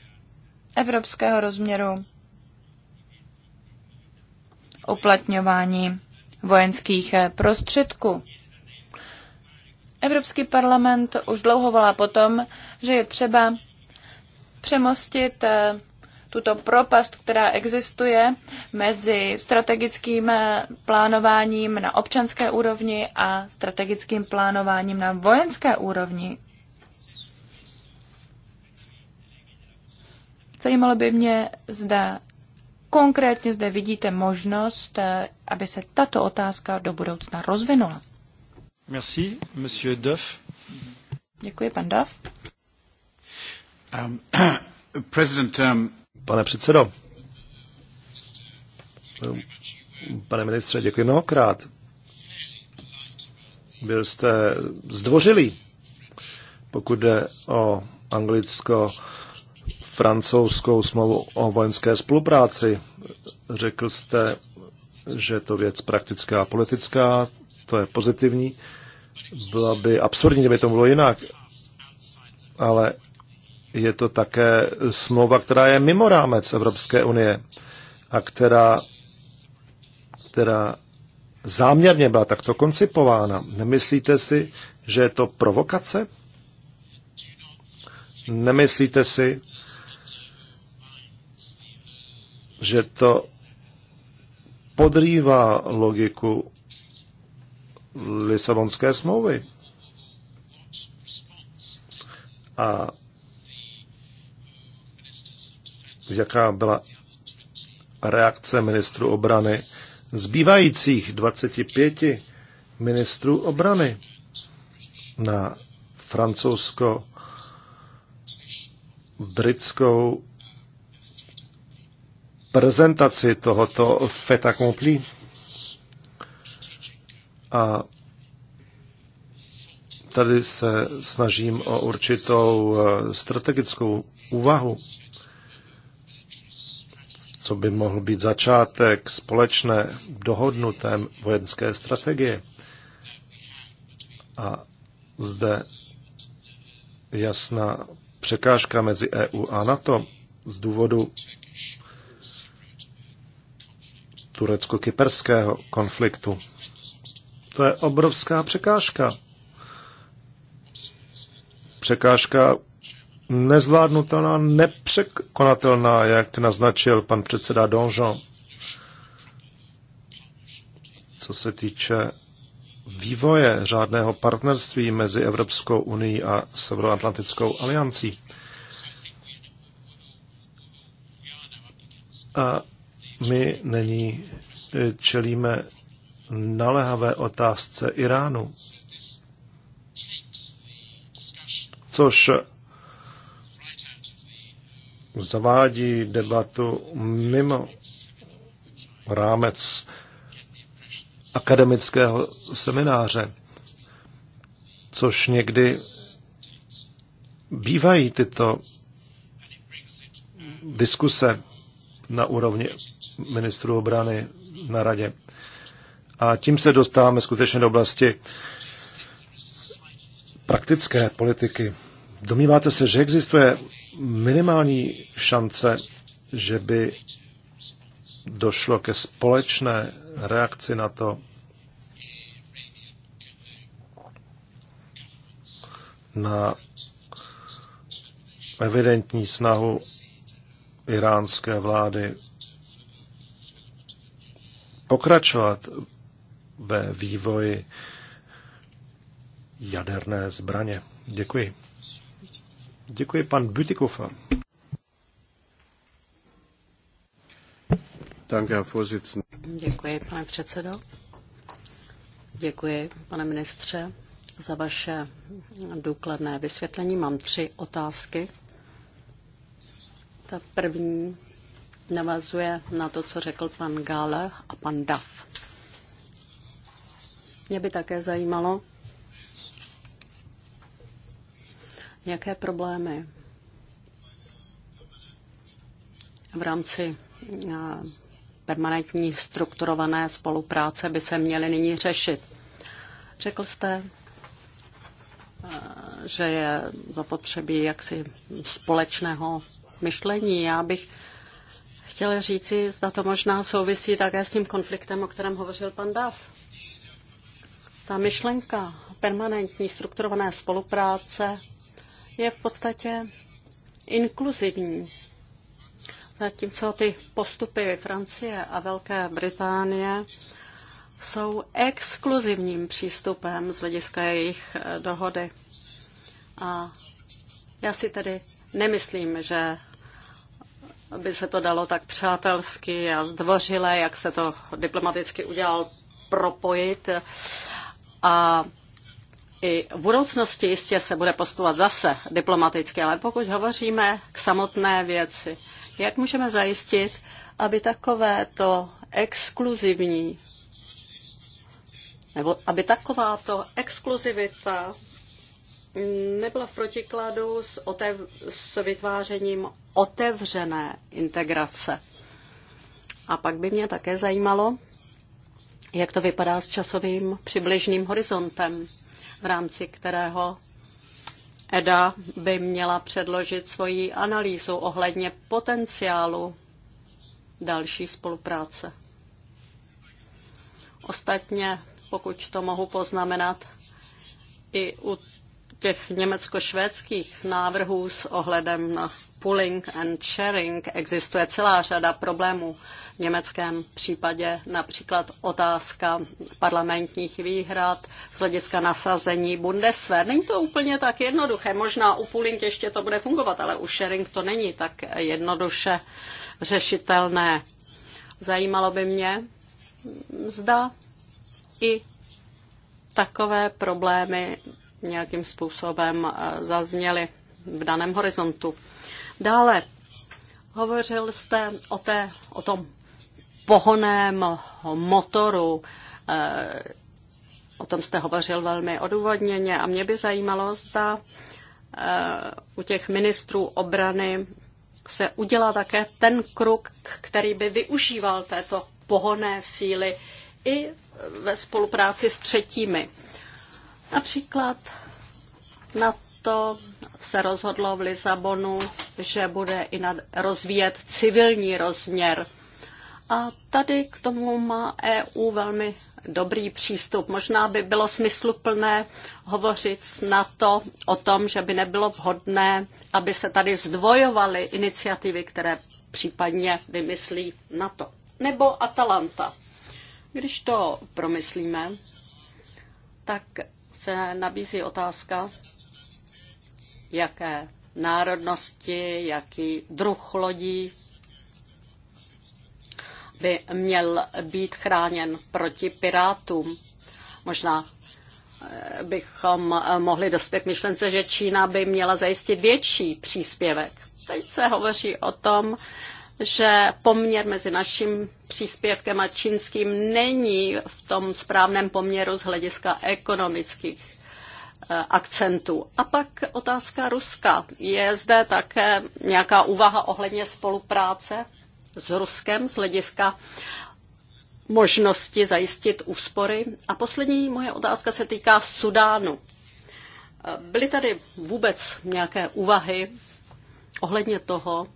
evropského rozměru uplatňování vojenských eh, prostředků. Evropský parlament už dlouho volá potom, že je třeba přemostit eh, tuto propast, která existuje mezi strategickým eh, plánováním na občanské úrovni a strategickým plánováním na vojenské úrovni. Zajímalo by mě, zda konkrétně zde vidíte možnost, eh, aby se tato otázka do budoucna rozvinula. Merci, monsieur Duff. Děkuji, pan Duff. Um, [clears throat] president, um... Pane předsedo, um, pane ministře, děkuji mnohokrát. Byl jste zdvořilý, pokud jde o anglicko francouzskou smlouvu o vojenské spolupráci. Řekl jste, že je to věc praktická a politická, to je pozitivní. Bylo by absurdní, kdyby to bylo jinak, ale je to také smlouva, která je mimo rámec Evropské unie a která, která záměrně byla takto koncipována. Nemyslíte si, že je to provokace? Nemyslíte si, že to podrývá logiku Lisabonské smlouvy. A jaká byla reakce ministru obrany zbývajících 25 ministrů obrany na francouzsko-britskou prezentaci tohoto fait accompli a tady se snažím o určitou eh, strategickou úvahu, co by mohl být začátek společné dohodnuté vojenské strategie. A zde jasná překážka mezi EU a NATO z důvodu turecko-kyperského konfliktu. To je obrovská překážka. Překážka nezvládnutelná, nepřekonatelná, jak naznačil pan předseda Donjon. Co se týče vývoje řádného partnerství mezi Evropskou unii a Severoatlantickou aliancí. A my není eh, čelíme naléhavé otázce Iránu, což zavádí debatu mimo rámec akademického semináře, což někdy bývají tyto diskuse na úrovni ministrů obrany na radě. A tím se dostáváme skutečně do oblasti praktické politiky. Domníváte se, že existuje minimální šance, že by došlo ke společné reakci na to, na evidentní snahu iránské vlády pokračovat ve vývoji jaderné zbraně. Děkuji. Děkuji pan Bütikofer. Děkuji, pane předsedo. Děkuji, pane ministře, za vaše důkladné vysvětlení. Mám tři otázky. Ta první navazuje na to, co řekl pan Gále a pan Duff. Mě by také zajímalo, jaké problémy v rámci eh, permanentní strukturované spolupráce by se měly nyní řešit. Řekl jste, eh, že je zapotřebí jaksi společného myšlení. Já bych chtěl říci, zda to možná souvisí také s tím konfliktem, o kterém hovořil pan Dav. Ta myšlenka permanentní strukturované spolupráce je v podstatě inkluzivní. Zatímco ty postupy Francie a Velké Británie jsou exkluzivním přístupem z hlediska jejich eh, dohody. A já si tedy nemyslím, že aby se to dalo tak přátelsky a zdvořile, jak se to diplomaticky udělal, propojit. A i v budoucnosti jistě se bude postovat zase diplomaticky, ale pokud hovoříme k samotné věci, jak můžeme zajistit, aby takovéto exkluzivní nebo aby takováto exkluzivita nebyla v protikladu s, otev- s vytvářením otevřené integrace. A pak by mě také zajímalo, jak to vypadá s časovým přibližným horizontem, v rámci kterého EDA by měla předložit svoji analýzu ohledně potenciálu další spolupráce. Ostatně, pokud to mohu poznamenat, i u těch německo-švédských návrhů s ohledem na pooling and sharing existuje celá řada problémů. V německém případě například otázka parlamentních výhrad z hlediska nasazení Bundeswehr. Není to úplně tak jednoduché. Možná u pooling ještě to bude fungovat, ale u sharing to není tak jednoduše řešitelné. Zajímalo by mě, zda i takové problémy nějakým způsobem eh, zazněly v daném horizontu. Dále hovořil jste o, té, o tom pohoném motoru, eh, o tom jste hovořil velmi odůvodněně a mě by zajímalo, zda eh, u těch ministrů obrany se udělá také ten kruk, který by využíval této pohoné síly i ve spolupráci s třetími Například na to se rozhodlo v Lisabonu, že bude i nad, rozvíjet civilní rozměr. A tady k tomu má EU velmi dobrý přístup. Možná by bylo smysluplné hovořit na to o tom, že by nebylo vhodné, aby se tady zdvojovaly iniciativy, které případně vymyslí NATO. Nebo Atalanta. Když to promyslíme, tak se nabízí otázka, jaké národnosti, jaký druh lodí by měl být chráněn proti pirátům. Možná eh, bychom eh, mohli dospět myšlence, že Čína by měla zajistit větší příspěvek. Teď se hovoří o tom, že poměr mezi naším příspěvkem a čínským není v tom správném poměru z hlediska ekonomických eh, akcentů. A pak otázka Ruska. Je zde také nějaká úvaha ohledně spolupráce s Ruskem z hlediska možnosti zajistit úspory? A poslední moje otázka se týká Sudánu. Eh, byly tady vůbec nějaké úvahy ohledně toho,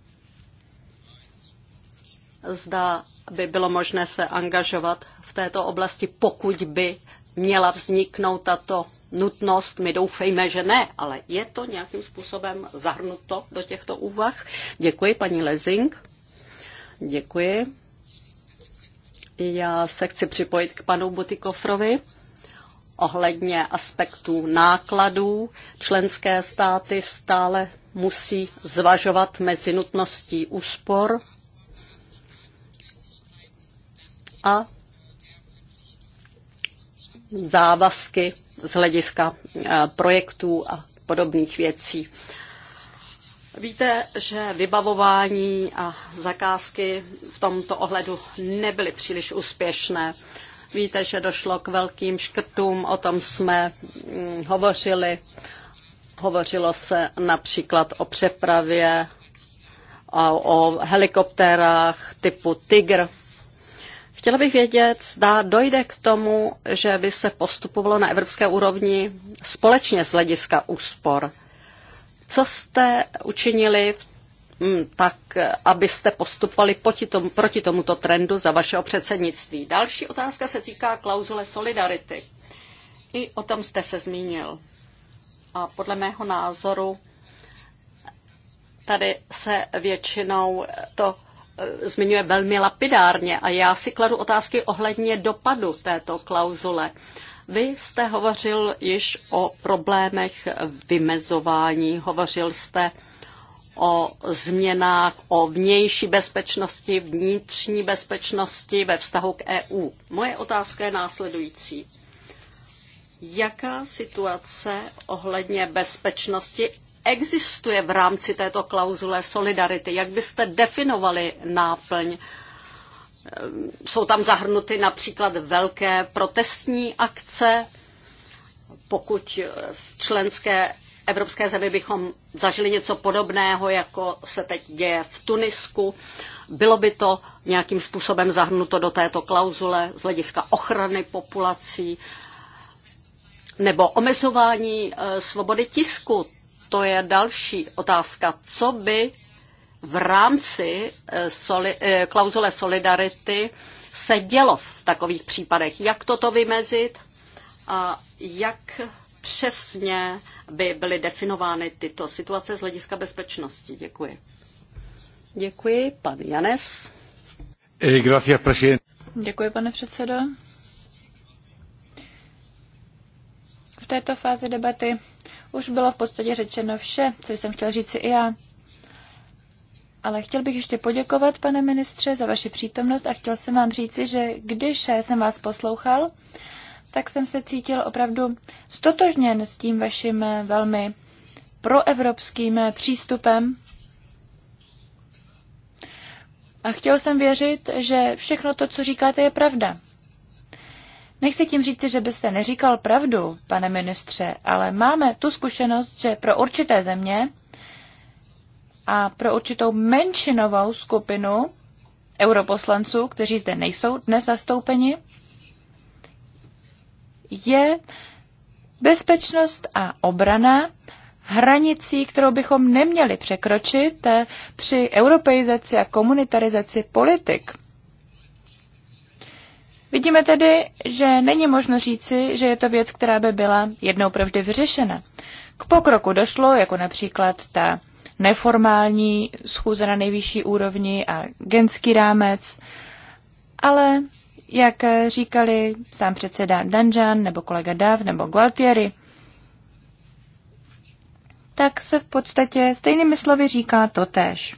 zda by bylo možné se angažovat v této oblasti, pokud by měla vzniknout tato nutnost. My doufejme, že ne, ale je to nějakým způsobem zahrnuto do těchto úvah. Děkuji, paní Lezing. Děkuji. Já se chci připojit k panu Butikofrovi ohledně aspektů nákladů. Členské státy stále musí zvažovat mezi nutností úspor a závazky z hlediska eh, projektů a podobných věcí. Víte, že vybavování a zakázky v tomto ohledu nebyly příliš úspěšné. Víte, že došlo k velkým škrtům, o tom jsme mm, hovořili. Hovořilo se například o přepravě, o helikoptérách typu Tiger Chtěla bych vědět, zda dojde k tomu, že by se postupovalo na evropské úrovni společně z hlediska úspor. Co jste učinili v mm, tak abyste postupovali proti, tomu, proti tomuto trendu za vašeho předsednictví. Další otázka se týká klauzule solidarity. I o tom jste se zmínil. A podle mého názoru tady se většinou to Eh, zmiňuje velmi lapidárně a já si kladu otázky ohledně dopadu této klauzule. Vy jste hovořil již o problémech vymezování, hovořil jste o změnách, o vnější bezpečnosti, vnitřní bezpečnosti ve vztahu k EU. Moje otázka je následující. Jaká situace ohledně bezpečnosti existuje v rámci této klauzule solidarity? Jak byste definovali náplň? Ehm, jsou tam zahrnuty například velké protestní akce, pokud v členské evropské zemi bychom zažili něco podobného, jako se teď děje v Tunisku. Bylo by to nějakým způsobem zahrnuto do této klauzule z hlediska ochrany populací nebo omezování eh, svobody tisku to je další otázka. Co by v rámci eh, soli, eh, klauzule solidarity se dělo v takových případech? Jak toto vymezit a jak přesně by byly definovány tyto situace z hlediska bezpečnosti? Děkuji. Děkuji, pan Janes. Eh, Děkuji, pane předsedo. V této fázi debaty už bylo v podstatě řečeno vše, co jsem chtěl říct si i já. Ale chtěl bych ještě poděkovat, pane ministře, za vaši přítomnost a chtěl jsem vám říci, že když jsem vás poslouchal, tak jsem se cítil opravdu stotožněn s tím vaším velmi proevropským přístupem. A chtěl jsem věřit, že všechno to, co říkáte, je pravda. Nechci tím říct, že byste neříkal pravdu, pane ministře, ale máme tu zkušenost, že pro určité země a pro určitou menšinovou skupinu europoslanců, kteří zde nejsou dnes zastoupeni, je bezpečnost a obrana hranicí, kterou bychom neměli překročit eh, při europeizaci a komunitarizaci politik. Vidíme tedy, že není možno říci, že je to věc, která by byla jednou provždy vyřešena. K pokroku došlo, jako například ta neformální schůze na nejvyšší úrovni a genský rámec, ale jak říkali sám předseda Danjan nebo kolega Dav nebo Gualtieri, tak se v podstatě stejnými slovy říká tež.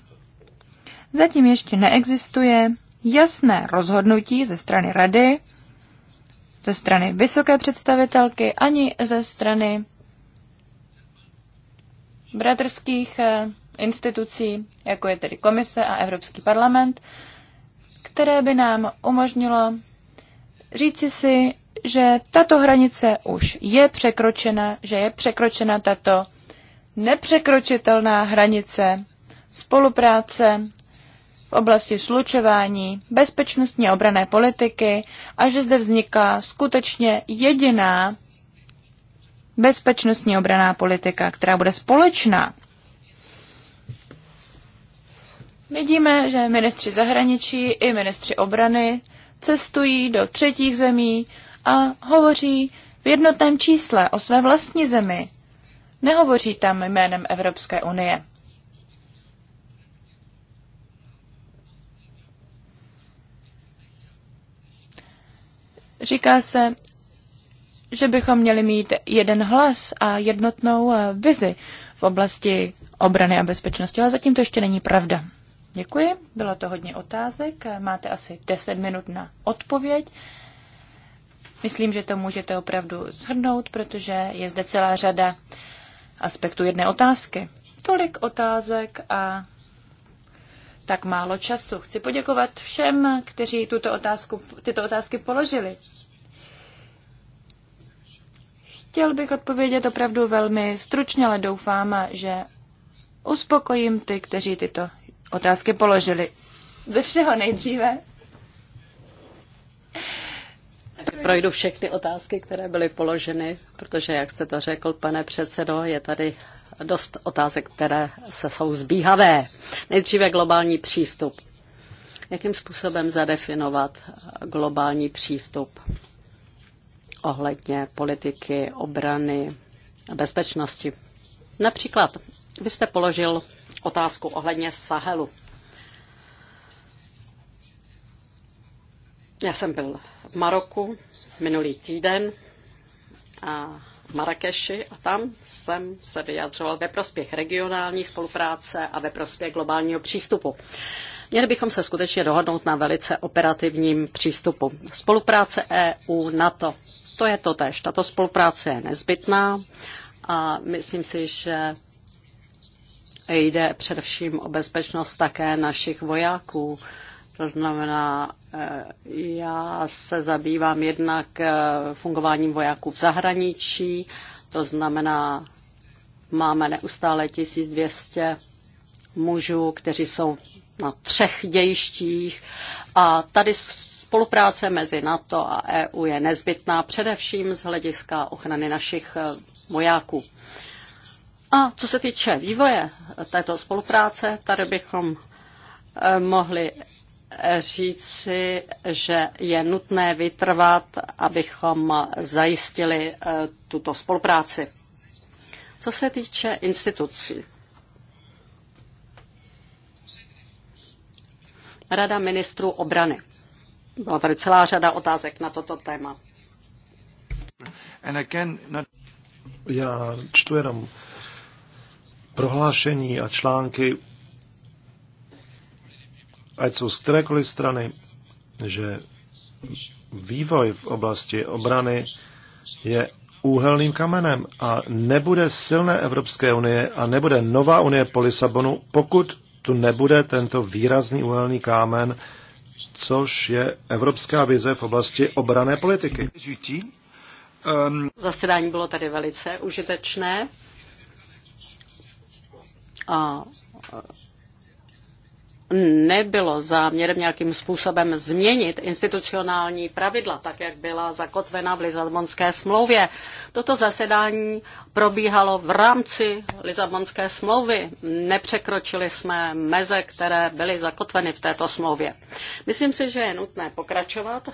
Zatím ještě neexistuje jasné rozhodnutí ze strany rady, ze strany vysoké představitelky, ani ze strany bratrských eh, institucí, jako je tedy Komise a Evropský parlament, které by nám umožnilo říci si, že tato hranice už je překročena, že je překročena tato nepřekročitelná hranice spolupráce v oblasti slučování, bezpečnostní obrané politiky a že zde vzniká skutečně jediná bezpečnostní obraná politika, která bude společná. Vidíme, že ministři zahraničí i ministři obrany cestují do třetích zemí a hovoří v jednotném čísle o své vlastní zemi. Nehovoří tam jménem Evropské unie. Říká se, že bychom měli mít jeden hlas a jednotnou eh, vizi v oblasti obrany a bezpečnosti, ale zatím to ještě není pravda. Děkuji, bylo to hodně otázek, máte asi 10 minut na odpověď. Myslím, že to můžete opravdu shrnout, protože je zde celá řada aspektů jedné otázky. Tolik otázek a tak málo času. Chci poděkovat všem, kteří tuto otázku, tyto otázky položili. Chtěl bych odpovědět opravdu velmi stručně, ale doufám, že uspokojím ty, kteří tyto otázky položili. Ze všeho nejdříve. Projdu všechny otázky, které byly položeny, protože, jak jste to řekl, pane předsedo, je tady dost otázek, které se jsou zbíhavé. Nejdříve globální přístup. Jakým způsobem zadefinovat globální přístup? ohledně politiky obrany a bezpečnosti. Například vy jste položil otázku ohledně Sahelu. Já jsem byl v Maroku minulý týden a v Marrakeši a tam jsem se vyjadřoval ve prospěch regionální spolupráce a ve prospěch globálního přístupu. Měli bychom se skutečně dohodnout na velice operativním přístupu. Spolupráce EU, NATO, to je to tež. Tato spolupráce je nezbytná a myslím si, že jde především o bezpečnost také našich vojáků. To znamená, eh, já se zabývám jednak eh, fungováním vojáků v zahraničí, to znamená, máme neustále 1200 mužů, kteří jsou na třech dějištích a tady spolupráce mezi NATO a EU je nezbytná především z hlediska ochrany našich eh, vojáků. A co se týče vývoje této spolupráce, tady bychom eh, mohli říci, že je nutné vytrvat, abychom zajistili eh, tuto spolupráci. Co se týče institucí, Rada ministrů obrany. Byla tady celá řada otázek na toto téma. Not... Já čtu jenom prohlášení a články, ať jsou z kterékoliv strany, že vývoj v oblasti obrany je úhelným kamenem a nebude silné Evropské unie a nebude nová unie po Lisabonu, pokud tu nebude tento výrazný uhelný kámen, což je evropská vize v oblasti obrané politiky. Zasedání bylo tady velice užitečné a nebylo záměrem nějakým způsobem změnit institucionální pravidla, tak jak byla zakotvena v Lizabonské smlouvě. Toto zasedání probíhalo v rámci Lisabonské smlouvy. Nepřekročili jsme meze, které byly zakotveny v této smlouvě. Myslím si, že je nutné pokračovat,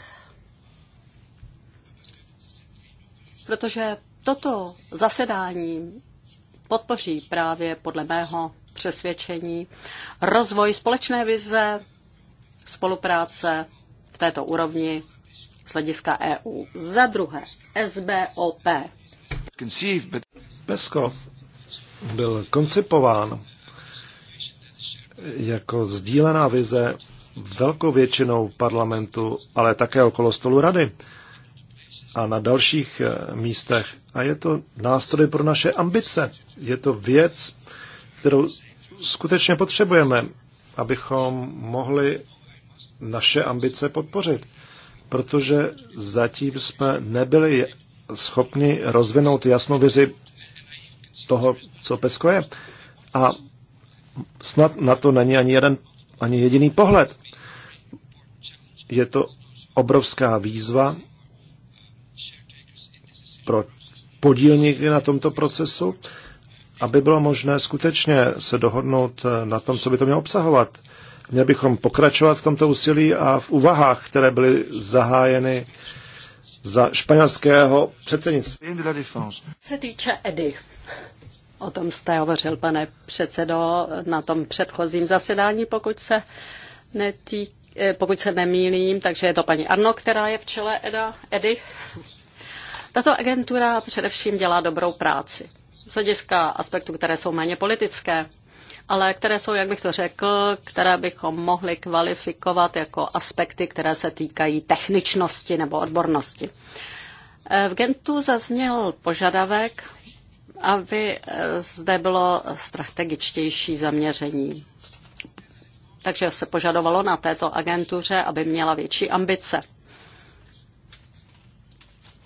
protože toto zasedání podpoří právě podle mého přesvědčení. Rozvoj společné vize, spolupráce v této úrovni z hlediska EU. Za druhé, SBOP. PESCO byl koncipován jako sdílená vize velkou většinou parlamentu, ale také okolo stolu rady a na dalších eh, místech. A je to nástroj pro naše ambice. Je to věc, kterou skutečně potřebujeme, abychom mohli naše ambice podpořit, protože zatím jsme nebyli schopni rozvinout jasnou vizi toho, co Pesko je. A snad na to není ani jeden, ani jediný pohled. Je to obrovská výzva pro podílníky na tomto procesu aby bylo možné skutečně se dohodnout eh, na tom, co by to mělo obsahovat. Měli bychom pokračovat v tomto úsilí a v uvahách, které byly zahájeny za španělského předsednictví. Se týče Edy, o tom jste hovořil, pane předsedo, na tom předchozím zasedání, pokud se netýká eh, pokud se nemýlím, takže je to paní Arno, která je v čele EDA, Edy. Tato agentura především dělá dobrou práci z hlediska aspektů, které jsou méně politické, ale které jsou, jak bych to řekl, které bychom mohli kvalifikovat jako aspekty, které se týkají techničnosti nebo odbornosti. Eh, v Gentu zazněl požadavek, aby eh, zde bylo strategičtější zaměření. Takže se požadovalo na této agentuře, aby měla větší ambice.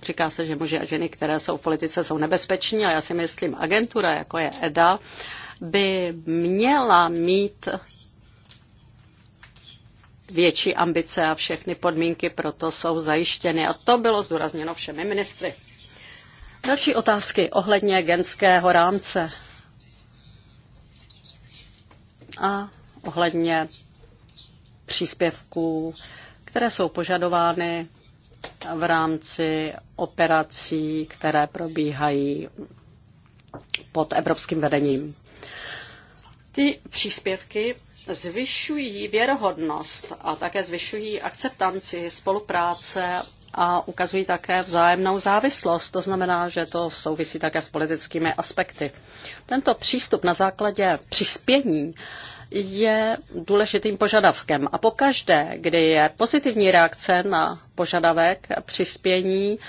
Říká se, že muži a ženy, které jsou v politice, jsou nebezpeční, ale já si myslím, agentura, jako je EDA, by měla mít větší ambice a všechny podmínky pro to jsou zajištěny. A to bylo zdůrazněno všemi ministry. Další otázky ohledně genského rámce a ohledně příspěvků, které jsou požadovány v rámci operací, které probíhají pod evropským vedením. Ty příspěvky zvyšují věrohodnost a také zvyšují akceptanci spolupráce a ukazují také vzájemnou závislost. To znamená, že to souvisí také s politickými aspekty. Tento přístup na základě přispění je důležitým požadavkem. A pokaždé, kdy je pozitivní reakce na požadavek přispění,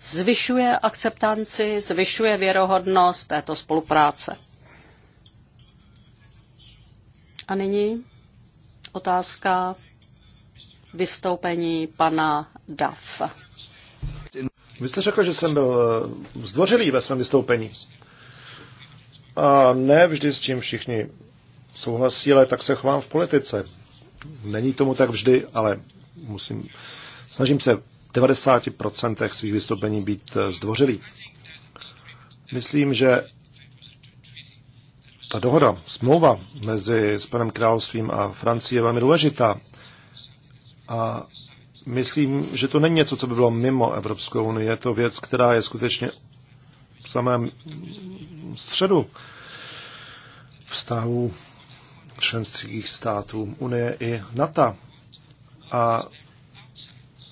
zvyšuje akceptanci, zvyšuje věrohodnost této spolupráce. A nyní otázka vystoupení pana Daf. Vy jste řekl, že jsem byl eh, zdvořilý ve svém vystoupení. A ne vždy s tím všichni souhlasí, ale tak se chovám v politice. Není tomu tak vždy, ale musím, snažím se v 90% svých vystoupení být eh, zdvořilý. Myslím, že ta dohoda, smlouva mezi Panem královstvím a Francií je velmi důležitá. A myslím, že to není něco, co by bylo mimo Evropskou unii. Je to věc, která je skutečně v samém středu vztahu členských států Unie i NATO. A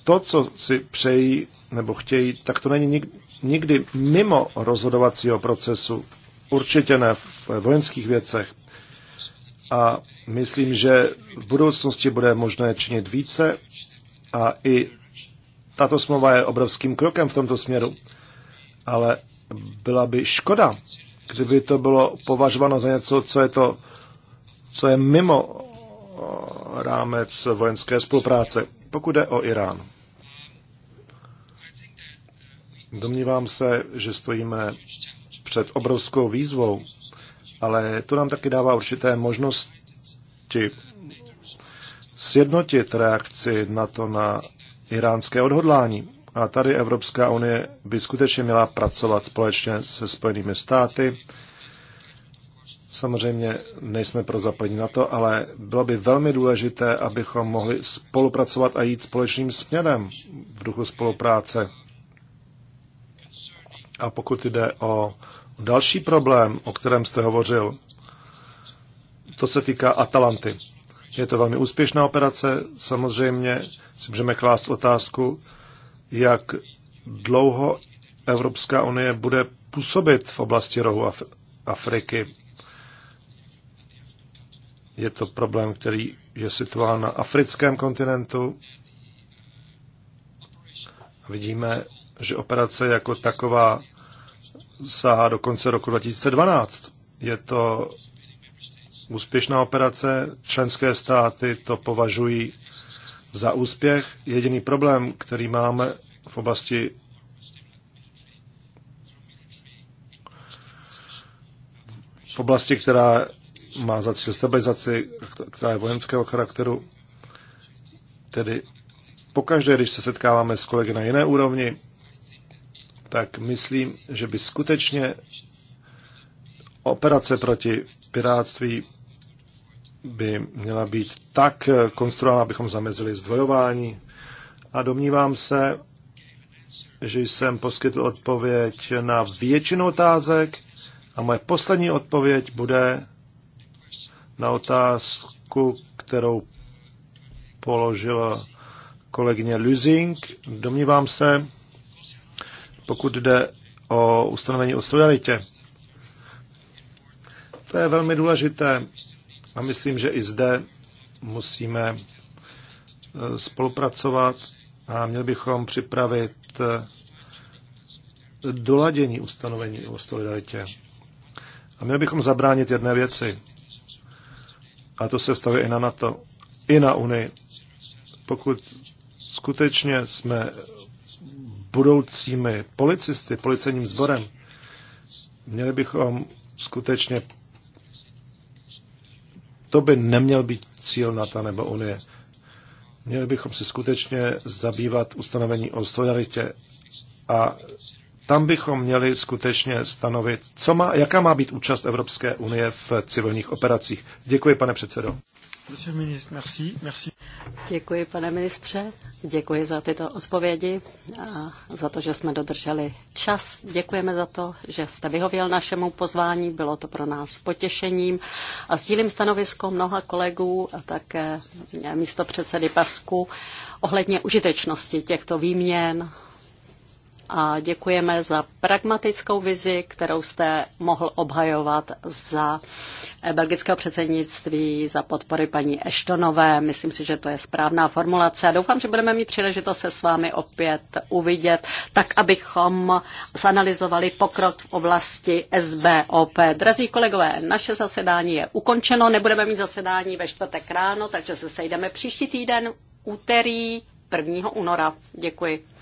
to, co si přejí nebo chtějí, tak to není nikdy mimo rozhodovacího procesu. Určitě ne v vojenských věcech. A myslím, že v budoucnosti bude možné činit více a i tato smlouva je obrovským krokem v tomto směru. Ale byla by škoda, kdyby to bylo považováno za něco, co je to co je mimo rámec vojenské spolupráce, pokud jde o Irán. Domnívám se, že stojíme před obrovskou výzvou, ale to nám taky dává určité možnosti sjednotit reakci na to na iránské odhodlání. A tady Evropská unie by skutečně měla pracovat společně se Spojenými státy, Samozřejmě nejsme pro zapojení na to, ale bylo by velmi důležité, abychom mohli spolupracovat a jít společným směrem v duchu spolupráce. A pokud jde o další problém, o kterém jste hovořil, to se týká Atalanty. Je to velmi úspěšná operace. Samozřejmě si můžeme klást otázku, jak dlouho Evropská unie bude působit v oblasti rohu Afriky. Je to problém, který je situován na africkém kontinentu. A vidíme, že operace jako taková sahá do konce roku 2012. Je to úspěšná operace, členské státy to považují za úspěch. Jediný problém, který máme v oblasti v oblasti, která má za cíl stabilizaci, která je vojenského charakteru. Tedy pokaždé, když se setkáváme s kolegy na jiné úrovni, tak myslím, že by skutečně operace proti piráctví by měla být tak konstruována, abychom zamezili zdvojování. A domnívám se, že jsem poskytl odpověď na většinu otázek a moje poslední odpověď bude na otázku, kterou položila kolegyně Lusing. Domnívám se, pokud jde o ustanovení o solidaritě, to je velmi důležité a myslím, že i zde musíme eh, spolupracovat a měli bychom připravit eh, doladění ustanovení o solidaritě. A měli bychom zabránit jedné věci a to se vztahuje i na NATO, i na Unii. Pokud skutečně jsme budoucími policisty, policejním sborem, měli bychom skutečně to by neměl být cíl NATO nebo Unie. Měli bychom se skutečně zabývat ustanovení o solidaritě a tam bychom měli skutečně stanovit, co má, jaká má být účast Evropské unie v civilních operacích. Děkuji, pane předsedo. Děkuji, pane ministře. Děkuji za tyto odpovědi a za to, že jsme dodrželi čas. Děkujeme za to, že jste vyhověl našemu pozvání. Bylo to pro nás potěšením. A sdílím stanovisko mnoha kolegů a také místo předsedy Pasku ohledně užitečnosti těchto výměn a děkujeme za pragmatickou vizi, kterou jste mohl obhajovat za eh, belgického předsednictví, za podpory paní Eštonové. Myslím si, že to je správná formulace a doufám, že budeme mít příležitost se s vámi opět uvidět, tak abychom zanalizovali pokrok v oblasti SBOP. Drazí kolegové, naše zasedání je ukončeno, nebudeme mít zasedání ve čtvrtek ráno, takže se sejdeme příští týden úterý 1. února. Děkuji.